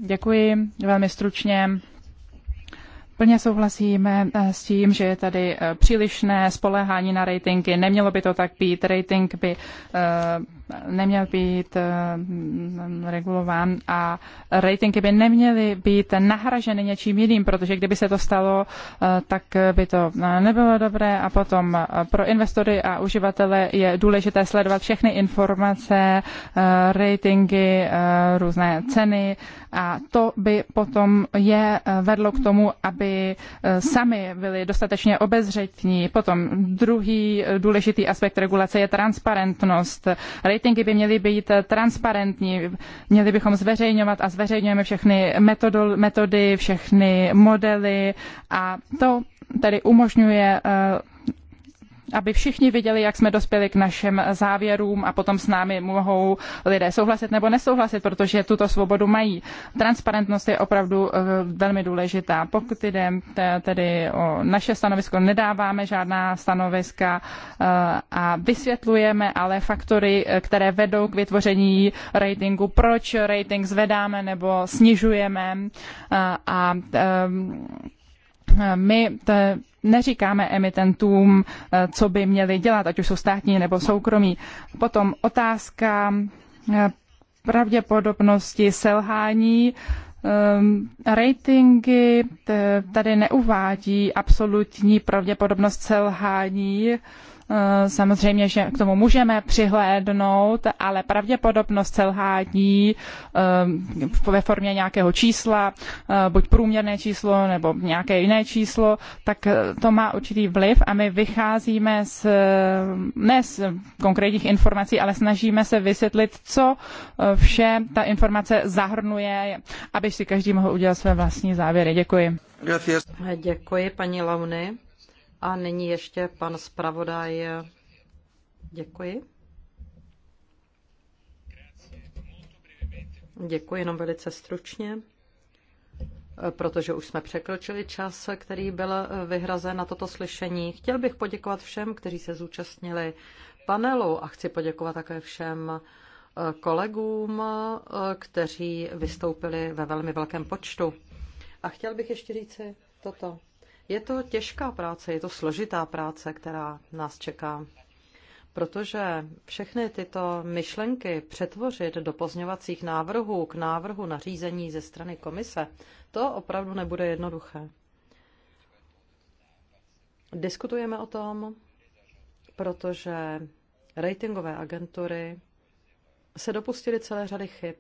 Děkuji, velmi stručně. Plně souhlasíme s tím, že je tady přílišné spoléhání na ratingy. Nemělo by to tak být. Rating by neměl být eh, mm, regulován a ratingy by neměly být nahraženy něčím jiným, protože kdyby se to stalo, eh, tak by to eh, nebylo dobré a potom pro investory a uživatele je důležité sledovat všechny informace, ratingy, různé ceny a to by potom je vedlo k tomu, aby sami byli dostatečně obezřetní. Potom druhý důležitý aspekt regulace je transparentnost. Rating ratingy by měly být eh, transparentní, měli bychom zveřejňovat a zveřejňujeme všechny metodol, metody, všechny modely a to tedy umožňuje eh, aby všichni viděli, jak jsme dospěli k našem závěrům a potom s námi mohou lidé souhlasit nebo nesouhlasit, protože tuto svobodu mají. Transparentnost je opravdu eh, velmi důležitá. Pokud jde tedy o naše stanovisko, nedáváme žádná stanoviska eh, a vysvětlujeme ale faktory, eh, které vedou k vytvoření ratingu, proč rating zvedáme nebo snižujeme a my neříkáme emitentům, eh, co by měli dělat, ať už jsou státní nebo soukromí. Potom otázka eh, pravděpodobnosti selhání. Ehm, ratingy eh, tady neuvádí absolutní pravděpodobnost selhání Eh, samozřejmě, že k tomu můžeme přihlédnout, ale pravděpodobnost selhání eh, ve formě nějakého čísla, eh, buď průměrné číslo nebo nějaké jiné číslo, tak to má určitý vliv a my vycházíme z, ne z konkrétních informací, ale snažíme se vysvětlit, co vše ta informace zahrnuje, aby si každý mohl udělat své vlastní závěry. Děkuji. Děkuji, paní Launy. A nyní ještě pan zpravodaj. Děkuji. Děkuji jenom velice stručně, protože už jsme překročili čas, který byl vyhrazen na toto slyšení. Chtěl bych poděkovat všem, kteří se zúčastnili panelu a chci poděkovat také všem kolegům, kteří vystoupili ve velmi velkém počtu. A chtěl bych ještě říci toto. Je to těžká práce, je to složitá práce, která nás čeká. Protože všechny tyto myšlenky přetvořit do pozňovacích návrhů k návrhu nařízení ze strany komise, to opravdu nebude jednoduché. Diskutujeme o tom, protože ratingové agentury se dopustily celé řady chyb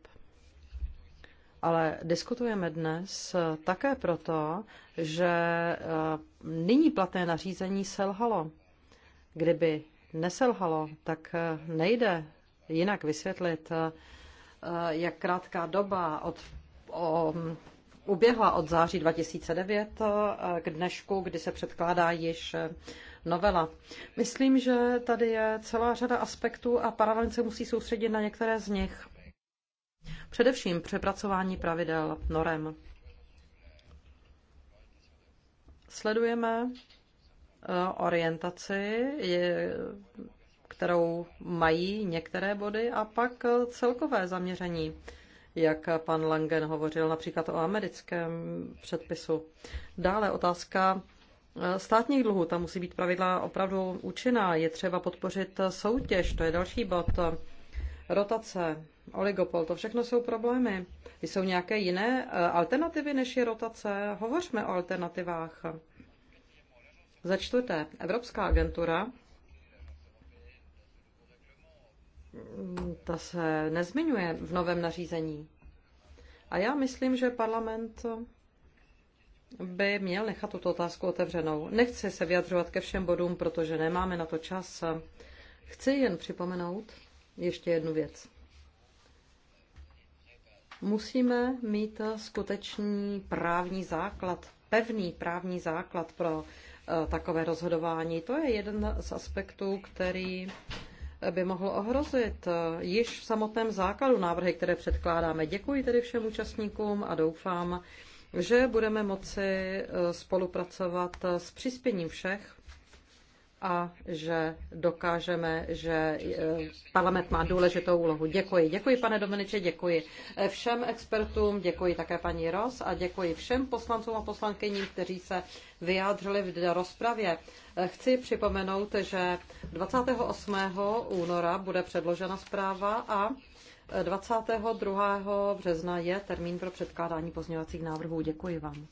ale diskutujeme dnes eh, také proto, že eh, nyní platné nařízení selhalo. Kdyby neselhalo, tak eh, nejde jinak vysvětlit, jak krátká doba od, o, uběhla od září 2009 k dnešku, kdy se předkládá již novela. Myslím, že tady je celá řada aspektů a parlament se musí soustředit na některé z nich. Především přepracování pravidel norem. Sledujeme eh, orientaci, kterou mají některé body a pak eh, celkové zaměření, jak pan Langen hovořil například o americkém předpisu. Dále otázka eh, státních dluhů, tam musí být pravidla opravdu účinná. Je třeba podpořit soutěž, to je další bod. Rotace, oligopol, to všechno jsou problémy. Jsou nějaké jiné eh, alternativy, než je rotace? Hovořme o alternativách. Za čtvrté, Evropská agentura, ta se nezmiňuje v novém nařízení. A já myslím, že parlament by měl nechat tuto otázku otevřenou. Nechci se vyjadřovat ke všem bodům, protože nemáme na to čas. Chci jen připomenout ještě jednu věc. Musíme mít skutečný právní základ, pevný právní základ pro eh, takové rozhodování. To je jeden z aspektů, který by mohl ohrozit eh, již v samotném základu návrhy, které předkládáme. Děkuji tedy všem účastníkům a doufám, že budeme moci eh, spolupracovat s přispěním všech a že dokážeme, že eh, parlament má důležitou úlohu. Děkuji. Děkuji, pane Dominiče, děkuji eh, všem expertům, děkuji také paní Ros a děkuji všem poslancům a poslankyním, kteří se vyjádřili v rozpravě. Eh, chci připomenout, že 28. února bude předložena zpráva a 22. března je termín pro předkládání pozměňovacích návrhů. Děkuji vám.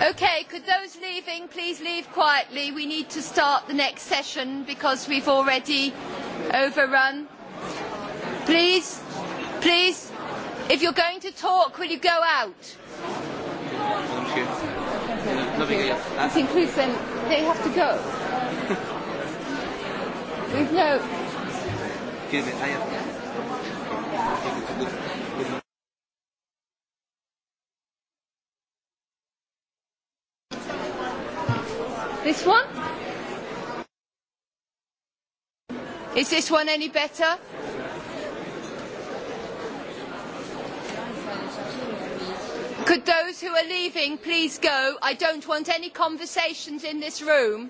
Okay, could those leaving please leave quietly? We need to start the next session because we've already overrun. Please, please, if you're going to talk, will you go out? They have to go. We've no. Is this one any better? Could those who are leaving please go? I don't want any conversations in this room.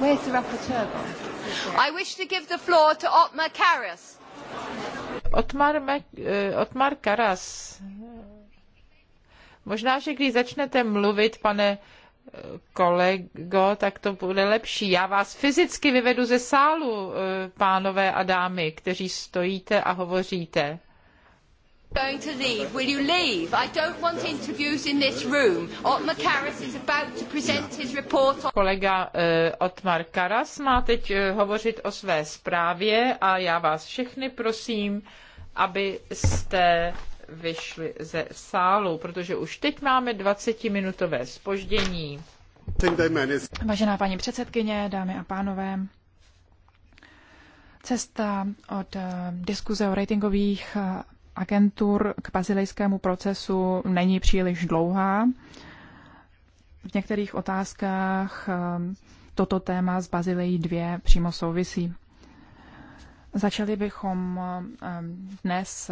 Where's the rapporteur I wish to give the floor to Otmar Karas. Otmar, Mac, uh, eh, Otmar Karas Možná, že když začnete mluvit, pane eh, kolego, tak to bude lepší. Já vás fyzicky vyvedu ze sálu, eh, pánové a dámy, kteří stojíte a hovoříte. Going to leave. Will you leave? I don't want interviews in this room. Otmar Karas is about to present his report. On... Kolega uh, Otmar Karas má teď uh, hovořit o své zprávě a já vás všechny prosím, abyste vyšli ze sálu, protože už teď máme 20-minutové spoždění. Vážená paní předsedkyně, dámy a pánové, cesta od eh, diskuze o ratingových eh, agentur k bazilejskému procesu není příliš dlouhá. V některých otázkách eh, toto téma z Bazilejí 2 přímo souvisí. Začali bychom eh, dnes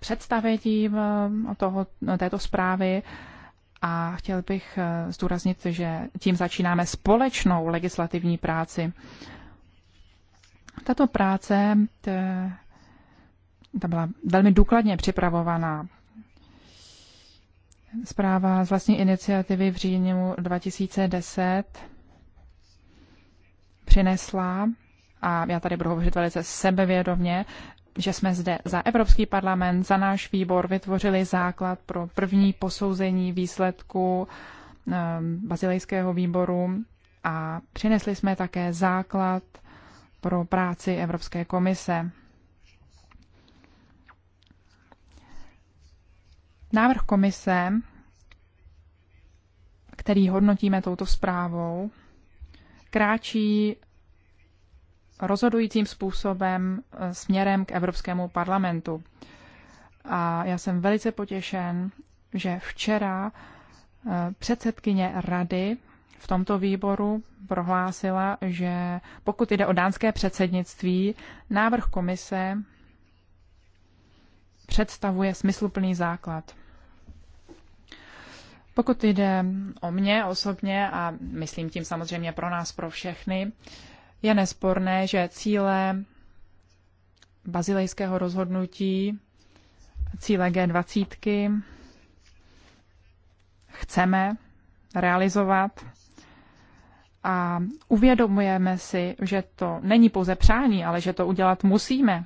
představením eh, toho, této zprávy a chtěl bych eh, zdůraznit, že tím začínáme společnou legislativní práci. Tato práce ta byla velmi důkladně připravovaná. Zpráva z vlastní iniciativy v říjnu 2010 přinesla a já tady budu hovořit velice sebevědomě, že jsme zde za Evropský parlament, za náš výbor vytvořili základ pro první posouzení výsledku ehm, bazilejského výboru a přinesli jsme také základ pro práci Evropské komise. Návrh komise, který hodnotíme touto zprávou, kráčí rozhodujícím způsobem eh, směrem k Evropskému parlamentu. A já jsem velice potěšen, že včera eh, předsedkyně rady v tomto výboru prohlásila, že pokud jde o dánské předsednictví, návrh komise představuje smysluplný základ. Pokud jde o mě osobně, a myslím tím samozřejmě pro nás, pro všechny, uh, je nesporné, že cíle bazilejského rozhodnutí, cíle G20 chceme realizovat a uvědomujeme si, že to není pouze přání, ale že to udělat musíme.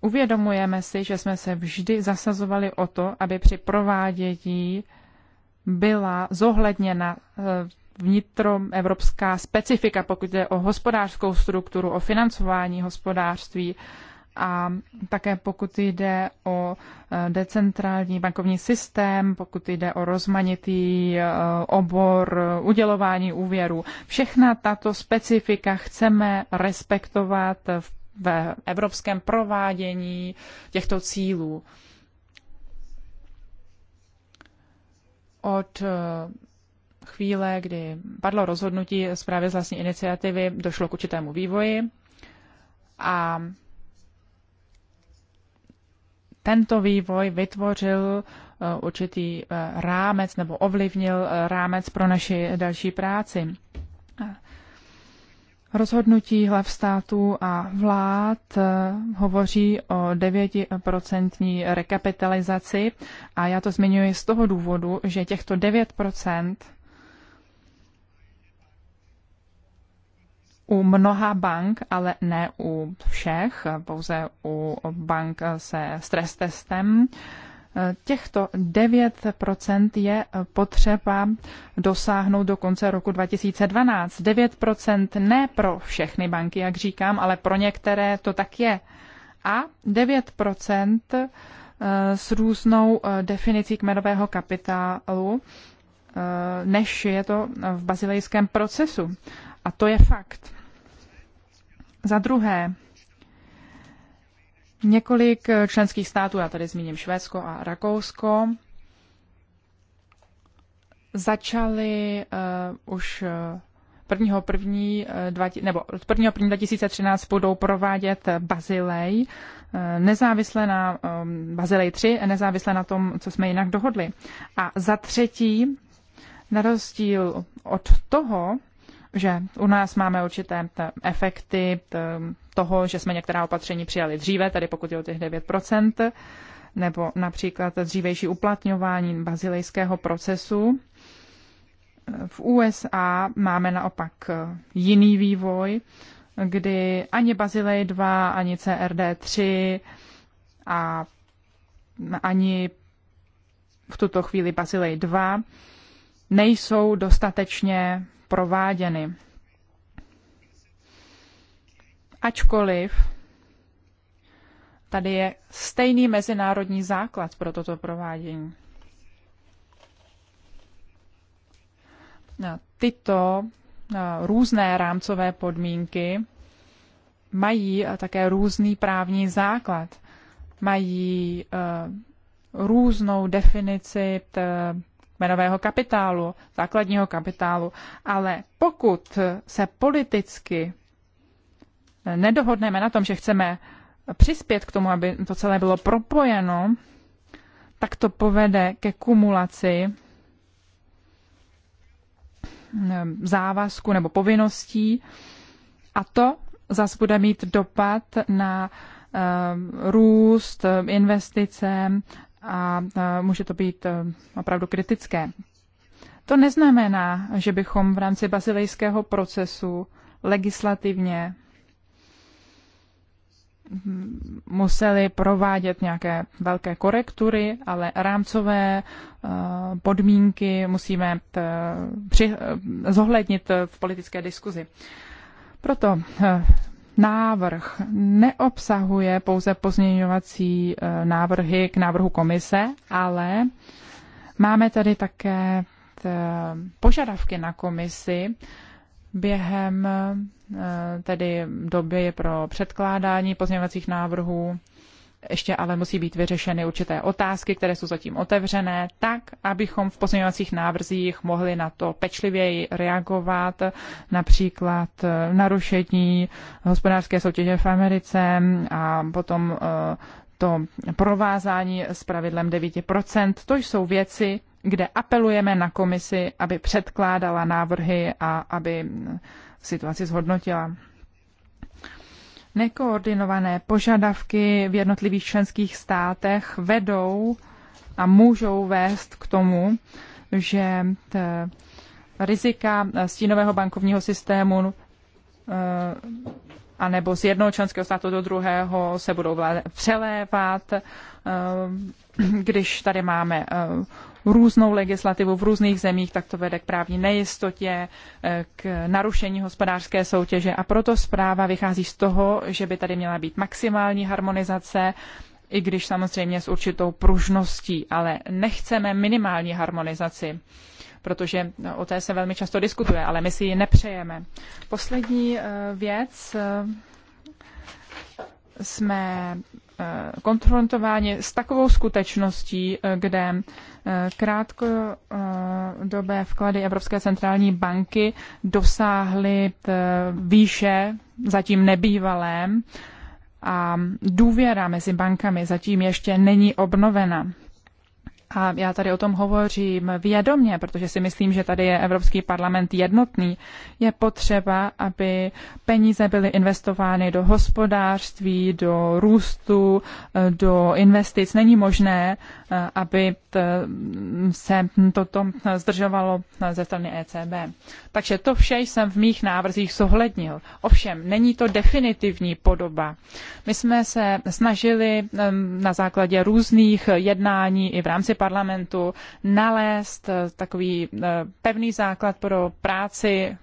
Uvědomujeme si, že jsme se vždy zasazovali o to, aby při provádění byla zohledněna eh, vnitroevropská specifika, pokud jde o hospodářskou strukturu, o financování hospodářství a také pokud jde o e, decentrální bankovní systém, pokud jde o rozmanitý e, obor e, udělování úvěru. Všechna tato specifika chceme respektovat ve evropském provádění těchto cílů. Od chvíle, kdy padlo rozhodnutí zprávy z vlastní iniciativy, došlo k určitému vývoji a tento vývoj vytvořil eh, určitý eh, rámec nebo ovlivnil eh, rámec pro naši další práci. Rozhodnutí hlav států a vlád hovoří o 9% rekapitalizaci a já to zmiňuji z toho důvodu, že těchto u mnoha bank, ale ne u všech, pouze u bank se stres testem. Těchto 9% je potřeba dosáhnout do konce roku 2012. 9% ne pro všechny banky, jak říkám, ale pro některé to tak je. A 9% eh, s různou eh, definicí kmenového kapitálu, eh, než je to v bazilejském procesu. A to je fakt. Za druhé, několik členských států, já tady zmíním Švédsko a Rakousko, začaly uh, eh, už eh, eh, prvního první dva, nebo od 1. 1. 2013 budou provádět Bazilej, nezávisle na um, Bazilej 3, nezávisle na tom, co jsme jinak dohodli. A za třetí, na rozdíl od toho, že u nás máme určité efekty toho, že jsme některá opatření přijali dříve, tady pokud je o těch 9%, nebo například dřívejší uplatňování bazilejského procesu. V USA máme naopak jiný vývoj, kdy ani Bazilej 2, ani CRD 3 a ani v tuto chvíli Bazilej 2 nejsou dostatečně prováděny. Ačkoliv tady je stejný mezinárodní základ pro toto provádění. Tyto eh, různé rámcové podmínky mají eh, také různý právní základ. Mají eh, různou definici kmenového kapitálu, základního kapitálu. Ale pokud se politicky nedohodneme na tom, že chceme přispět k tomu, aby to celé bylo propojeno, tak to povede ke kumulaci ehm, závazku nebo povinností a to zas bude mít dopad na ehm, růst, ehm, investice a může to být e, opravdu kritické. To neznamená, že bychom v rámci basilejského procesu legislativně museli provádět nějaké velké korektury, ale rámcové e, podmínky musíme e, zohlednit v politické diskuzi. Proto návrh neobsahuje pouze pozměňovací eh, návrhy k návrhu komise, ale máme tady také eh, požadavky na komisi během eh, tedy doby pro předkládání pozměňovacích návrhů ještě ale musí být vyřešeny určité otázky, které jsou zatím otevřené, tak, abychom v pozměňovacích návrzích mohli na to pečlivěji reagovat, například eh, narušení hospodářské soutěže v Americe a potom eh, to provázání s pravidlem 9%. To jsou věci, kde apelujeme na komisi, aby předkládala návrhy a aby eh, situaci zhodnotila. Nekoordinované požadavky v jednotlivých členských státech vedou a můžou vést k tomu, že rizika stínového bankovního systému e, anebo z jednoho členského státu do druhého se budou přelévat, e, když tady máme e, různou legislativu v různých zemích, tak to vede k právní nejistotě, eh, k narušení hospodářské soutěže a proto zpráva vychází z toho, že by tady měla být maximální harmonizace i když samozřejmě s určitou pružností, ale nechceme minimální harmonizaci, protože no, o té se velmi často diskutuje, ale my si ji nepřejeme. Poslední eh, věc eh, jsme Eh, konfrontováni s takovou skutečností, eh, kde eh, krátkodobé vklady Evropské centrální banky dosáhly výše zatím nebývalé a důvěra mezi bankami zatím ještě není obnovena a já tady o tom hovořím vědomně, protože si myslím, že tady je Evropský parlament jednotný, je potřeba, aby peníze byly investovány do hospodářství, do růstu, do investic. Není možné, eh, aby mm, se toto zdržovalo ze strany ECB. Takže to vše jsem v mých návrzích zohlednil. Ovšem, není to definitivní podoba. My jsme se snažili mm, na základě různých jednání i v rámci parlamentu nalézt eh, takový eh, pevný základ pro práci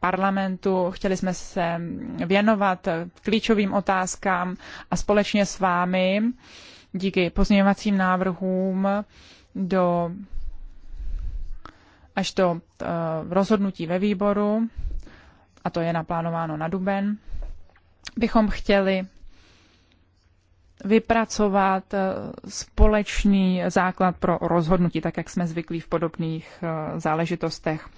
parlamentu. Chtěli jsme se věnovat eh, klíčovým otázkám a společně s vámi díky pozměňovacím návrhům do, až do rozhodnutí ve výboru, a to je naplánováno na duben, bychom chtěli vypracovat eh, společný základ pro rozhodnutí, tak jak jsme zvyklí v podobných eh, záležitostech.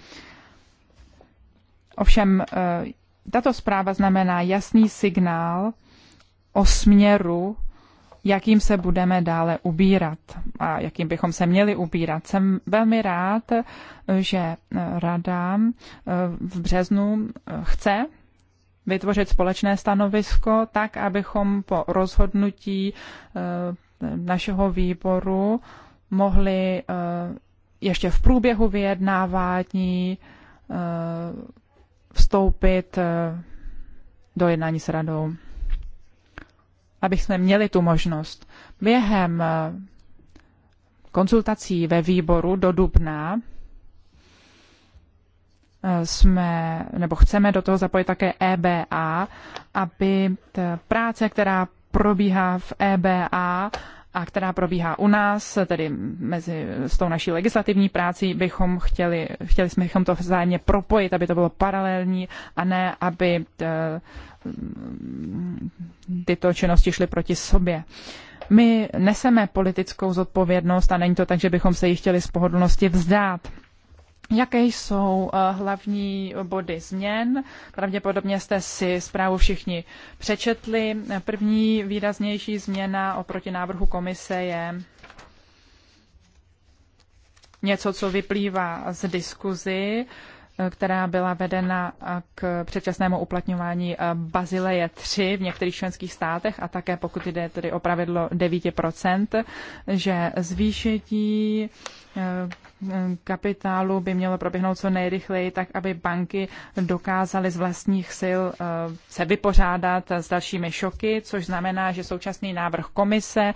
Ovšem, eh, tato zpráva znamená jasný signál o směru, jakým se budeme dále ubírat a jakým bychom se měli ubírat. Jsem velmi rád, že Rada v březnu chce vytvořit společné stanovisko, tak abychom po rozhodnutí eh, našeho výboru mohli eh, ještě v průběhu vyjednávání eh, vstoupit do jednání s radou, abych jsme měli tu možnost. Během konzultací ve výboru do dubna Eh, jsme, nebo chceme do toho zapojit také EBA, aby práce, která probíhá v EBA a která probíhá u nás, tedy mezi s tou naší legislativní práci, bychom chtěli, chtěli jsme bychom to vzájemně propojit, aby to bylo paralelní a ne, aby eh, tyto činnosti šly proti sobě. My neseme politickou zodpovědnost a není to tak, že bychom se ji chtěli z pohodlnosti vzdát Jaké jsou eh, hlavní body změn? Pravděpodobně jste si zprávu všichni přečetli. První výraznější změna oproti návrhu komise je něco, co vyplývá z diskuzi, eh, která byla vedena k předčasnému uplatňování eh, Bazileje 3 v některých členských státech a také pokud jde tedy o pravidlo 9%, že zvýšení kapitálu by mělo proběhnout co nejrychleji, tak aby banky dokázaly z vlastních sil eh, se vypořádat s dalšími šoky, což znamená, že současný návrh komise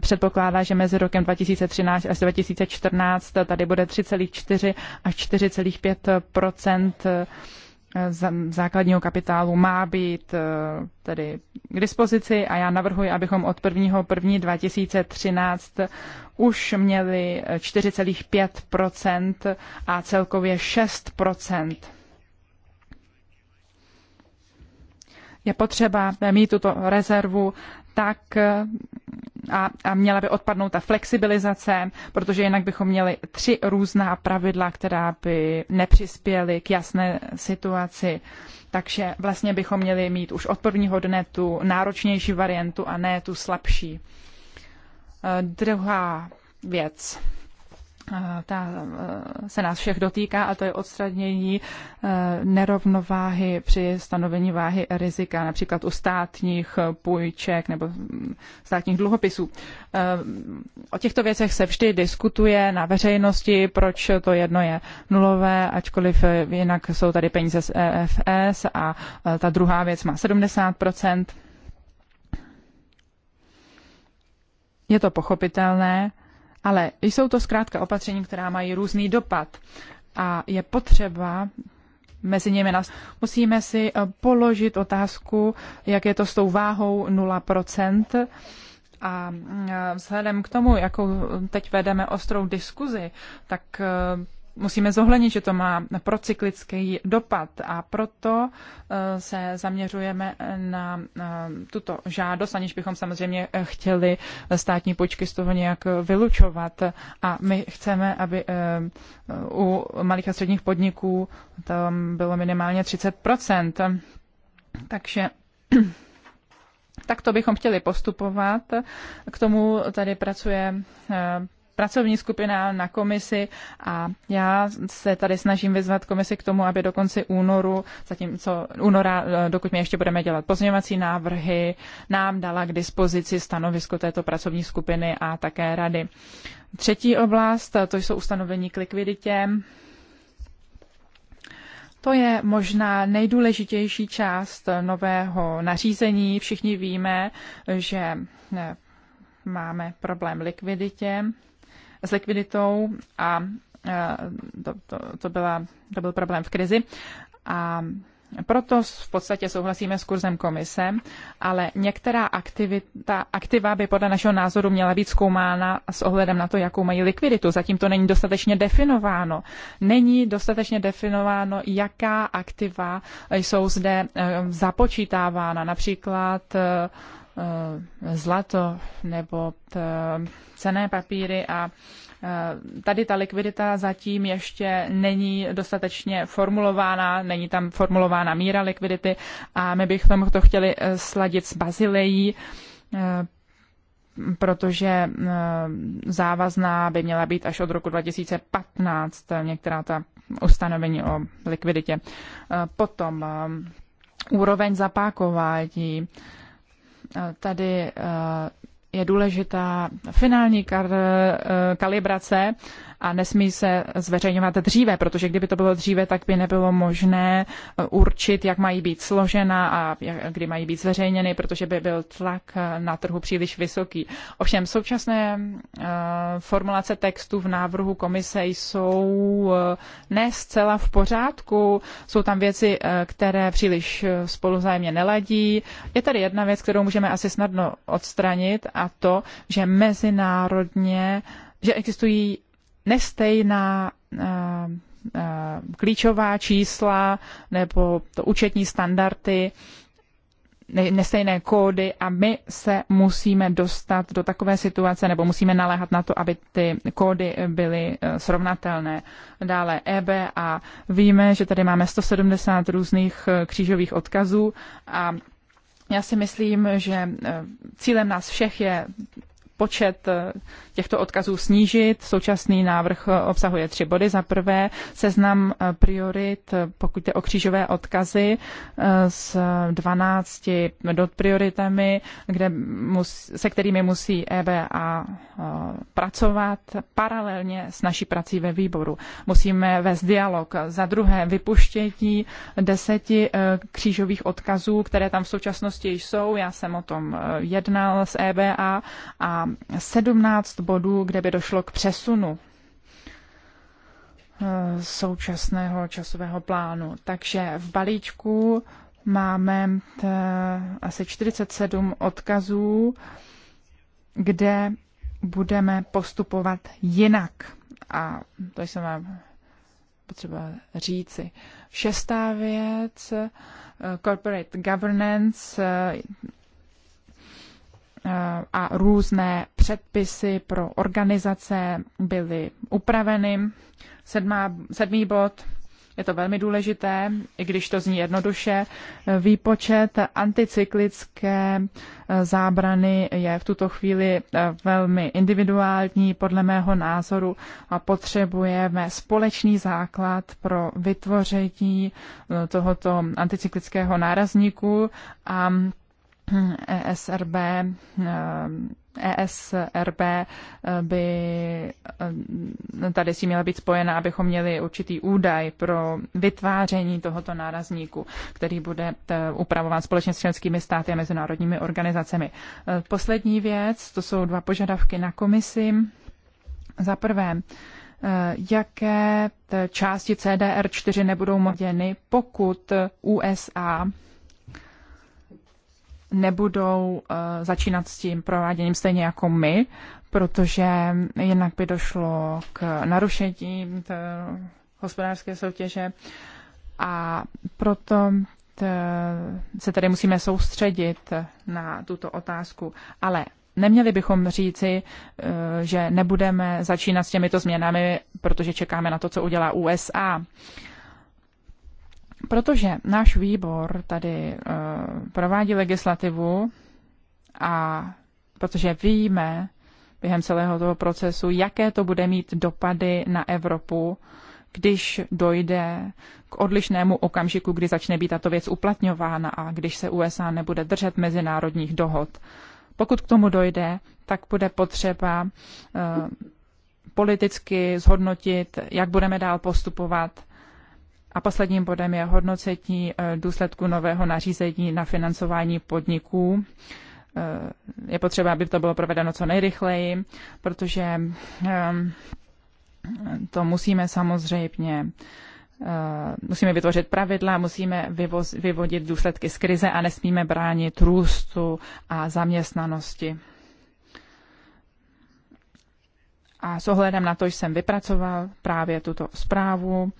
předpokládá, že mezi rokem 2013 až 2014 tady bude 3,4 až 4,5 základního kapitálu má být eh, tedy k dispozici a já navrhuji, abychom od 1.1.2013 2013 už měli 4,5% eh, a celkově 6%. Je potřeba mít tuto rezervu tak eh, a, a měla by odpadnout ta flexibilizace, protože jinak bychom měli tři různá pravidla, která by nepřispěly k jasné situaci. Takže vlastně bychom měli mít už od prvního dne tu náročnější variantu a ne tu slabší. Eh, druhá věc. Eh, ta eh, se nás všech dotýká a to je odstranění eh, nerovnováhy při stanovení váhy rizika, například u státních půjček nebo mm, státních dluhopisů. O těchto věcech se vždy diskutuje na veřejnosti, proč to jedno je nulové, ačkoliv jinak jsou tady peníze z EFS a ta druhá věc má 70 je to pochopitelné, ale jsou to zkrátka opatření, která mají různý dopad a je potřeba mezi nimi nás. Musíme si eh, položit otázku, jak je to s tou váhou 0%. A mm, eh, vzhledem k tomu, jakou teď vedeme ostrou diskuzi, tak eh, musíme zohlednit, že to má procyklický dopad a proto eh, se zaměřujeme na eh, tuto žádost, aniž bychom samozřejmě chtěli státní počky z toho nějak vylučovat. A my chceme, aby eh, u malých a středních podniků tam bylo minimálně 30 Takže tak to bychom chtěli postupovat. K tomu tady pracuje pracovní skupina na komisi a já se tady snažím vyzvat komisi k tomu, aby do konce únoru, zatímco února, eh, dokud my ještě budeme dělat pozměňovací návrhy, nám dala k dispozici stanovisko této pracovní skupiny a také rady. Třetí oblast, to jsou ustanovení k likviditě. To je možná nejdůležitější část nového nařízení. Všichni víme, že eh, máme problém likviditě s likviditou a e, to, to, to, byla, to byl problém v krizi. A proto v podstatě souhlasíme s kurzem komise, ale některá aktivita, aktiva by podle našeho názoru měla být zkoumána s ohledem na to, jakou mají likviditu. Zatím to není dostatečně definováno. Není dostatečně definováno, jaká aktiva jsou zde e, započítávána. Například e, Eh, zlato nebo eh, cené papíry a eh, tady ta likvidita zatím ještě není dostatečně formulována, není tam formulována míra likvidity a my bychom to chtěli sladit s Bazilejí, protože závazná by měla být až od roku 2015 některá ta ustanovení o likviditě. Potom úroveň zapákování Eh, tady eh, je důležitá finální eh, kalibrace a nesmí se zveřejňovat dříve, protože kdyby to bylo dříve, tak by nebylo možné eh, určit, jak mají být složena a kdy mají být zveřejněny, protože by byl tlak eh, na trhu příliš vysoký. Ovšem současné eh, formulace textu v návrhu komise jsou ne zcela v pořádku, jsou tam věci, které příliš spolu vzájemně neladí. Je tady jedna věc, kterou můžeme asi snadno odstranit a to, že mezinárodně že existují nestejná eh, eh, klíčová čísla nebo to účetní standardy, nestejné kódy a my se musíme dostat do takové situace nebo musíme naléhat na to, aby ty kódy byly eh, srovnatelné. Dále EB a Víme, že tady máme 170 různých křížových odkazů a já si myslím, že cílem nás všech je počet těchto odkazů snížit. Současný návrh eh, obsahuje tři body. Za prvé seznam eh, priorit, eh, pokud jde o křížové odkazy s 12 dot prioritami, kde mus, se kterými musí EBA pracovat paralelně s naší prací ve výboru. Musíme vést dialog. Za druhé vypuštění deseti křížových odkazů, které tam v současnosti jsou. Já jsem o tom jednal s EBA a 17 bodů, kde by došlo k přesunu eh, současného časového plánu. Takže v balíčku máme eh, asi 47 odkazů, kde budeme postupovat jinak. A to jsem vám potřeba říci. Šestá věc, eh, corporate governance, Eh, a různé předpisy pro organizace byly upraveny. Sedmá, sedmý bod, je to velmi důležité, i když to zní jednoduše, eh, výpočet anticyklické eh, zábrany je v tuto chvíli velmi individuální. Podle mého názoru a potřebujeme společný základ pro vytvoření tohoto anticyklického nárazníku a ESRB, ESRB e e, by e, tady si měla být spojena, abychom měli určitý údaj pro vytváření tohoto nárazníku, který bude upravován společně s členskými státy a mezinárodními organizacemi. Poslední věc, to jsou dva požadavky na komisi. Za prvé, jaké části CDR4 nebudou moděny, pokud USA nebudou eh, začínat s tím prováděním stejně jako my, protože jinak by došlo k narušení eh, hospodářské soutěže a proto eh, se tedy musíme soustředit na tuto otázku. Ale neměli bychom říci, že nebudeme začínat s těmito změnami, protože čekáme na to, co udělá USA. Protože náš výbor tady eh, provádí legislativu a protože víme během celého toho procesu, jaké to bude mít dopady na Evropu, když dojde k odlišnému okamžiku, kdy začne být tato věc uplatňována a když se USA nebude držet mezinárodních dohod. Pokud k tomu dojde, tak bude potřeba eh, politicky zhodnotit, jak budeme dál postupovat a posledním bodem je hodnocení eh, důsledku nového nařízení na financování podniků. Eh, je potřeba, aby to bylo provedeno co nejrychleji, protože ehm, to musíme samozřejmě eh, musíme vytvořit pravidla, musíme vyvoz, vyvodit důsledky z krize a nesmíme bránit růstu a zaměstnanosti. A s ohledem na to že jsem vypracoval právě tuto zprávu.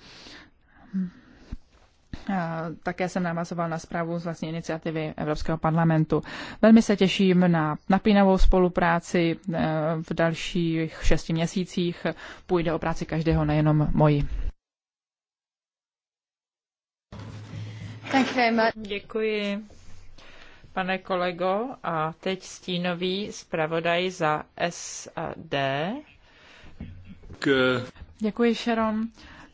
Také jsem navazoval na zprávu z vlastní iniciativy Evropského parlamentu. Velmi se těším na napínavou spolupráci e, v dalších šesti měsících. Půjde o práci každého, nejenom moji. Děkuji, pane kolego. A teď stínový zpravodaj za SD. K... Děkuji, Sharon.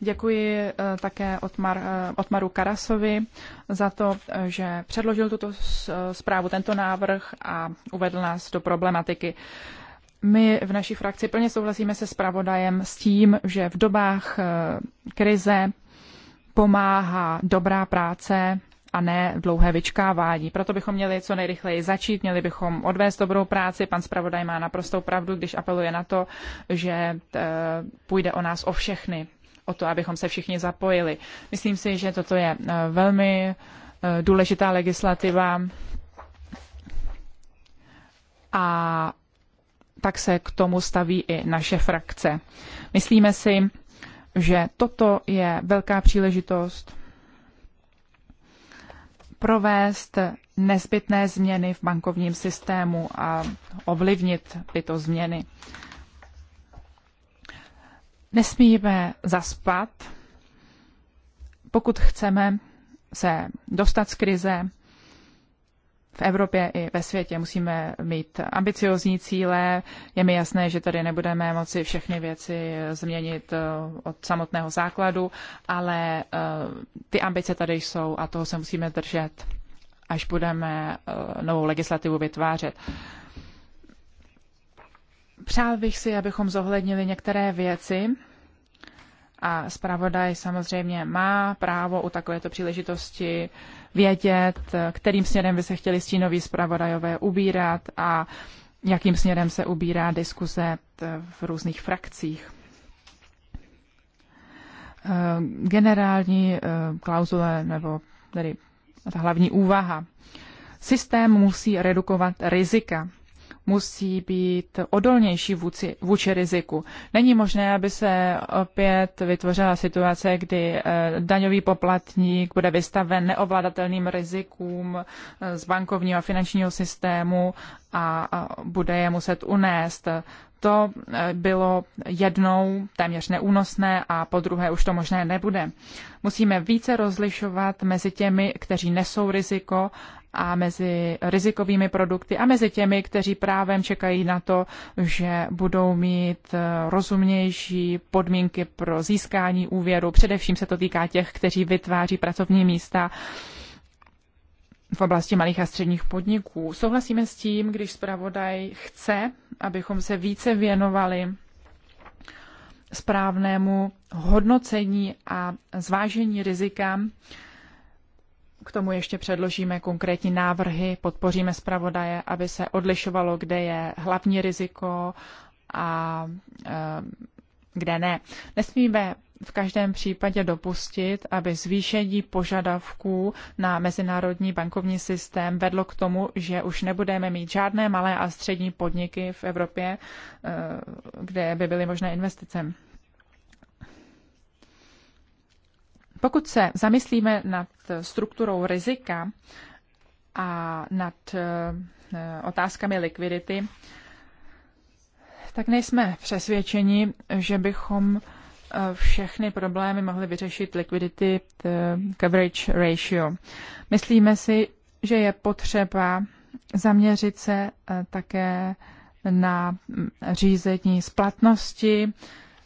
Děkuji eh, také Otmar, eh, Otmaru Karasovi za to, eh, že předložil tuto zprávu, tento návrh a uvedl nás do problematiky. My v naší frakci plně souhlasíme se zpravodajem s tím, že v dobách krize pomáhá dobrá práce a ne dlouhé vyčkávání. Proto bychom měli co nejrychleji začít, měli bychom odvést dobrou práci. Pan zpravodaj má naprostou pravdu, když apeluje na to, že půjde o nás o všechny o to, abychom se všichni zapojili. Myslím si, že toto je eh, velmi eh, důležitá legislativa a tak se k tomu staví i naše frakce. Myslíme si, že toto je velká příležitost provést nezbytné změny v bankovním systému a ovlivnit tyto změny. Nesmíme zaspat, pokud chceme se dostat z krize. V Evropě i ve světě musíme mít ambiciozní cíle. Je mi jasné, že tady nebudeme moci všechny věci změnit eh, od samotného základu, ale eh, ty ambice tady jsou a toho se musíme držet, až budeme eh, novou legislativu vytvářet. Přál bych si, abychom zohlednili některé věci a zpravodaj samozřejmě má právo u takovéto příležitosti vědět, kterým směrem by se chtěli stínoví zpravodajové ubírat a jakým směrem se ubírá diskuze v různých frakcích. Eh, generální eh, klauzule nebo tedy ta hlavní úvaha. Systém musí redukovat rizika musí být odolnější vůči, vůči riziku. Není možné, aby se opět vytvořila situace, kdy eh, daňový poplatník bude vystaven neovladatelným rizikům eh, z bankovního a finančního systému a bude je muset unést. To eh, bylo jednou téměř neúnosné a po druhé už to možné nebude. Musíme více rozlišovat mezi těmi, kteří nesou riziko a mezi rizikovými produkty a mezi těmi, kteří právem čekají na to, že budou mít eh, rozumnější podmínky pro získání úvěru. Především se to týká těch, kteří vytváří pracovní místa v oblasti malých a středních podniků. Souhlasíme s tím, když zpravodaj chce, abychom se více věnovali správnému hodnocení a zvážení rizika k tomu ještě předložíme konkrétní návrhy, podpoříme zpravodaje, aby se odlišovalo, kde je hlavní riziko a eh, kde ne. Nesmíme v každém případě dopustit, aby zvýšení požadavků na mezinárodní bankovní systém vedlo k tomu, že už nebudeme mít žádné malé a střední podniky v Evropě, eh, kde by byly možné investice. Pokud se zamyslíme nad strukturou rizika a nad eh, eh, otázkami likvidity, tak nejsme přesvědčeni, že bychom eh, všechny problémy mohly vyřešit liquidity coverage ratio. Myslíme si, že je potřeba zaměřit se také na mm, řízení splatnosti,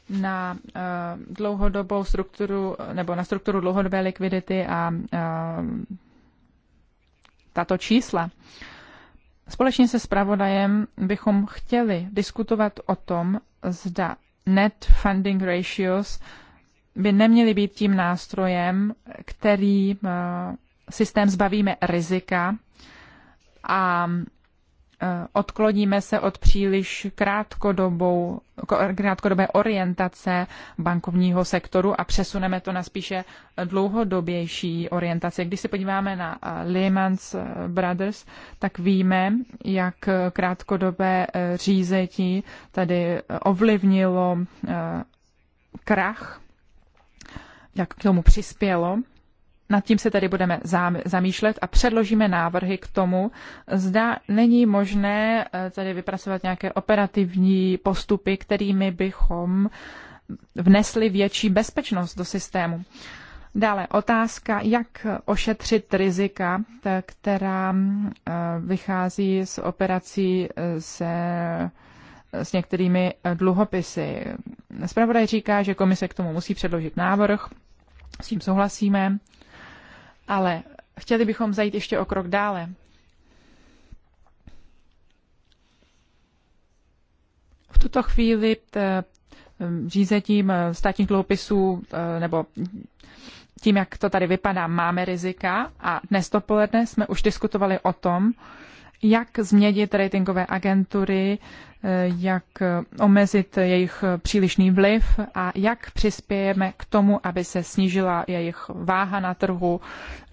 na eh, dlouhodobou strukturu nebo na strukturu dlouhodobé likvidity a eh, tato čísla. Společně se zpravodajem bychom chtěli diskutovat o tom, zda net funding ratios by neměly být tím nástrojem, který eh, systém zbavíme rizika a Eh, odkloníme se od příliš krátkodobou, krátkodobé orientace bankovního sektoru a přesuneme to na spíše dlouhodobější orientaci. Když se podíváme na eh, Lehman eh, Brothers, tak víme, jak krátkodobé řízetí tady ovlivnilo krach, jak k tomu přispělo nad tím se tedy budeme zamýšlet a předložíme návrhy k tomu, zda není možné eh, tady vypracovat nějaké operativní postupy, kterými bychom vnesli větší bezpečnost do systému. Dále otázka, jak ošetřit rizika, která eh, vychází z operací eh, se s některými dluhopisy. Spravodaj říká, že komise k tomu musí předložit návrh, s tím souhlasíme ale chtěli bychom zajít ještě o krok dále. V tuto chvíli eh, řízením eh, státních dluhopisů eh, nebo tím, jak to tady vypadá, máme rizika a dnes dopoledne jsme už diskutovali o tom, jak změnit ratingové agentury, eh, jak omezit jejich přílišný vliv a jak přispějeme k tomu, aby se snížila jejich váha na trhu,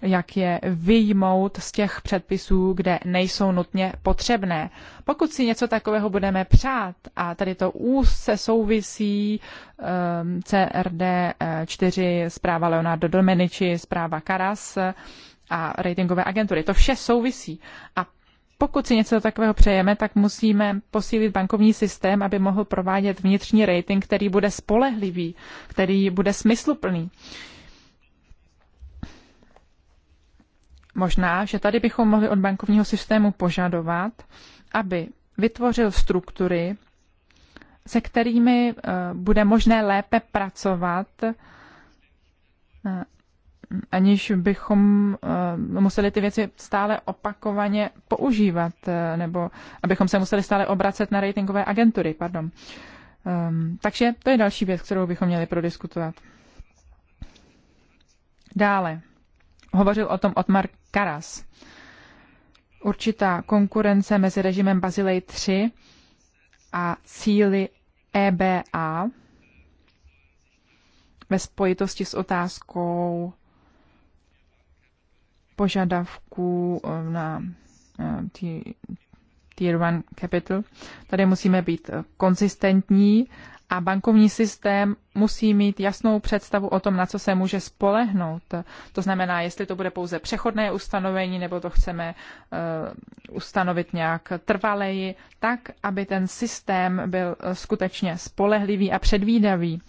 jak je vyjmout z těch předpisů, kde nejsou nutně potřebné. Pokud si něco takového budeme přát, a tady to úzce souvisí um, CRD 4, zpráva Leonardo Domenici, zpráva Karas, eh, a ratingové agentury. To vše souvisí. A pokud si něco takového přejeme, tak musíme posílit bankovní systém, aby mohl provádět vnitřní rating, který bude spolehlivý, který bude smysluplný. Možná, že tady bychom mohli od bankovního systému požadovat, aby vytvořil struktury, se kterými eh, bude možné lépe pracovat eh, aniž bychom eh, museli ty věci stále opakovaně používat, eh, nebo abychom se museli stále obracet na ratingové agentury. Pardon. Ehm, takže to je další věc, kterou bychom měli prodiskutovat. Dále. Hovořil o tom Otmar Karas. Určitá konkurence mezi režimem Bazilej 3 a cíly EBA ve spojitosti s otázkou požadavků eh, na eh, Tier 1 Capital. Tady musíme být eh, konzistentní a bankovní systém musí mít jasnou představu o tom, na co se může spolehnout. To znamená, jestli to bude pouze přechodné ustanovení, nebo to chceme ustanovit nějak trvaleji, tak, aby ten systém byl skutečně spolehlivý a předvídavý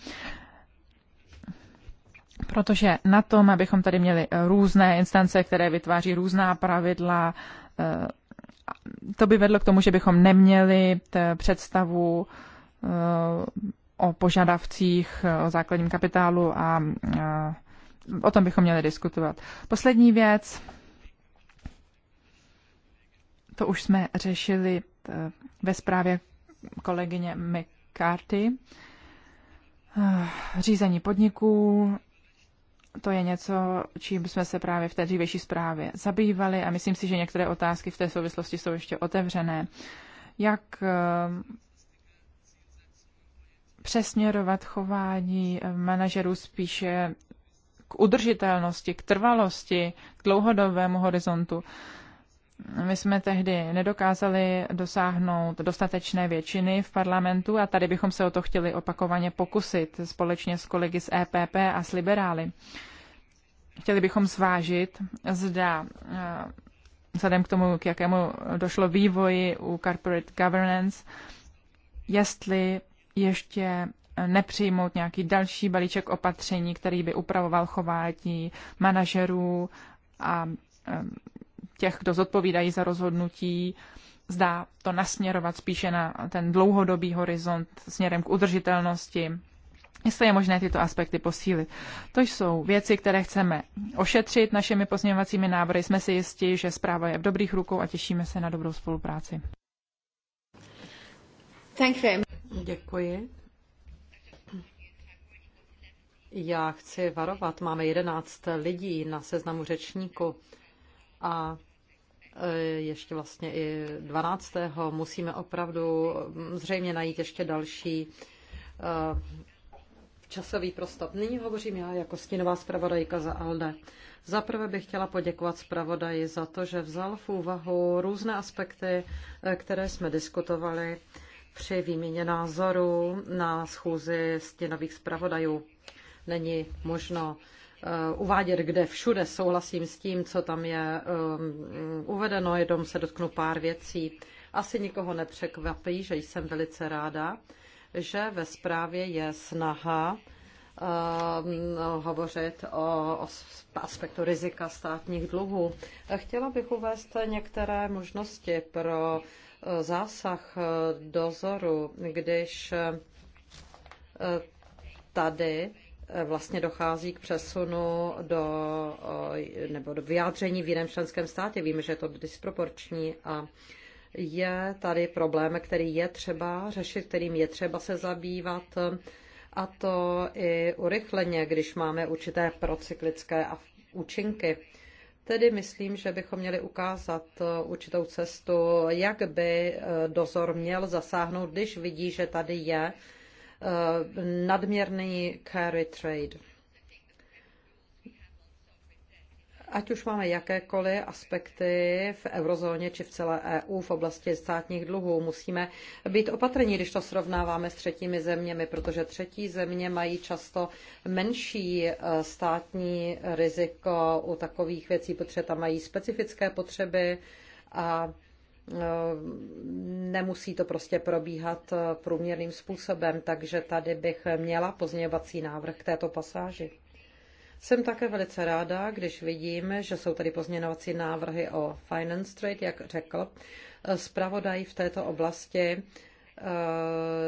protože na tom, abychom tady měli eh, různé instance, které vytváří různá pravidla, eh, to by vedlo k tomu, že bychom neměli představu eh, o požadavcích, o základním kapitálu a o tom bychom měli diskutovat. Poslední věc, to už jsme řešili ve zprávě kolegyně McCarthy, řízení podniků to je něco, čím jsme se právě v té dřívější zprávě zabývali a myslím si, že některé otázky v té souvislosti jsou ještě otevřené. Jak ehm, přesměrovat chování ehm, manažerů spíše k udržitelnosti, k trvalosti, k dlouhodobému horizontu. My jsme tehdy nedokázali dosáhnout dostatečné většiny v parlamentu a tady bychom se o to chtěli opakovaně pokusit společně s kolegy z EPP a s liberály. Chtěli bychom zvážit, zda eh, vzhledem k tomu, k jakému došlo vývoji u corporate governance, jestli ještě nepřijmout nějaký další balíček opatření, který by upravoval chování manažerů a eh, těch, kdo zodpovídají za rozhodnutí, zdá to nasměrovat spíše na ten dlouhodobý horizont směrem k udržitelnosti, jestli je možné tyto aspekty posílit. To jsou věci, které chceme ošetřit našimi pozměňovacími návrhy. Jsme si jistí, že zpráva je v dobrých rukou a těšíme se na dobrou spolupráci. Thank you. Děkuji. Já chci varovat, máme 11 lidí na seznamu řečníku a Eh, ještě vlastně i 12. musíme opravdu mm, zřejmě najít ještě další eh, časový prostor. Nyní hovořím já jako stínová zpravodajka za ALDE. Zaprvé bych chtěla poděkovat zpravodaji za to, že vzal v úvahu různé aspekty, eh, které jsme diskutovali při výměně názorů na schůzi stěnových zpravodajů. Není možno Eh, uvádět, kde všude souhlasím s tím, co tam je eh, uvedeno, jenom se dotknu pár věcí. Asi nikoho nepřekvapí, že jsem velice ráda, že ve zprávě je snaha eh, hovořit o, aspektu rizika státních dluhů. Chtěla bych uvést některé možnosti pro zásah dozoru, když tady vlastně dochází k přesunu do, eh, nebo do vyjádření v jiném členském státě. Víme, že je to disproporční a je tady problém, který je třeba řešit, kterým je třeba se zabývat a to i urychleně, když máme určité procyklické účinky. Tedy myslím, že bychom měli ukázat určitou cestu, jak by eh, dozor měl zasáhnout, když vidí, že tady je nadměrný carry trade. Ať už máme jakékoliv aspekty v eurozóně či v celé EU v oblasti státních dluhů, musíme být opatrní, když to srovnáváme s třetími zeměmi, protože třetí země mají často menší eh, státní riziko u takových věcí, protože tam mají specifické potřeby a Eh, nemusí to prostě probíhat eh, průměrným způsobem, takže tady bych měla pozměňovací návrh k této pasáži. Jsem také velice ráda, když vidím, že jsou tady pozměňovací návrhy o Finance Trade, jak řekl eh, zpravodaj v této oblasti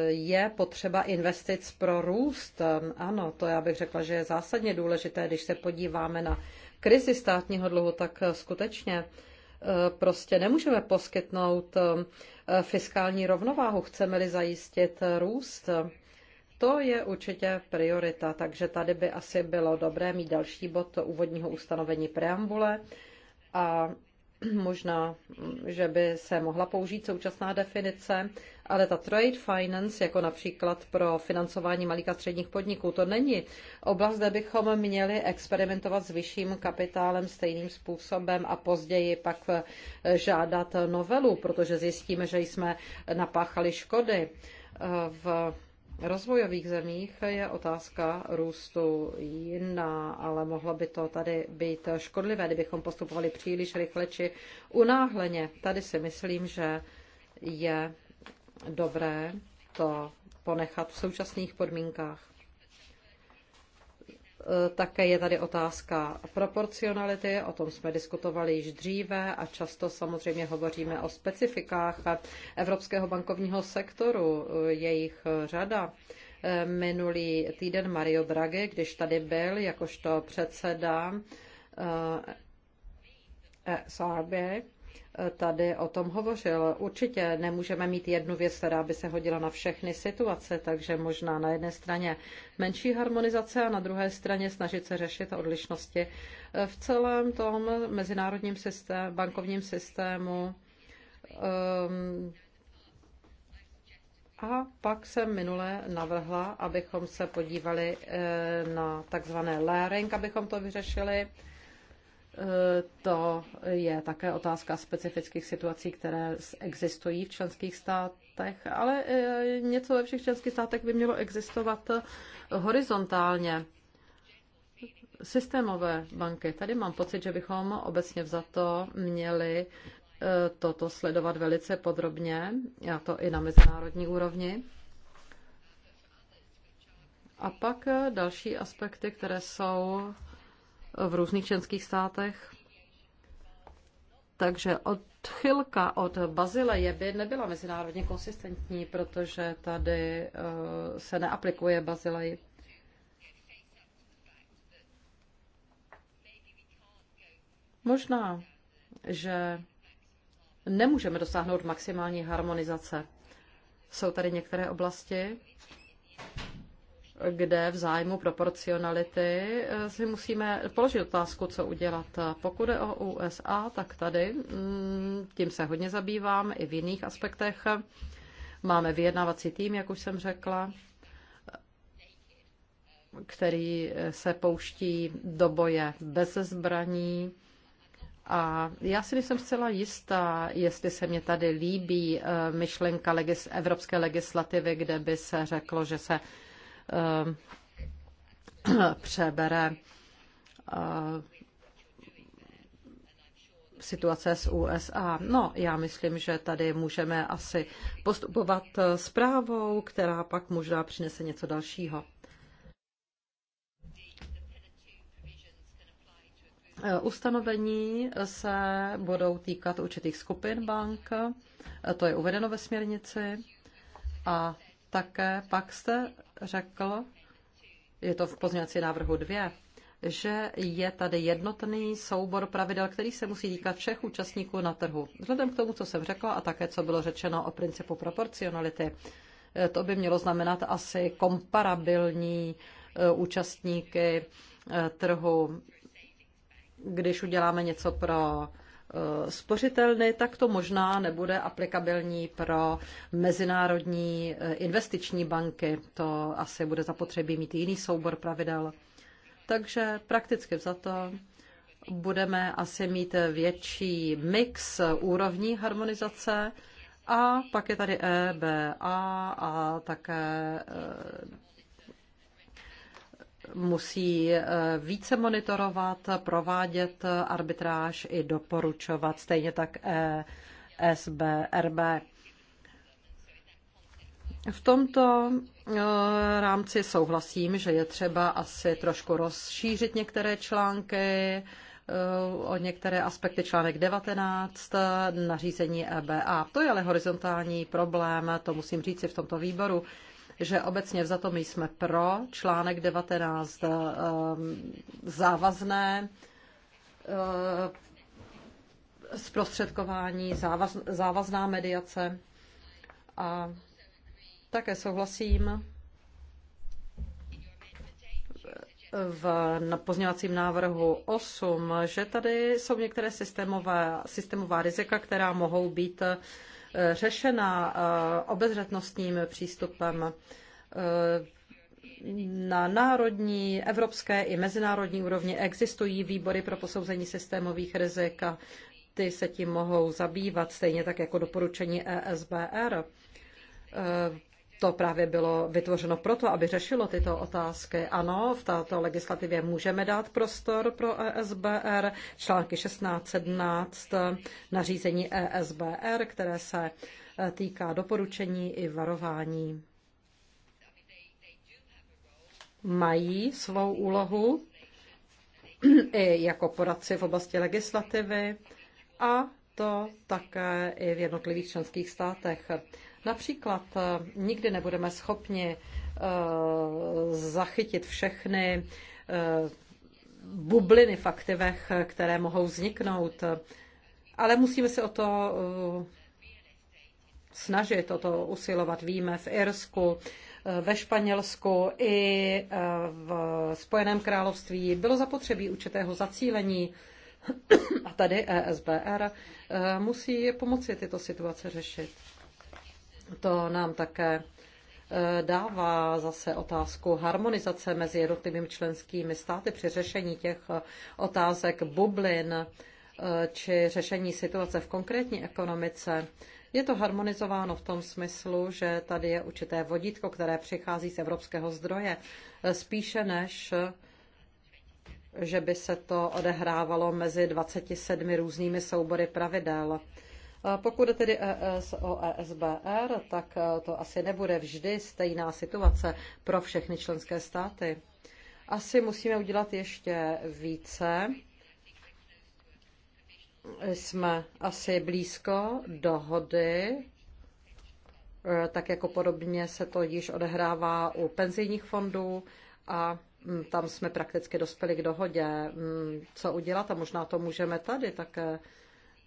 je potřeba investic pro růst. Ano, to já bych řekla, že je zásadně důležité, když se podíváme na krizi státního dluhu, tak skutečně Eh, prostě nemůžeme poskytnout eh, fiskální rovnováhu, chceme-li zajistit eh, růst. To je určitě priorita, takže tady by asi bylo dobré mít další bod úvodního ustanovení preambule a Možná, mm, že by se mohla použít současná definice, ale ta trade finance, jako například pro financování malých a středních podniků, to není oblast, kde bychom měli experimentovat s vyšším kapitálem stejným způsobem a později pak eh, žádat novelu, protože zjistíme, že jsme napáchali škody eh, v rozvojových zemích je otázka růstu jiná, ale mohlo by to tady být škodlivé, kdybychom postupovali příliš rychle či unáhleně. Tady si myslím, že je dobré to ponechat v současných podmínkách. Eh, také je tady otázka proporcionality, o tom jsme diskutovali již dříve a často samozřejmě hovoříme o specifikách evropského bankovního sektoru, eh, jejich eh, řada. Minulý týden Mario Draghi, když tady byl jakožto předseda e SRB, tady o tom hovořil. Určitě nemůžeme mít jednu věc, která by se hodila na všechny situace, takže možná na jedné straně menší harmonizace a na druhé straně snažit se řešit odlišnosti v celém tom mezinárodním systém, bankovním systému. Ehm, a pak jsem minule navrhla, abychom se podívali eh, na takzvané layering, abychom to vyřešili to je také otázka specifických situací, které existují v členských státech, ale e, něco ve všech členských státech by mělo existovat horizontálně. Systémové banky. Tady mám pocit, že bychom obecně vzato měli e, toto sledovat velice podrobně, a to i na mezinárodní úrovni. A pak e, další aspekty, které jsou v různých členských státech. Takže odchylka od Bazileje by nebyla mezinárodně konsistentní, protože tady eh, se neaplikuje Bazilej. Možná, že nemůžeme dosáhnout maximální harmonizace. Jsou tady některé oblasti, kde v zájmu proporcionality eh, si musíme položit otázku, co udělat. Pokud je o USA, tak tady mm, tím se hodně zabývám i v jiných aspektech. Máme vyjednávací tým, jak už jsem řekla, který se pouští do boje bez zbraní. A já si nejsem zcela jistá, jestli se mě tady líbí eh, myšlenka legis- evropské legislativy, kde by se řeklo, že se Eh, přebere eh, situace z USA. No, já myslím, že tady můžeme asi postupovat eh, zprávou, která pak možná přinese něco dalšího. Ustanovení se budou týkat určitých skupin bank, to je uvedeno ve směrnici, a také pak jste řekl, je to v pozměňovací návrhu 2, že je tady jednotný soubor pravidel, který se musí týkat všech účastníků na trhu. Vzhledem k tomu, co jsem řekla a také, co bylo řečeno o principu proporcionality, eh, to by mělo znamenat asi komparabilní eh, účastníky eh, trhu. Když uděláme něco pro Eh, spořitelny, tak to možná nebude aplikabilní pro mezinárodní eh, investiční banky. To asi bude zapotřebí mít jiný soubor pravidel. Takže prakticky za to budeme asi mít větší mix úrovní harmonizace a pak je tady EBA a také eh, musí eh, více monitorovat, provádět eh, arbitráž i doporučovat, stejně tak eh, SBRB. V tomto rámci souhlasím, že je třeba asi trošku rozšířit některé články, o některé aspekty článek 19 nařízení EBA. To je ale horizontální problém, to musím říci v tomto výboru že obecně vzato my jsme pro článek 19 ehm, závazné ehm, zprostředkování, závaz, závazná mediace a také souhlasím v pozněvacím návrhu 8, že tady jsou některé systémové, systémová rizika, která mohou být řešena eh, obezřetnostním přístupem eh, na národní, evropské i mezinárodní úrovni existují výbory pro posouzení systémových rizik a ty se tím mohou zabývat, stejně tak jako doporučení ESBR. Eh, to právě bylo vytvořeno proto, aby řešilo tyto otázky. Ano, v této legislativě můžeme dát prostor pro ESBR, články 16, 17, nařízení ESBR, které se e, týká doporučení i varování. Mají svou úlohu i jako poradci v oblasti legislativy a to také i v jednotlivých členských státech. Například eh, nikdy nebudeme schopni eh, zachytit všechny eh, bubliny v aktivech, které mohou vzniknout, ale musíme se o to snažit, o to usilovat. Víme v Irsku, ve Španělsku i v Spojeném království bylo zapotřebí určitého zacílení a tady ESBR musí pomoci tyto situace řešit. To nám také e, dává zase otázku harmonizace mezi jednotlivými členskými státy při řešení těch e, otázek bublin e, či řešení situace v konkrétní ekonomice. Je to harmonizováno v tom smyslu, že tady je určité vodítko, které přichází z evropského zdroje, spíše než že by se to odehrávalo mezi 27 různými soubory pravidel. Pokud je tedy ES o ESBR, tak e, to asi nebude vždy stejná situace pro všechny členské státy. Asi musíme udělat ještě více. Jsme asi blízko dohody, e, tak jako podobně se to již odehrává u penzijních fondů a mm, tam jsme prakticky dospěli k dohodě, mm, co udělat a možná to můžeme tady také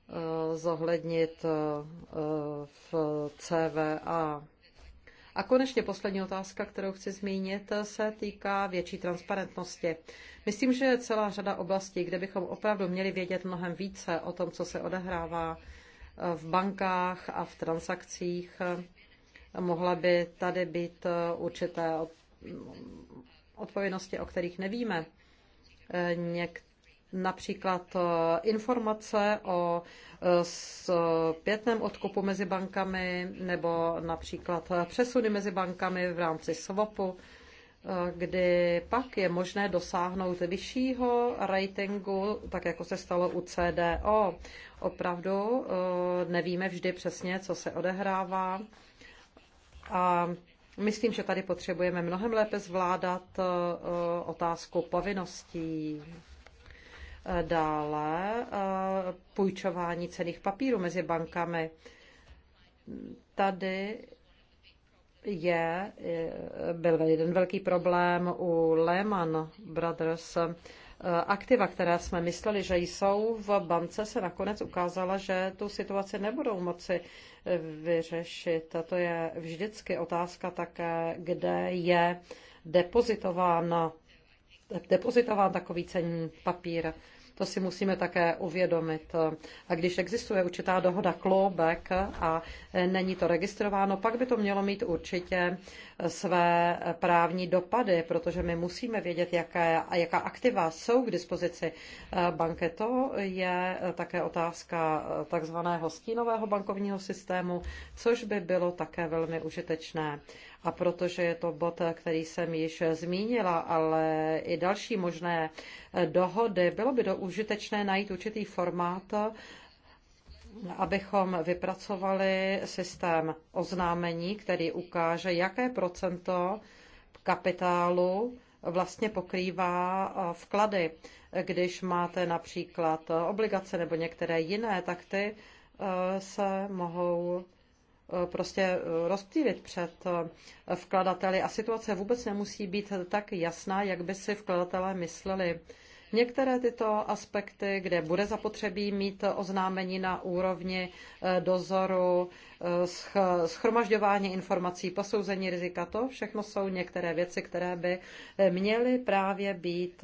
Eh, zohlednit eh, v CVA. A konečně poslední otázka, kterou chci zmínit, eh, se týká větší transparentnosti. Myslím, že je celá řada oblastí, kde bychom opravdu měli vědět mnohem více o tom, co se odehrává v bankách a v transakcích. Mohla by tady být určité odpovědnosti, o kterých nevíme. Některé například eh, informace o zpětném eh, eh, odkupu mezi bankami nebo například přesuny mezi bankami v rámci swapu, kdy pak je možné dosáhnout vyššího ratingu, tak jako se stalo u CDO. Opravdu nevíme vždy přesně, co se odehrává. A myslím, že tady potřebujeme mnohem lépe zvládat otázku povinností Dále eh, půjčování cených papírů mezi bankami. Tady je, eh, byl jeden velký problém u Lehman Brothers. Eh, aktiva, které jsme mysleli, že jsou v bance, se nakonec ukázala, že tu situaci nebudou moci vyřešit. A to je vždycky otázka také, kde je depozitována depozitován takový cenní papír. To si musíme také uvědomit. A když existuje určitá dohoda klobek a není to registrováno, pak by to mělo mít určitě své právní dopady, protože my musíme vědět, jaké, jaká aktiva jsou k dispozici banky. To je také otázka takzvaného stínového bankovního systému, což by bylo také velmi užitečné. A protože je to bod, který jsem již zmínila, ale i další možné dohody, bylo by do užitečné najít určitý formát, abychom vypracovali systém oznámení, který ukáže, jaké procento kapitálu vlastně pokrývá vklady. Když máte například obligace nebo některé jiné, tak ty eh, se mohou Eh, prostě eh, rozptýlit před eh, vkladateli a situace vůbec nemusí být tak jasná, jak by si vkladatelé mysleli. Některé tyto aspekty, kde bude zapotřebí mít oznámení na úrovni dozoru, schromažďování informací, posouzení rizika, to všechno jsou některé věci, které by měly právě být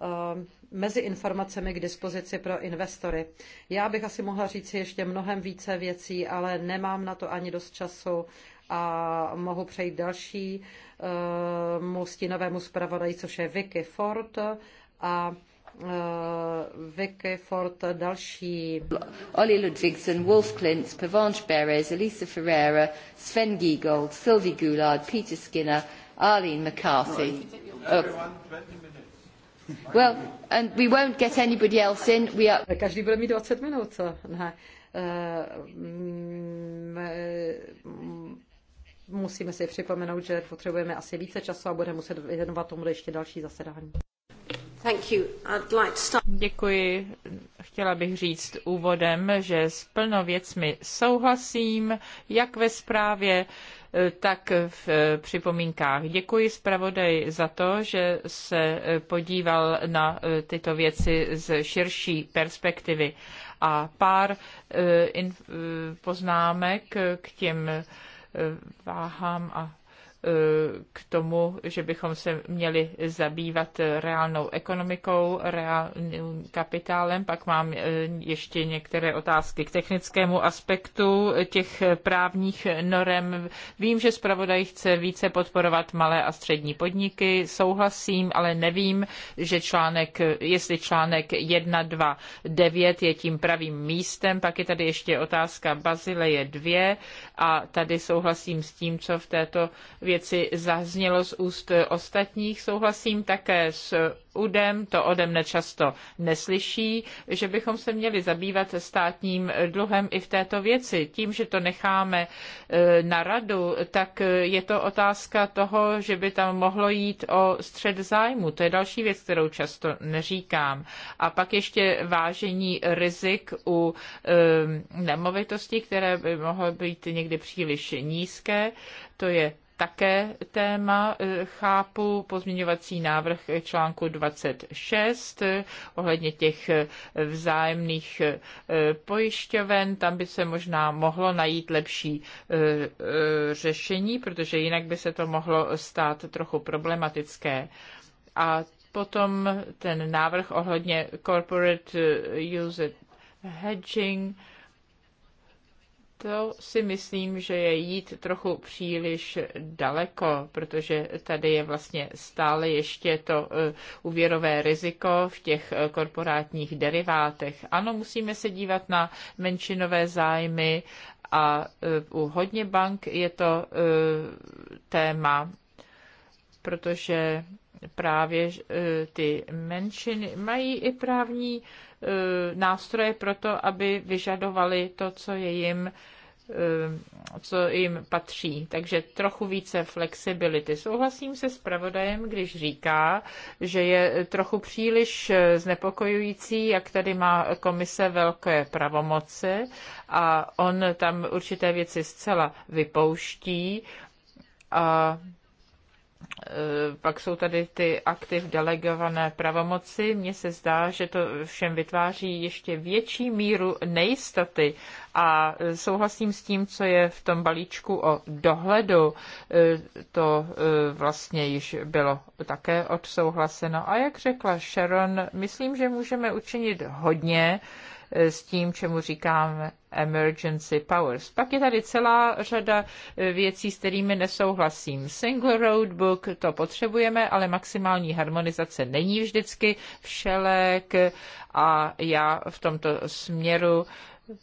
Eh, mezi informacemi k dispozici pro investory. Já bych asi mohla říct ještě mnohem více věcí, ale nemám na to ani dost času a mohu přejít další eh, mu stínovému zpravodaji, což je Vicky Ford a eh, Vicky Ford další. Olli Ludvigsen, Wolf Klintz, Pavanche Beres, Elisa Ferreira, Sven Giegold, Sylvie Goulard, Peter Skinner, Arlene McCarthy. No, Well, and we won't get anybody else in. We are... Každý bude mít 20 minut, co? Ne. Eh, mm, eh, musíme si připomenout, že potřebujeme asi více času a budeme muset věnovat tomu ještě další zasedání. Thank you. I'd like to start... Děkuji. Chtěla bych říct úvodem, že s plno věcmi souhlasím, jak ve zprávě, tak v eh, připomínkách. Děkuji zpravodaj za to, že se eh, podíval na eh, tyto věci z širší perspektivy. A pár poznámek k těm váhám a Eh, k tomu, že bychom se měli zabývat reálnou ekonomikou, reálným kapitálem. Pak mám eh, ještě některé otázky k technickému aspektu těch právních norem. Vím, že zpravodaj chce více podporovat malé a střední podniky, souhlasím, ale nevím, že článek, jestli článek 1, 2, 9 je tím pravým místem. Pak je tady ještě otázka Bazileje 2 a tady souhlasím s tím, co v této věci zaznělo z úst ostatních. Souhlasím také s UDem, to ode mne často neslyší, že bychom se měli zabývat státním dluhem i v této věci. Tím, že to necháme eh, na radu, tak eh, je to otázka toho, že by tam mohlo jít o střed zájmu. To je další věc, kterou často neříkám. A pak ještě vážení rizik u eh, nemovitostí, které by mohlo být někdy příliš nízké. To je také téma. Eh, chápu pozměňovací návrh článku 26 eh, ohledně těch eh, vzájemných pojišťoven. Tam by se možná mohlo najít lepší řešení, protože jinak by se to mohlo stát trochu problematické. A potom ten návrh ohledně corporate user hedging, to si myslím, že je jít trochu příliš daleko, protože tady je vlastně stále ještě to e, úvěrové riziko v těch e, korporátních derivátech. Ano, musíme se dívat na menšinové zájmy a e, u hodně bank je to téma, protože právě ty menšiny mají i právní Eh, nástroje pro to, aby vyžadovali to, co je jim eh, co jim patří. Takže trochu více flexibility. Souhlasím se s pravodajem, když říká, že je trochu příliš eh, znepokojující, jak tady má komise velké pravomoci a on tam určité věci zcela vypouští a Eh, pak jsou tady ty aktiv delegované pravomoci. Mně se zdá, že to všem vytváří ještě větší míru nejistoty a eh, souhlasím s tím, co je v tom balíčku o dohledu. Eh, to vlastně již bylo také odsouhlaseno. A jak řekla Sharon, myslím, že můžeme učinit hodně, Eh, s tím, čemu říkám emergency powers. Pak je tady celá řada eh, věcí, s kterými nesouhlasím. Single road book, to potřebujeme, ale maximální harmonizace není vždycky všelek a já v tomto směru eh,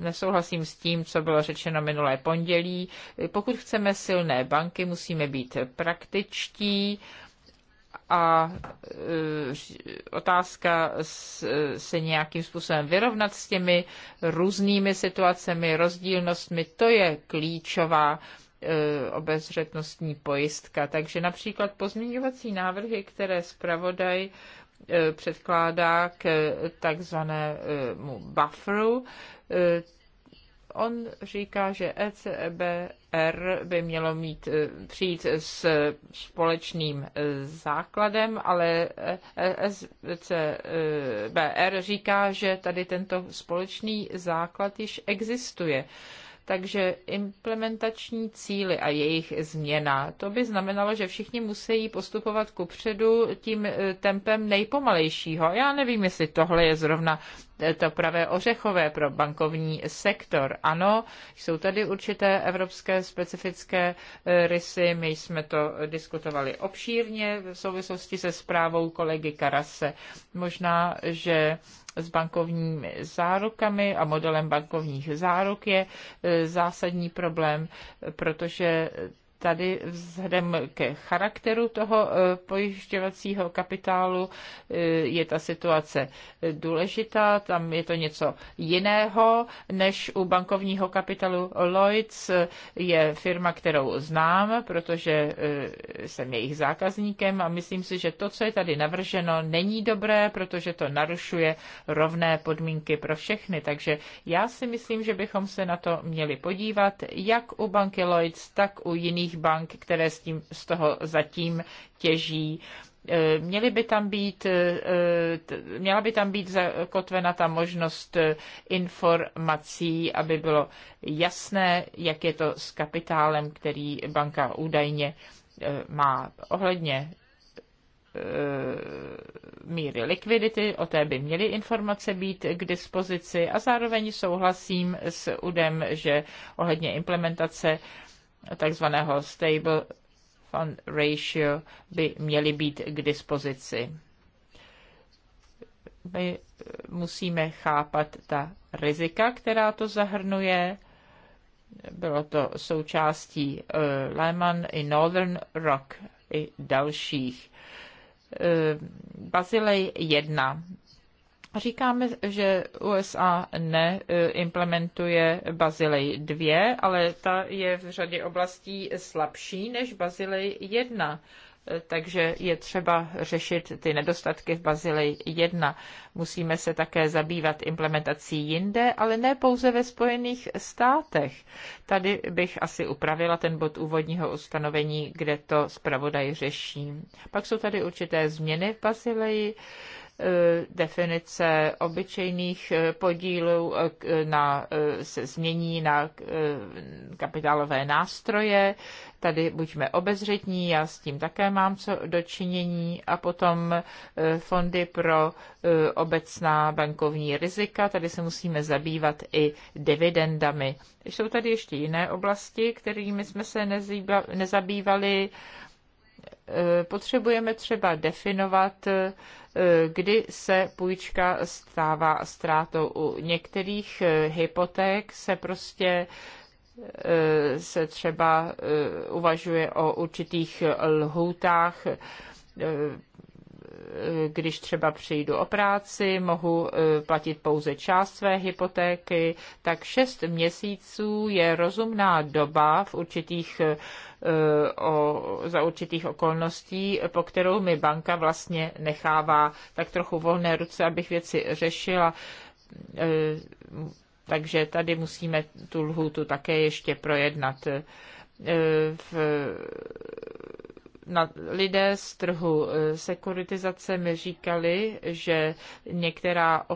nesouhlasím s tím, co bylo řečeno minulé pondělí. Pokud chceme silné banky, musíme být praktičtí a e, otázka se nějakým způsobem vyrovnat s těmi různými situacemi, rozdílnostmi, to je klíčová e, obezřetnostní pojistka. Takže například pozměňovací návrhy, které zpravodaj e, předkládá k takzvanému bufferu, on říká, že ECB R by mělo mít, eh, přijít s společným eh, základem, ale eh, SBR říká, že tady tento společný základ již existuje. Takže implementační cíly a jejich změna, to by znamenalo, že všichni musí postupovat ku předu tím eh, tempem nejpomalejšího. Já nevím, jestli tohle je zrovna eh, to pravé ořechové pro bankovní sektor. Ano, jsou tady určité evropské specifické eh, rysy, my jsme to diskutovali obšírně v souvislosti se zprávou kolegy Karase. Možná, že s bankovními zárukami a modelem bankovních záruk je e, zásadní problém, protože tady vzhledem ke charakteru toho e, pojišťovacího kapitálu e, je ta situace důležitá. Tam je to něco jiného než u bankovního kapitálu Lloyds. E, je firma, kterou znám, protože jsem jejich zákazníkem a myslím si, že to, co je tady navrženo, není dobré, protože to narušuje rovné podmínky pro všechny. Takže já si myslím, že bychom se na to měli podívat, jak u banky Lloyds, tak u jiných velkých bank, které s tím, z toho zatím těží. Eh, měly by tam být, eh, měla by tam být zakotvena ta možnost eh, informací, aby bylo jasné, jak je to s kapitálem, který banka údajně má. Ohledně míry likvidity, o té by měly informace být k dispozici a zároveň souhlasím s UDem, že ohledně implementace takzvaného stable fund ratio by měly být k dispozici. My eh, musíme chápat ta rizika, která to zahrnuje. Bylo to součástí eh, Lehman i Northern Rock i dalších. Eh, Bazilej 1 Říkáme, že USA neimplementuje Bazilej 2, ale ta je v řadě oblastí slabší než Bazilej 1 takže je třeba řešit ty nedostatky v Bazilej 1. Musíme se také zabývat implementací jinde, ale ne pouze ve Spojených státech. Tady bych asi upravila ten bod úvodního ustanovení, kde to zpravodaj řeší. Pak jsou tady určité změny v Bazileji Eh, definice obyčejných eh, podílů eh, na, se změní na kapitálové nástroje. Tady buďme obezřetní, já s tím také mám co dočinění. A potom fondy pro obecná bankovní rizika. Tady se musíme zabývat i dividendami. Jsou tady ještě jiné oblasti, kterými jsme se nezabývali potřebujeme třeba definovat, eh, kdy se půjčka stává ztrátou. U některých eh, hypoték se prostě eh, se třeba uvažuje o určitých lhůtách když třeba přijdu o práci, mohu e, platit pouze část své hypotéky, tak šest měsíců je rozumná doba v určitých, e, o, za určitých okolností, po kterou mi banka vlastně nechává tak trochu volné ruce, abych věci řešila. E, takže tady musíme tu lhůtu také ještě projednat. V na lidé z trhu eh, sekuritizace mi říkali, že některá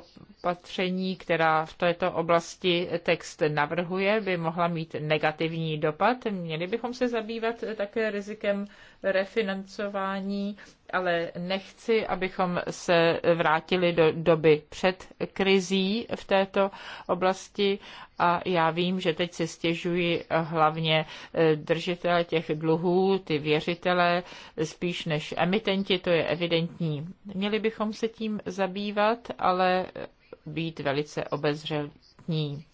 opatření, která v této oblasti text navrhuje, by mohla mít negativní dopad. Měli bychom se zabývat také rizikem refinancování ale nechci, abychom se vrátili do doby před krizí v této oblasti a já vím, že teď se stěžují hlavně eh, držitelé těch dluhů, ty věřitelé, spíš než emitenti, to je evidentní. Měli bychom se tím zabývat, ale být velice obezřetní.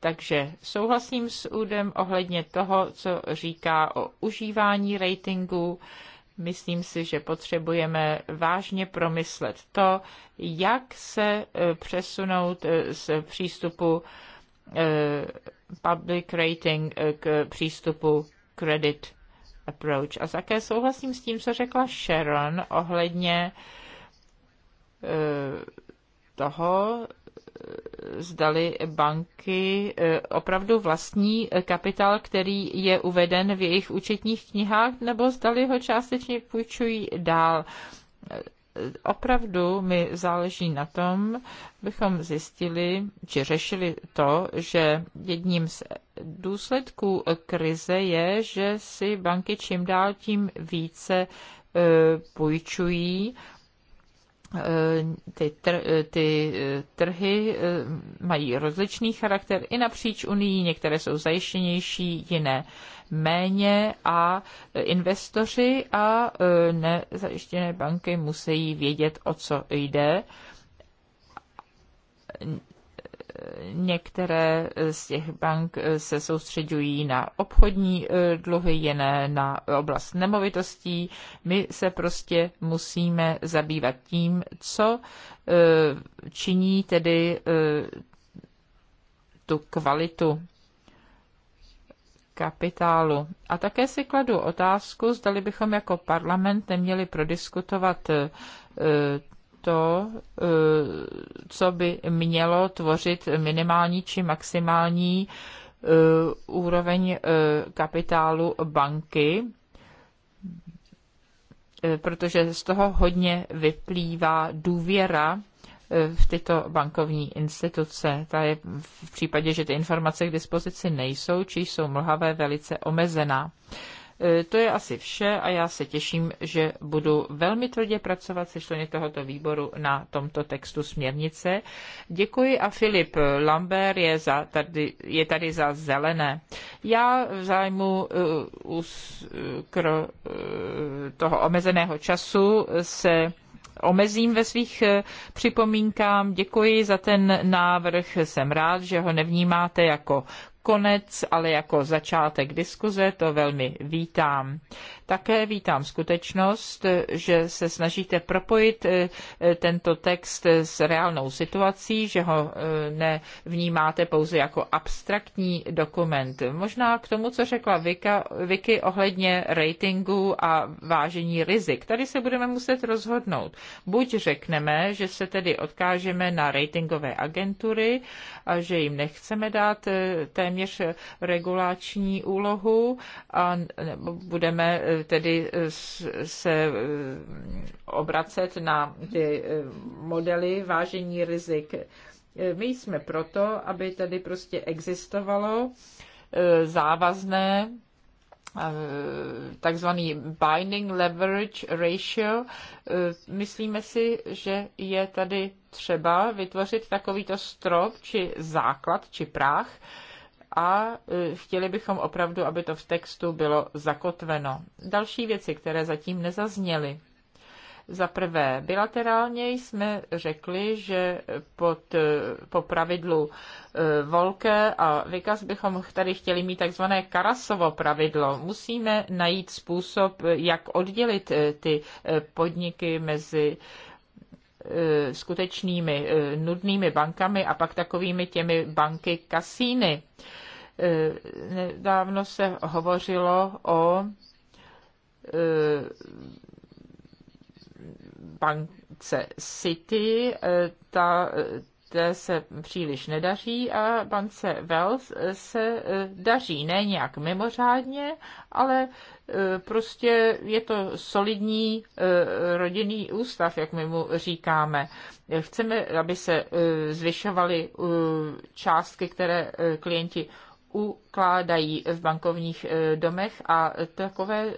Takže souhlasím s údem ohledně toho, co říká o užívání ratingu myslím si, že potřebujeme vážně promyslet to, jak se e, přesunout e, z přístupu e, public rating k přístupu credit approach. A také souhlasím s tím, co řekla Sharon ohledně toho, zdali banky eh, opravdu vlastní kapitál, který je uveden v jejich účetních knihách, nebo zdali ho částečně půjčují dál. Eh, opravdu mi záleží na tom, bychom zjistili, či řešili to, že jedním z důsledků krize je, že si banky čím dál tím více eh, půjčují Eh, ty, tr, eh, ty eh, trhy mají rozličný charakter i napříč Unii, některé jsou zajištěnější, jiné méně a investoři a nezajištěné banky musí vědět, o co jde některé z těch bank se soustředují na obchodní eh, dluhy, jiné na oblast nemovitostí. My se prostě musíme zabývat tím, co eh, činí tedy eh, tu kvalitu kapitálu. A také si kladu otázku, zdali bychom jako parlament neměli prodiskutovat to, eh, co by mělo tvořit minimální či maximální eh, úroveň eh, kapitálu banky, protože z toho hodně vyplývá důvěra v tyto bankovní instituce. Ta je v případě, že ty informace k dispozici nejsou, či jsou mlhavé, velice omezená. E, to je asi vše a já se těším, že budu velmi tvrdě pracovat se členy tohoto výboru na tomto textu směrnice. Děkuji a Filip Lambert je, za, tady, je tady za zelené. Já v zájmu uh, us, kro, uh, toho omezeného času se omezím ve svých připomínkám. Děkuji za ten návrh. Jsem rád, že ho nevnímáte jako konec, ale jako začátek diskuze to velmi vítám. Také vítám skutečnost, že se snažíte propojit e, e, tento text s reálnou situací, že ho e, nevnímáte pouze jako abstraktní dokument. Možná k tomu, co řekla Vika, Vicky ohledně ratingu a vážení rizik. Tady se budeme muset rozhodnout. Buď řekneme, že se tedy odkážeme na ratingové agentury a že jim nechceme dát téměř regulační úlohu, a budeme tedy eh, se eh, obracet na ty eh, modely vážení rizik. My jsme proto, aby tady prostě existovalo závazné takzvaný binding leverage ratio. Myslíme si, že je tady třeba vytvořit takovýto strop či základ či práh, a e, chtěli bychom opravdu, aby to v textu bylo zakotveno. Další věci, které zatím nezazněly. Za prvé, bilaterálně jsme řekli, že pod, e, po pravidlu e, Volke a Vykaz bychom tady chtěli mít takzvané Karasovo pravidlo. Musíme najít způsob, jak oddělit ty podniky mezi Eh, skutečnými eh, nudnými bankami a pak takovými těmi banky kasíny. Eh, nedávno se hovořilo o bankce City. Ta té se příliš nedaří a bance Wells se e, daří, ne nějak mimořádně, ale e, prostě je to solidní e, rodinný ústav, jak my mu říkáme. Chceme, aby se zvyšovaly částky, které klienti ukládají v bankovních e, domech a takové, e,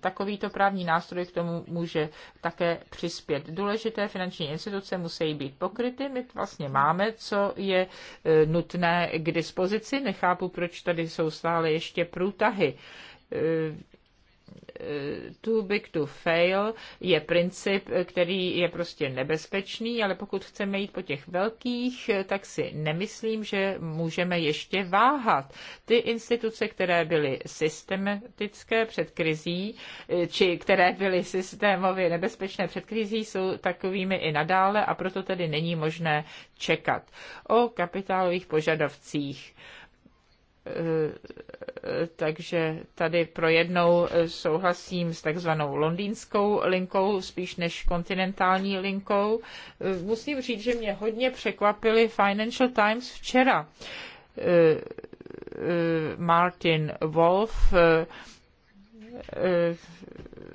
takovýto právní nástroj k tomu může také přispět. Důležité finanční instituce musí být pokryty. My vlastně máme, co je e, nutné k dispozici. Nechápu, proč tady jsou stále ještě průtahy too big to fail je princip, který je prostě nebezpečný, ale pokud chceme jít po těch velkých, tak si nemyslím, že můžeme ještě váhat. Ty instituce, které byly systematické před krizí, či které byly systémově nebezpečné před krizí, jsou takovými i nadále a proto tedy není možné čekat. O kapitálových požadavcích takže tady pro jednou souhlasím s takzvanou londýnskou linkou, spíš než kontinentální linkou. Musím říct, že mě hodně překvapili Financial Times včera. Martin Wolf Eh,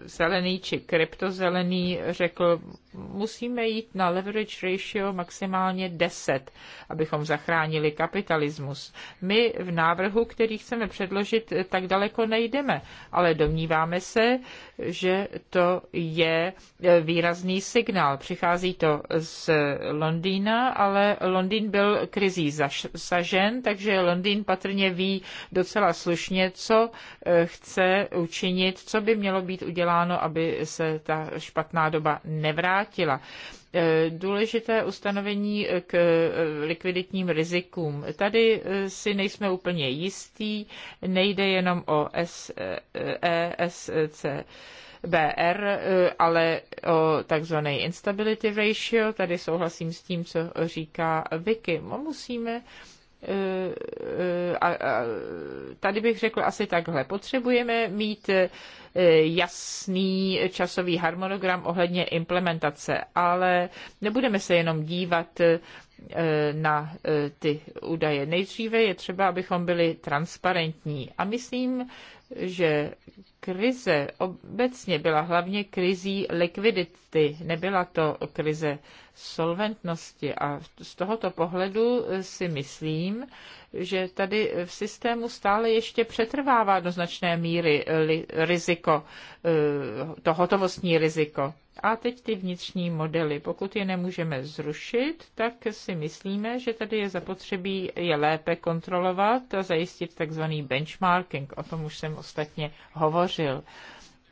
zelený či kryptozelený řekl, musíme jít na leverage ratio maximálně 10, abychom zachránili kapitalismus. My v návrhu, který chceme předložit, eh, tak daleko nejdeme, ale domníváme se, že to je výrazný signál. Přichází to z Londýna, ale Londýn byl krizí zažen, takže Londýn patrně ví docela slušně, co eh, chce učinit, co by mělo být uděláno, aby se ta špatná doba nevrátila. Eh, důležité ustanovení k eh, likviditním rizikům. Tady eh, si nejsme úplně jistí, nejde jenom o ESC. BR, ale o takzvaný instability ratio, tady souhlasím s tím, co říká Vicky. Musíme Eh, eh, a, a tady bych řekl asi takhle. Potřebujeme mít eh, jasný časový harmonogram ohledně implementace, ale nebudeme se jenom dívat Eh, na eh, ty údaje. Nejdříve je třeba, abychom byli transparentní. A myslím, že krize obecně byla hlavně krizí likvidity, nebyla to krize solventnosti. A z tohoto pohledu eh, si myslím, že tady v systému stále ještě přetrvává do značné míry riziko, to hotovostní riziko. A teď ty vnitřní modely. Pokud je nemůžeme zrušit, tak si myslíme, že tady je zapotřebí je lépe kontrolovat a zajistit takzvaný benchmarking. O tom už jsem ostatně hovořil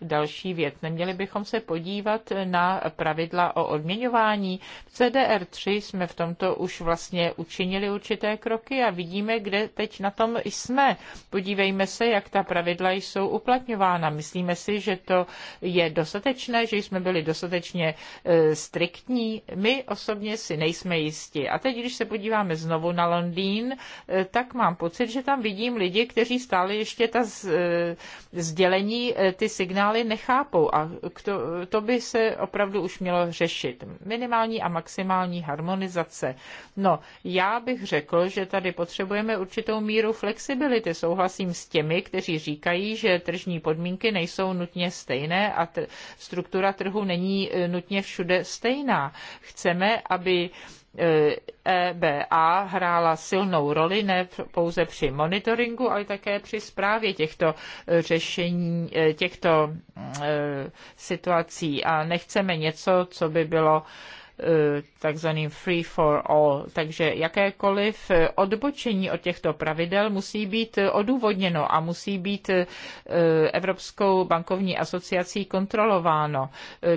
další věc. Neměli bychom se podívat na pravidla o odměňování. V CDR3 jsme v tomto už vlastně učinili určité kroky a vidíme, kde teď na tom jsme. Podívejme se, jak ta pravidla jsou uplatňována. Myslíme si, že to je dostatečné, že jsme byli dostatečně e, striktní. My osobně si nejsme jisti. A teď, když se podíváme znovu na Londýn, e, tak mám pocit, že tam vidím lidi, kteří stále ještě ta e, sdělení, ty signály signály nechápou a to, to by se opravdu už mělo řešit. Minimální a maximální harmonizace. No, já bych řekl, že tady potřebujeme určitou míru flexibility. Souhlasím s těmi, kteří říkají, že tržní podmínky nejsou nutně stejné a struktura trhu není eh, nutně všude stejná. Chceme, aby EBA e hrála silnou roli ne pouze při monitoringu, ale také při zprávě těchto e, řešení, e, těchto situací. A nechceme něco, co by bylo Eh, takzvaným free for all. Takže jakékoliv eh, odbočení od těchto pravidel musí být eh, odůvodněno a musí být Evropskou bankovní asociací kontrolováno.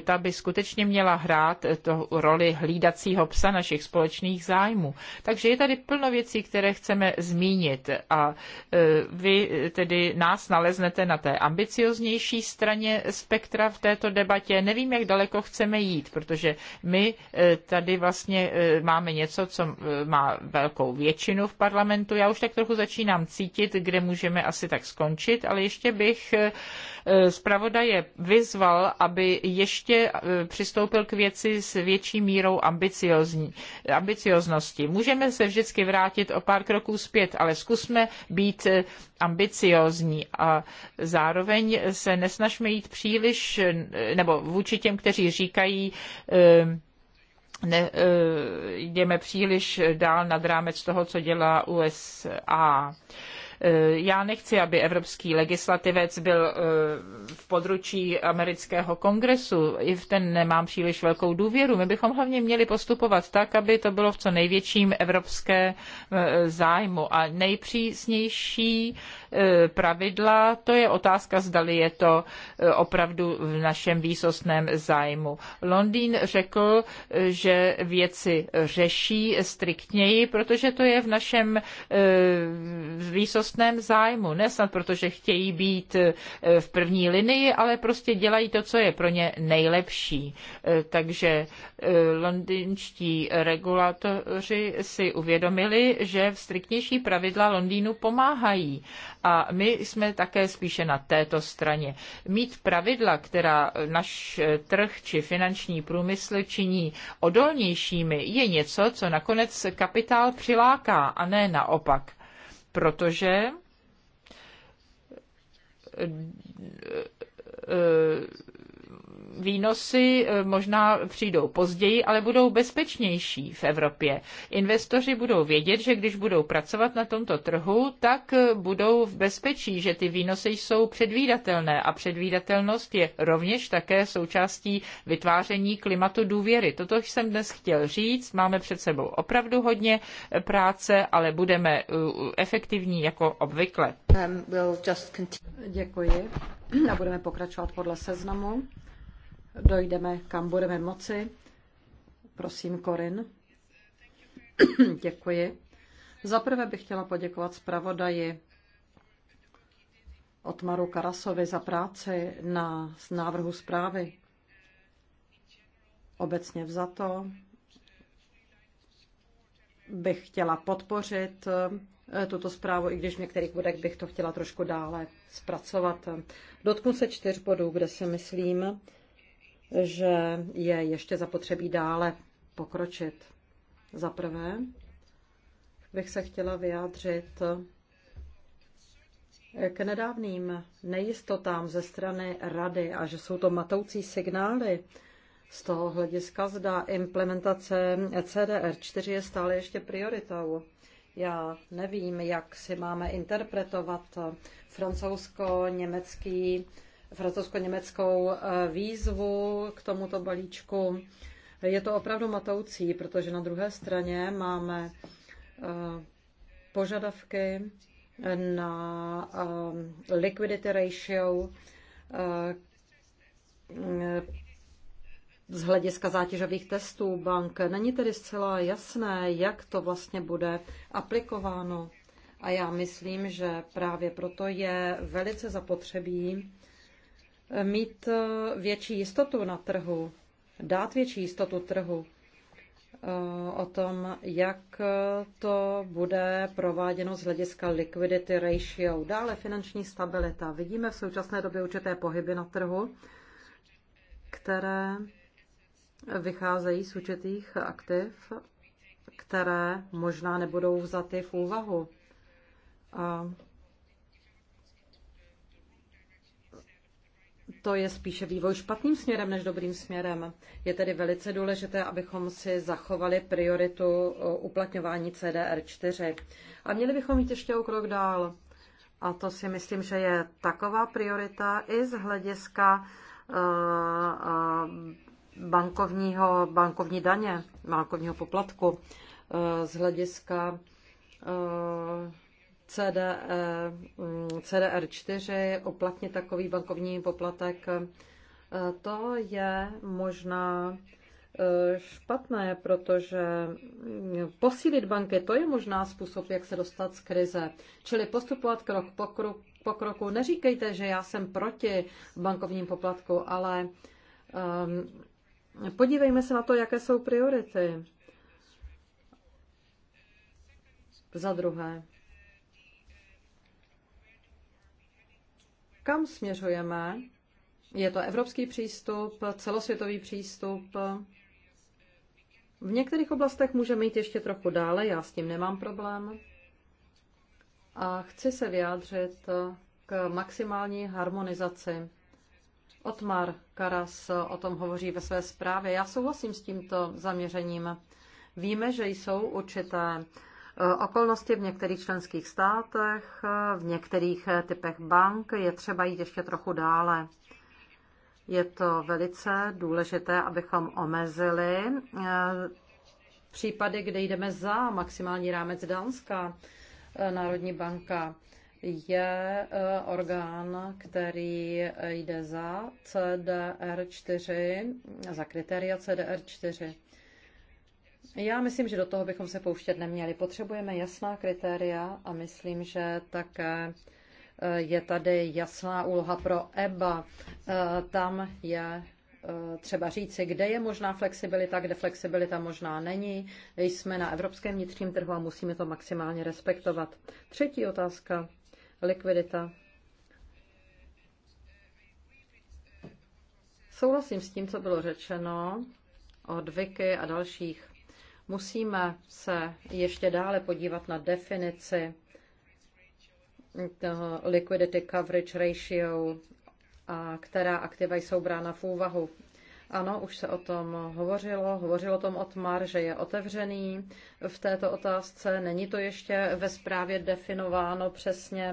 Ta by skutečně měla hrát to roli hlídacího psa našich společných zájmů. Takže je tady plno věcí, které chceme zmínit a vy tedy nás naleznete na té ambicioznější straně spektra v této debatě. Nevím, jak daleko chceme jít, protože my E, tady vlastně e, máme něco, co e, má velkou většinu v parlamentu. Já už tak trochu začínám cítit, kde můžeme asi tak skončit, ale ještě bych zpravodaje vyzval, aby ještě přistoupil k věci s větší mírou ambiciozní, ambicioznosti. Můžeme se vždycky vrátit o pár kroků zpět, ale zkusme být ambiciozní a zároveň se nesnažme jít příliš, nebo vůči těm, kteří říkají, ne, eh, jdeme příliš dál nad rámec toho, co dělá USA. Eh, já nechci, aby evropský legislativec byl eh, v područí amerického kongresu. I v ten nemám příliš velkou důvěru. My bychom hlavně měli postupovat tak, aby to bylo v co největším evropské eh, zájmu. A nejpřísnější pravidla, to je otázka, zdali je to opravdu v našem výsostném zájmu. Londýn řekl, že věci řeší striktněji, protože to je v našem výsostném bytostném zájmu. Ne snad že chtějí být eh, v první linii, ale prostě dělají to, co je pro ně nejlepší. Eh, takže eh, londýnští regulatoři si uvědomili, že v striktnější pravidla Londýnu pomáhají. A my jsme také spíše na této straně. Mít pravidla, která naš trh či finanční průmysl činí odolnějšími, je něco, co nakonec kapitál přiláká a ne naopak protože eh, výnosy eh, možná přijdou později, ale budou bezpečnější v Evropě. Investoři budou vědět, že když budou pracovat na tomto trhu, tak eh, budou v bezpečí, že ty výnosy jsou předvídatelné a předvídatelnost je rovněž také součástí vytváření klimatu důvěry. Toto jsem dnes chtěl říct, máme před sebou opravdu hodně eh, práce, ale budeme efektivní jako obvykle. Um, Děkuji a budeme pokračovat podle seznamu dojdeme, kam budeme moci. Prosím, Korin. Děkuji. Zaprvé bych chtěla poděkovat zpravodaji Otmaru Karasovi za práci na návrhu zprávy. Obecně vzato bych chtěla podpořit eh, tuto zprávu, i když v některých bodech bych to chtěla trošku dále zpracovat. Dotknu se čtyř bodů, kde si myslím, že je ještě zapotřebí dále pokročit. Za prvé bych se chtěla vyjádřit k nedávným nejistotám ze strany Rady a že jsou to matoucí signály z toho hlediska, zda implementace CDR 4 je stále ještě prioritou. Já nevím, jak si máme interpretovat francouzsko-německý francouzsko-německou eh, výzvu k tomuto balíčku. Je to opravdu matoucí, protože na druhé straně máme eh, požadavky na eh, liquidity ratio z hlediska zátěžových testů bank. Není tedy zcela jasné, jak to vlastně bude aplikováno. A já myslím, že právě proto je velice zapotřebí mít eh, větší jistotu na trhu, dát větší jistotu trhu eh, o tom, jak eh, to bude prováděno z hlediska liquidity ratio. Dále finanční stabilita. Vidíme v současné době určité pohyby na trhu, které vycházejí z určitých aktiv, které možná nebudou vzaty v úvahu. A to je spíše vývoj špatným směrem než dobrým směrem. Je tedy velice důležité, abychom si zachovali prioritu e, uplatňování CDR 4. A měli bychom jít ještě o krok dál. A to si myslím, že je taková priorita i z hlediska e, e, bankovního, bankovní daně, bankovního poplatku, z hlediska CDE, eh, CDR4 oplatně takový bankovní poplatek. Eh, to je možná eh, špatné, protože hm, posílit banky, to je možná způsob, jak se dostat z krize. Čili postupovat krok po kroku. Po kroku. Neříkejte, že já jsem proti bankovním poplatku, ale um, podívejme se na to, jaké jsou priority. Za druhé, Kam směřujeme? Je to evropský přístup, celosvětový přístup. V některých oblastech můžeme jít ještě trochu dále, já s tím nemám problém. A chci se vyjádřit k maximální harmonizaci. Otmar Karas o tom hovoří ve své zprávě. Já souhlasím s tímto zaměřením. Víme, že jsou určité E, okolnosti v některých členských státech, e, v některých e, typech bank je třeba jít ještě trochu dále. Je to velice důležité, abychom omezili případy, kde jdeme za maximální rámec Dánska. Národní banka je orgán, který jde za CDR4, za kritéria CDR4. Já myslím, že do toho bychom se pouštět neměli. Potřebujeme jasná kritéria a myslím, že také eh, je tady jasná úloha pro EBA. Eh, tam je eh, třeba říci, kde je možná flexibilita, kde flexibilita možná není. Jsme na evropském vnitřním trhu a musíme to maximálně respektovat. Třetí otázka, likvidita. Souhlasím s tím, co bylo řečeno od Vicky a dalších. Musíme se ještě dále podívat na definici toho liquidity coverage ratio, a která aktiva jsou brána v úvahu. Ano, už se o tom hovořilo, hovořilo o tom Otmar, že je otevřený v této otázce. Není to ještě ve zprávě definováno přesně.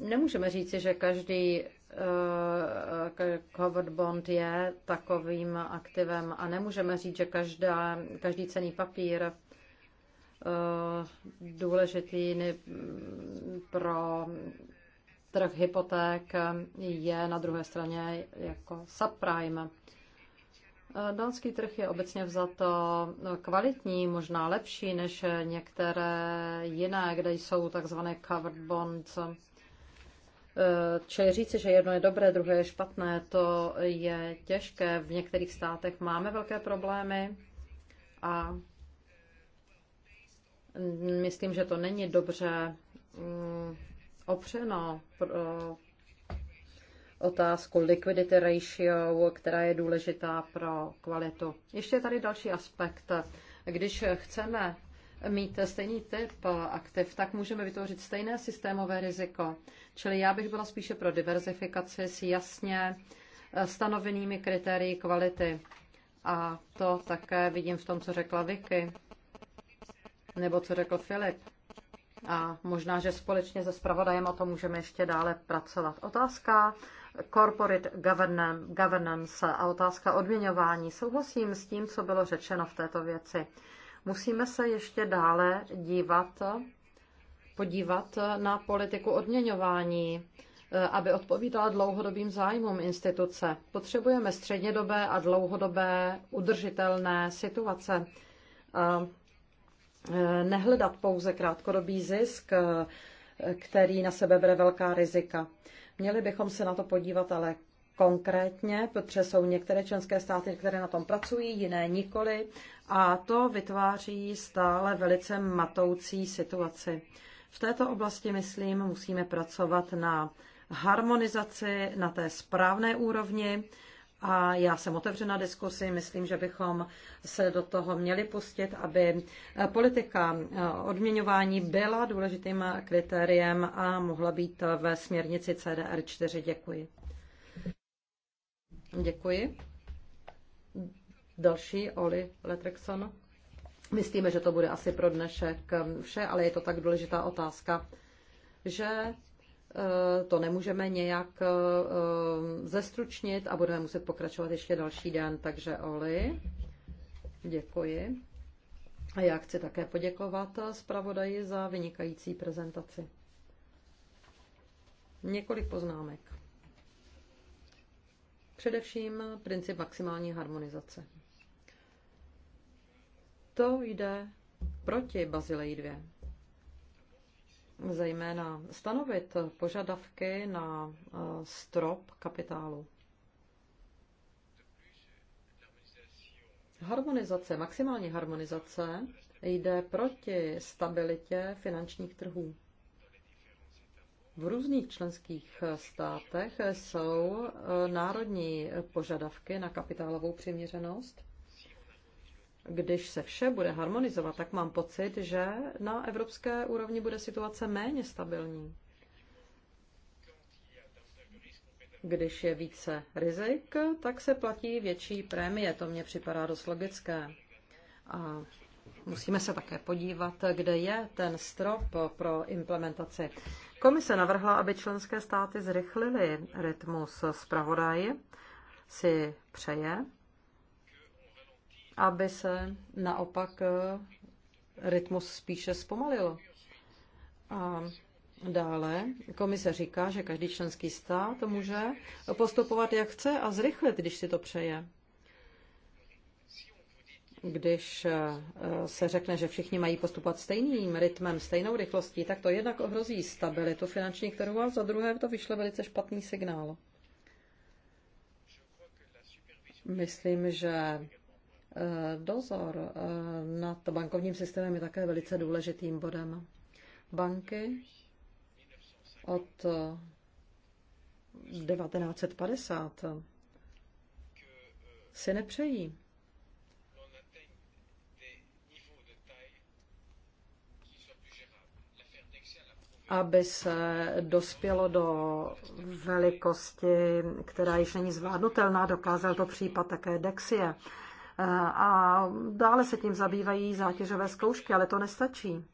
Nemůžeme říci, že každý Eh, eh, covered bond je takovým aktivem a nemůžeme říct, že každá, každý cený papír eh, důležitý pro trh hypoték je na druhé straně jako subprime. Dánský trh je obecně vzato kvalitní, možná lepší než některé jiné, kde jsou takzvané covered bonds. Eh, Čili říci, že jedno je dobré, druhé je špatné, to je těžké. V některých státech máme velké problémy a myslím, že to není dobře mm, opřeno eh, otázku liquidity ratio, která je důležitá pro kvalitu. Ještě je tady další aspekt. Když chceme mít stejný typ aktiv, tak můžeme vytvořit stejné systémové riziko. Čili já bych byla spíše pro diverzifikaci s jasně eh, stanovenými kritérii kvality. A to také vidím v tom, co řekla Vicky, nebo co řekl Filip. A možná, že společně se spravodajem o tom můžeme ještě dále pracovat. Otázka corporate governance a otázka odměňování. Souhlasím s tím, co bylo řečeno v této věci. Musíme se ještě dále dívat, podívat na politiku odměňování, eh, aby odpovídala dlouhodobým zájmům instituce. Potřebujeme střednědobé a dlouhodobé udržitelné situace. Eh, eh, nehledat pouze krátkodobý zisk, který na sebe bere velká rizika. Měli bychom se na to podívat ale konkrétně, protože jsou některé členské státy, které na tom pracují, jiné nikoli a to vytváří stále velice matoucí situaci. V této oblasti, myslím, musíme pracovat na harmonizaci na té správné úrovni a já jsem otevřena diskusi, myslím, že bychom se do toho měli pustit, aby politika odměňování byla důležitým kritériem a mohla být ve směrnici CDR 4. Děkuji. Děkuji. Další, Oli Letrexon. Myslíme, že to bude asi pro dnešek um, vše, ale je to tak důležitá otázka, že uh, to nemůžeme nějak uh, um, zestručnit a budeme muset pokračovat ještě další den. Takže Oli, děkuji. A já chci také poděkovat zpravodaji za vynikající prezentaci. Několik poznámek. Především princip maximální harmonizace. To jde proti Bazileji 2. Zejména stanovit požadavky na eh, strop kapitálu. Harmonizace, maximální harmonizace jde proti stabilitě finančních trhů. V různých členských státech jsou eh, národní požadavky na kapitálovou přiměřenost když se vše bude harmonizovat, tak mám pocit, že na evropské úrovni bude situace méně stabilní. Když je více rizik, tak se platí větší prémie. To mně připadá dost logické. A musíme se také podívat, kde je ten strop pro implementaci. Komise navrhla, aby členské státy zrychlily rytmus zpravodaj si přeje, aby se naopak eh, rytmus spíše zpomalilo. A dále komise říká, že každý členský stát může postupovat, jak chce a zrychlit, když si to přeje když eh, se řekne, že všichni mají postupovat stejným rytmem, stejnou rychlostí, tak to jednak ohrozí stabilitu finančních trhů a za druhé to vyšle velice špatný signál. Myslím, že Eh, dozor eh, nad bankovním systémem je také velice důležitým bodem. Banky od 1950 eh, si nepřejí, aby se dospělo do velikosti, která již není zvládnutelná. Dokázal to případ také Dexie a dále se tím zabývají zátěžové zkoušky, ale to nestačí.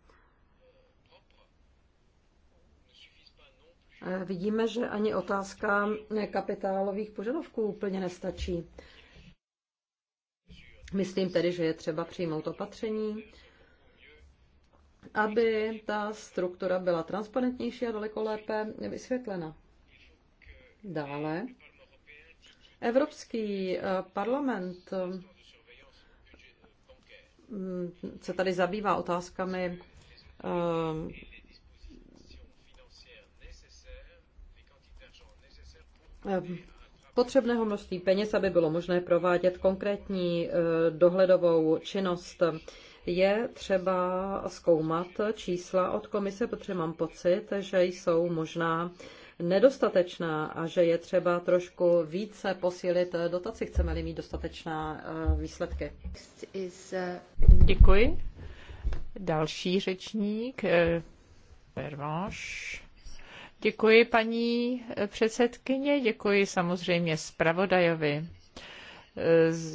Vidíme, že ani otázka kapitálových požadavků úplně nestačí. Myslím tedy, že je třeba přijmout opatření, aby ta struktura byla transparentnější a daleko lépe vysvětlena. Dále. Evropský eh, parlament Mm, se tady zabývá otázkami ehm, ehm, potřebného množství peněz, aby bylo možné provádět konkrétní eh, dohledovou činnost. Je třeba zkoumat čísla od komise, protože mám pocit, že jsou možná nedostatečná a že je třeba trošku více posílit dotaci, chceme-li mít dostatečná eh, výsledky. Děkuji. Další řečník, eh, Pervanche. Děkuji paní eh, předsedkyně, děkuji samozřejmě zpravodajovi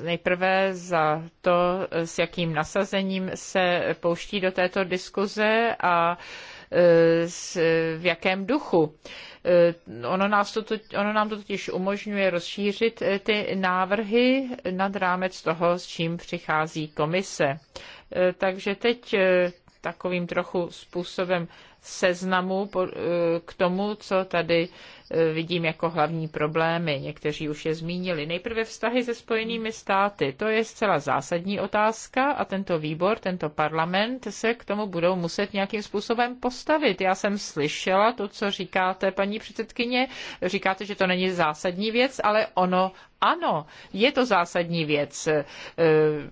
nejprve za to, s jakým nasazením se pouští do této diskuze a Eh, v jakém duchu. Eh, ono, nás to, ono nám to totiž umožňuje rozšířit eh, ty návrhy nad rámec toho, s čím přichází komise. Takže teď takovým trochu způsobem seznamu k tomu, co tady vidím jako hlavní problémy. Někteří už je zmínili. Nejprve vztahy se spojenými státy. To je zcela zásadní otázka a tento výbor, tento parlament se k tomu budou muset nějakým způsobem postavit. Já jsem slyšela to, co říkáte, paní předsedkyně. Říkáte, že to není zásadní věc, ale ono ano, je to zásadní věc. E,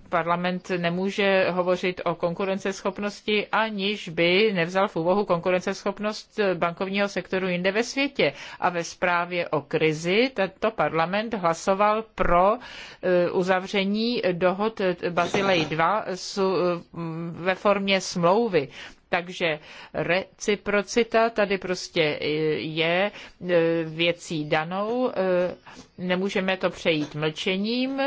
parlament nemůže hovořit o konkurenceschopnosti, aniž by nevzal v úvahu konkurenceschopnost bankovního sektoru jinde ve světě. A ve zprávě o krizi tento parlament hlasoval pro eh, uzavření dohod eh, Bazilej 2 eh, ve formě smlouvy. Takže reciprocita tady prostě je věcí danou, nemůžeme to přejít mlčením.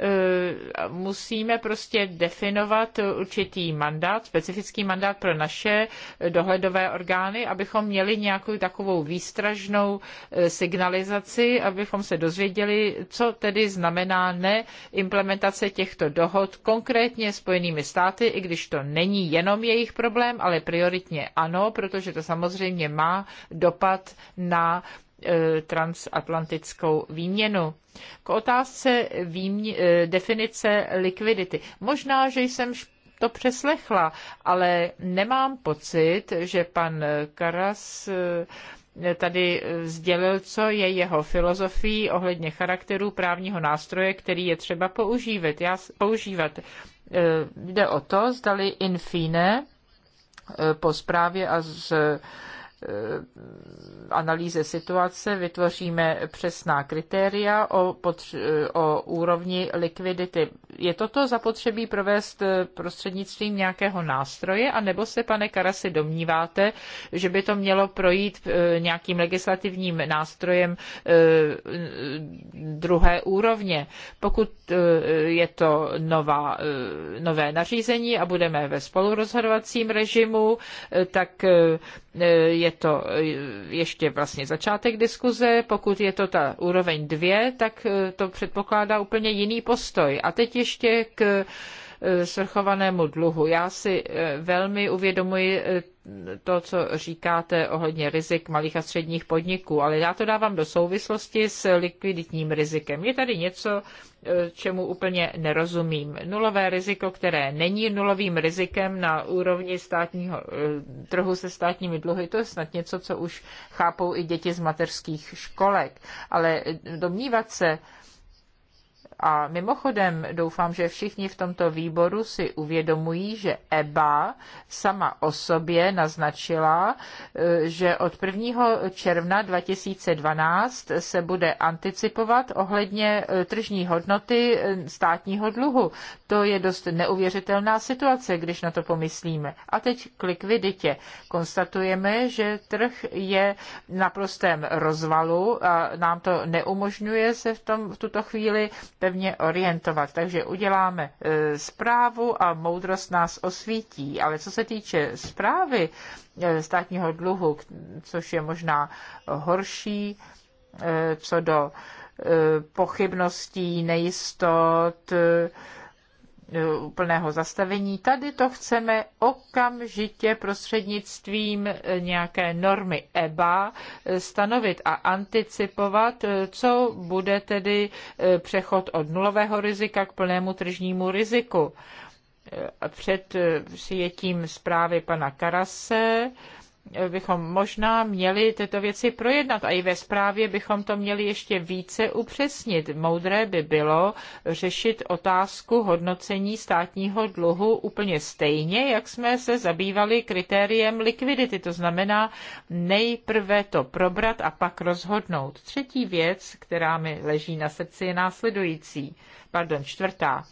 Eh, musíme prostě definovat určitý mandát, specifický mandát pro naše eh, dohledové orgány, abychom měli nějakou takovou výstražnou eh, signalizaci, abychom se dozvěděli, co tedy znamená neimplementace těchto dohod konkrétně spojenými státy, i když to není jenom jejich problém, ale prioritně ano, protože to samozřejmě má dopad na E, transatlantickou výměnu. K otázce výmě, e, definice likvidity. Možná, že jsem to přeslechla, ale nemám pocit, že pan Karas e, tady sdělil, co je jeho filozofií ohledně charakteru právního nástroje, který je třeba používat. Já, používat. Jde o to, zdali in fine po zprávě a z Eh, analýze situace, vytvoříme přesná kritéria o, potř- o úrovni likvidity. Je toto zapotřebí provést eh, prostřednictvím nějakého nástroje, anebo se, pane Karasi, domníváte, že by to mělo projít eh, nějakým legislativním nástrojem druhé úrovně? Pokud je to nová, nové nařízení a budeme ve spolurozhodovacím režimu, tak je je to e, ještě vlastně začátek diskuze, pokud je to ta úroveň dvě, tak e, to předpokládá úplně jiný postoj. A teď ještě k Eh, svrchovanému dluhu. Já si eh, velmi uvědomuji eh, to, co říkáte ohledně rizik malých a středních podniků, ale já to dávám do souvislosti s likviditním rizikem. Je tady něco, čemu úplně nerozumím. Nulové riziko, které není nulovým rizikem na úrovni státního trhu se státními dluhy, to je snad něco, co už chápou i děti z mateřských školek. Ale domnívat se, a mimochodem doufám, že všichni v tomto výboru si uvědomují, že EBA sama o sobě naznačila, e, že od 1. června 2012 se bude anticipovat ohledně e, tržní hodnoty e, státního dluhu. To je dost neuvěřitelná situace, když na to pomyslíme. A teď k likviditě. Konstatujeme, že trh je na prostém rozvalu a nám to neumožňuje se v, tom, v tuto chvíli pevně orientovat. Takže uděláme e, zprávu a moudrost nás osvítí. Ale co se týče zprávy e, státního dluhu, což je možná horší, e, co do pochybností, nejistot, Eh, úplného zastavení. Tady to chceme okamžitě prostřednictvím eh, nějaké normy EBA eh, stanovit a anticipovat, co bude tedy přechod od nulového rizika k plnému tržnímu riziku. Před přijetím zprávy pana Karase bychom možná měli tyto věci projednat a i ve zprávě bychom to měli ještě více upřesnit. Moudré by bylo řešit otázku hodnocení státního dluhu úplně stejně, jak jsme se zabývali kritériem likvidity. To znamená nejprve to probrat a pak rozhodnout. Třetí věc, která mi leží na srdci, je následující. Pardon, čtvrtá.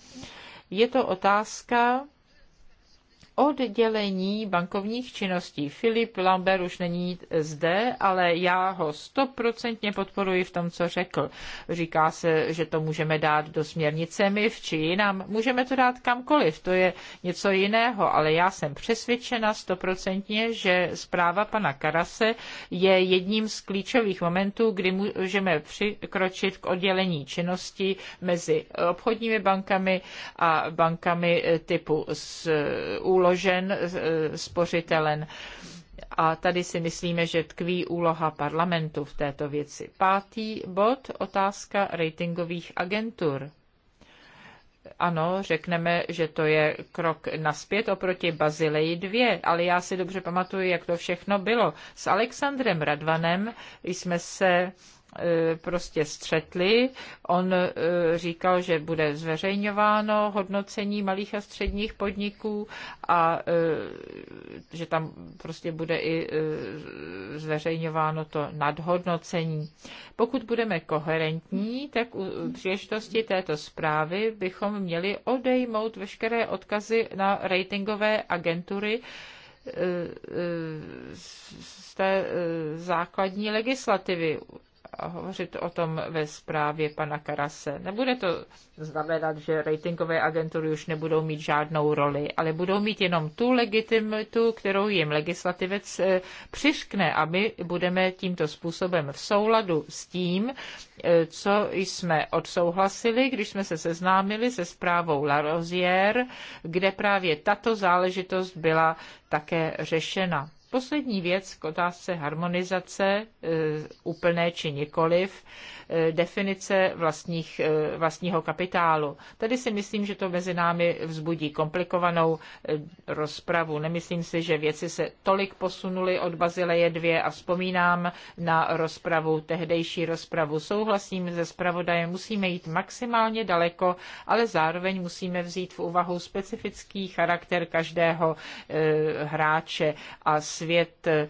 Je to otázka oddělení bankovních činností. Filip Lambert už není zde, ale já ho stoprocentně podporuji v tom, co řekl. Říká se, že to můžeme dát do směrnice MIF či jinam. Můžeme to dát kamkoliv, to je něco jiného, ale já jsem přesvědčena stoprocentně, že zpráva pana Karase je jedním z klíčových momentů, kdy můžeme přikročit k oddělení činnosti mezi obchodními bankami a bankami typu s úlohou uložen eh, spořitelen. A tady si myslíme, že tkví úloha parlamentu v této věci. Pátý bod, otázka ratingových agentur. Ano, řekneme, že to je krok naspět oproti Bazileji 2, ale já si dobře pamatuju, jak to všechno bylo. S Alexandrem Radvanem jsme se E, prostě střetli. On e, říkal, že bude zveřejňováno hodnocení malých a středních podniků a e, že tam prostě bude i zveřejňováno to nadhodnocení. Pokud budeme koherentní, tak u příležitosti této zprávy bychom měli odejmout veškeré odkazy na ratingové agentury, z té základní legislativy a hovořit o tom ve zprávě pana Karase. Nebude to znamenat, že ratingové agentury už nebudou mít žádnou roli, ale budou mít jenom tu legitimitu, kterou jim legislativec eh, přiškne a my budeme tímto způsobem v souladu s tím, eh, co jsme odsouhlasili, když jsme se seznámili se zprávou La Rosière, kde právě tato záležitost byla také řešena. Poslední věc k otázce harmonizace, e, úplné či nikoliv, e, definice vlastních, e, vlastního kapitálu. Tady si myslím, že to mezi námi vzbudí komplikovanou rozpravu. Nemyslím si, že věci se tolik posunuly od Bazileje 2 a vzpomínám na rozpravu, tehdejší rozpravu. Souhlasím se zpravodajem, musíme jít maximálně daleko, ale zároveň musíme vzít v úvahu specifický charakter každého hráče a svět eh,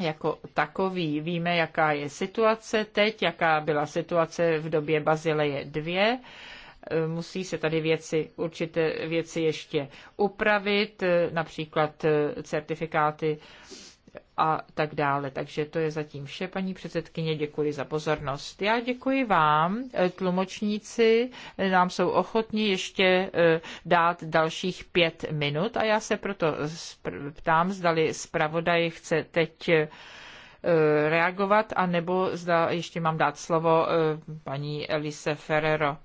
jako takový. Víme, jaká je situace teď, jaká byla situace v době Bazileje 2 eh, musí se tady věci, určité věci ještě upravit, eh, například certifikáty a tak dále. Takže to je zatím vše, paní předsedkyně, děkuji za pozornost. Já děkuji vám, eh, tlumočníci, eh, nám jsou ochotni ještě eh, dát dalších pět minut a já se proto ptám, zdali zpravodaj chce teď reagovat, anebo zda ještě mám dát slovo paní Elise Ferrero.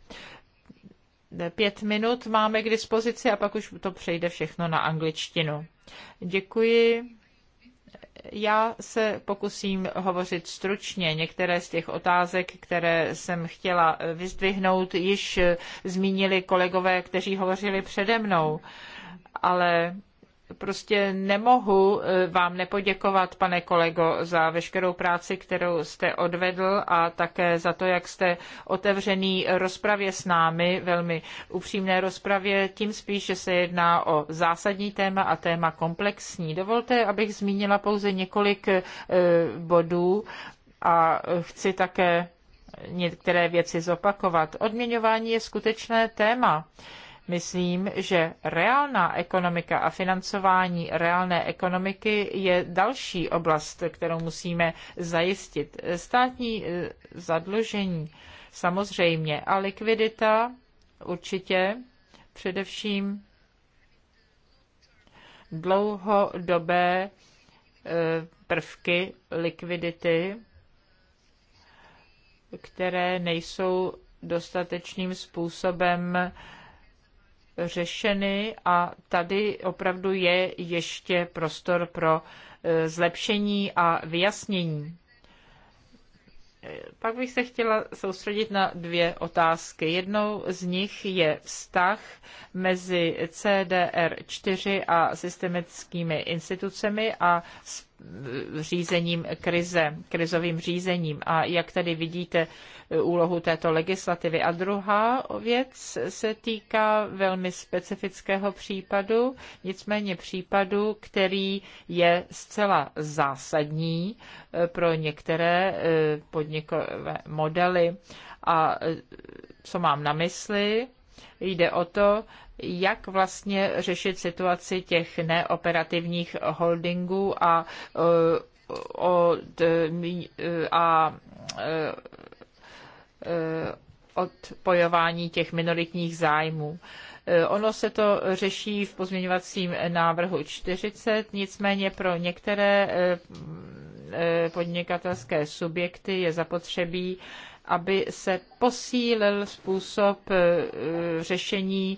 Pět minut máme k dispozici a pak už to přejde všechno na angličtinu. Děkuji. Já se pokusím hovořit stručně. Některé z těch otázek, které jsem chtěla vyzdvihnout, již zmínili kolegové, kteří hovořili přede mnou, ale prostě nemohu eh, vám nepoděkovat, pane kolego, za veškerou práci, kterou jste odvedl a také za to, jak jste otevřený rozpravě s námi, velmi upřímné rozpravě, tím spíš, že se jedná o zásadní téma a téma komplexní. Dovolte, abych zmínila pouze několik eh, bodů a chci také některé věci zopakovat. Odměňování je skutečné téma. Myslím, že reálná ekonomika a financování reálné ekonomiky je další oblast, kterou musíme zajistit. Státní eh, zadlužení samozřejmě a likvidita určitě především dlouhodobé eh, prvky likvidity, které nejsou dostatečným způsobem řešeny a tady opravdu je ještě prostor pro e, zlepšení a vyjasnění. E, pak bych se chtěla soustředit na dvě otázky. Jednou z nich je vztah mezi CDR4 a systemickými institucemi a s řízením krize, krizovým řízením a jak tady vidíte eh, úlohu této legislativy. A druhá věc se týká velmi specifického případu, nicméně případu, který je zcela zásadní eh, pro některé eh, podnikové modely. A co mám na mysli? Jde o to, jak vlastně řešit situaci těch neoperativních holdingů a, eh, od, eh, a, eh, odpojování těch minoritních zájmů. Ono se to řeší v pozměňovacím návrhu 40, nicméně pro některé podnikatelské subjekty je zapotřebí aby se posílil způsob eh, řešení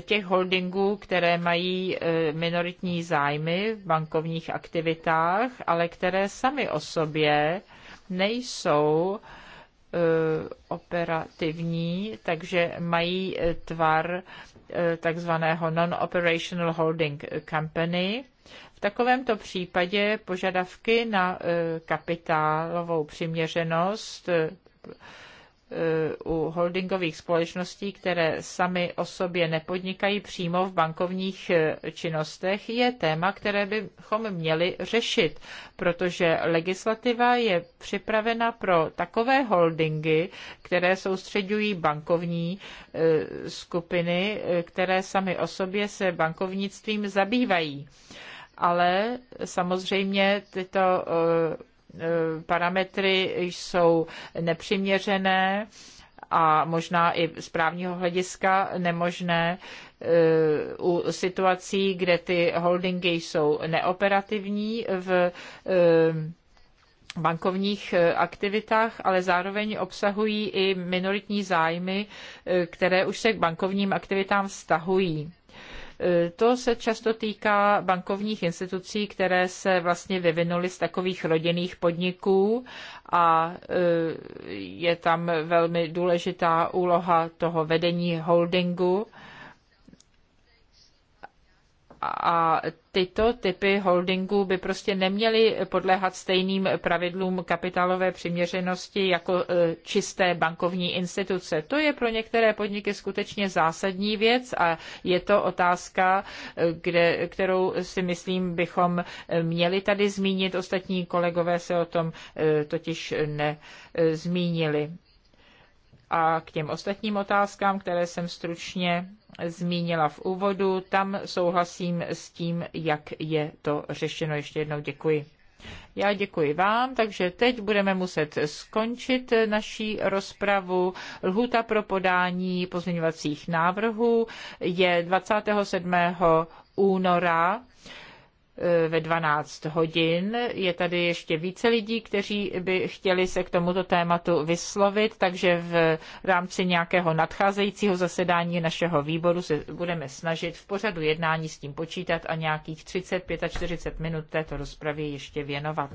těch holdingů, které mají eh, minoritní zájmy v bankovních aktivitách, ale které sami o sobě nejsou eh, operativní, takže mají tvar takzvaného non-operational holding company. V takovémto případě požadavky na kapitálovou přiměřenost u holdingových společností, které sami o sobě nepodnikají přímo v bankovních eh, činnostech, je téma, které bychom měli řešit, protože legislativa je připravena pro takové holdingy, které soustředují bankovní eh, skupiny, eh, které sami o sobě se bankovnictvím zabývají ale samozřejmě tyto E, parametry jsou nepřiměřené a možná i z právního hlediska nemožné e, u situací, kde ty holdingy jsou neoperativní v e, bankovních aktivitách, ale zároveň obsahují i minoritní zájmy, které už se k bankovním aktivitám vztahují. To se často týká bankovních institucí, které se vlastně vyvinuly z takových rodinných podniků a e, je tam velmi důležitá úloha toho vedení holdingu a tyto typy holdingů by prostě neměly podléhat stejným pravidlům kapitálové přiměřenosti jako e, čisté bankovní instituce. To je pro některé podniky skutečně zásadní věc a je to otázka, e, kde, kterou si myslím bychom e, měli tady zmínit. Ostatní kolegové se o tom totiž nezmínili. A k těm ostatním otázkám, které jsem stručně zmínila v úvodu. Tam souhlasím s tím, jak je to řešeno. Ještě jednou děkuji. Já děkuji vám, takže teď budeme muset skončit naší rozpravu. Lhuta pro podání pozměňovacích návrhů je 27. února ve 12 hodin. Je tady ještě více lidí, kteří by chtěli se k tomuto tématu vyslovit, takže v rámci nějakého nadcházejícího zasedání našeho výboru se budeme snažit v pořadu jednání s tím počítat a nějakých 30-45 minut této rozpravě ještě věnovat.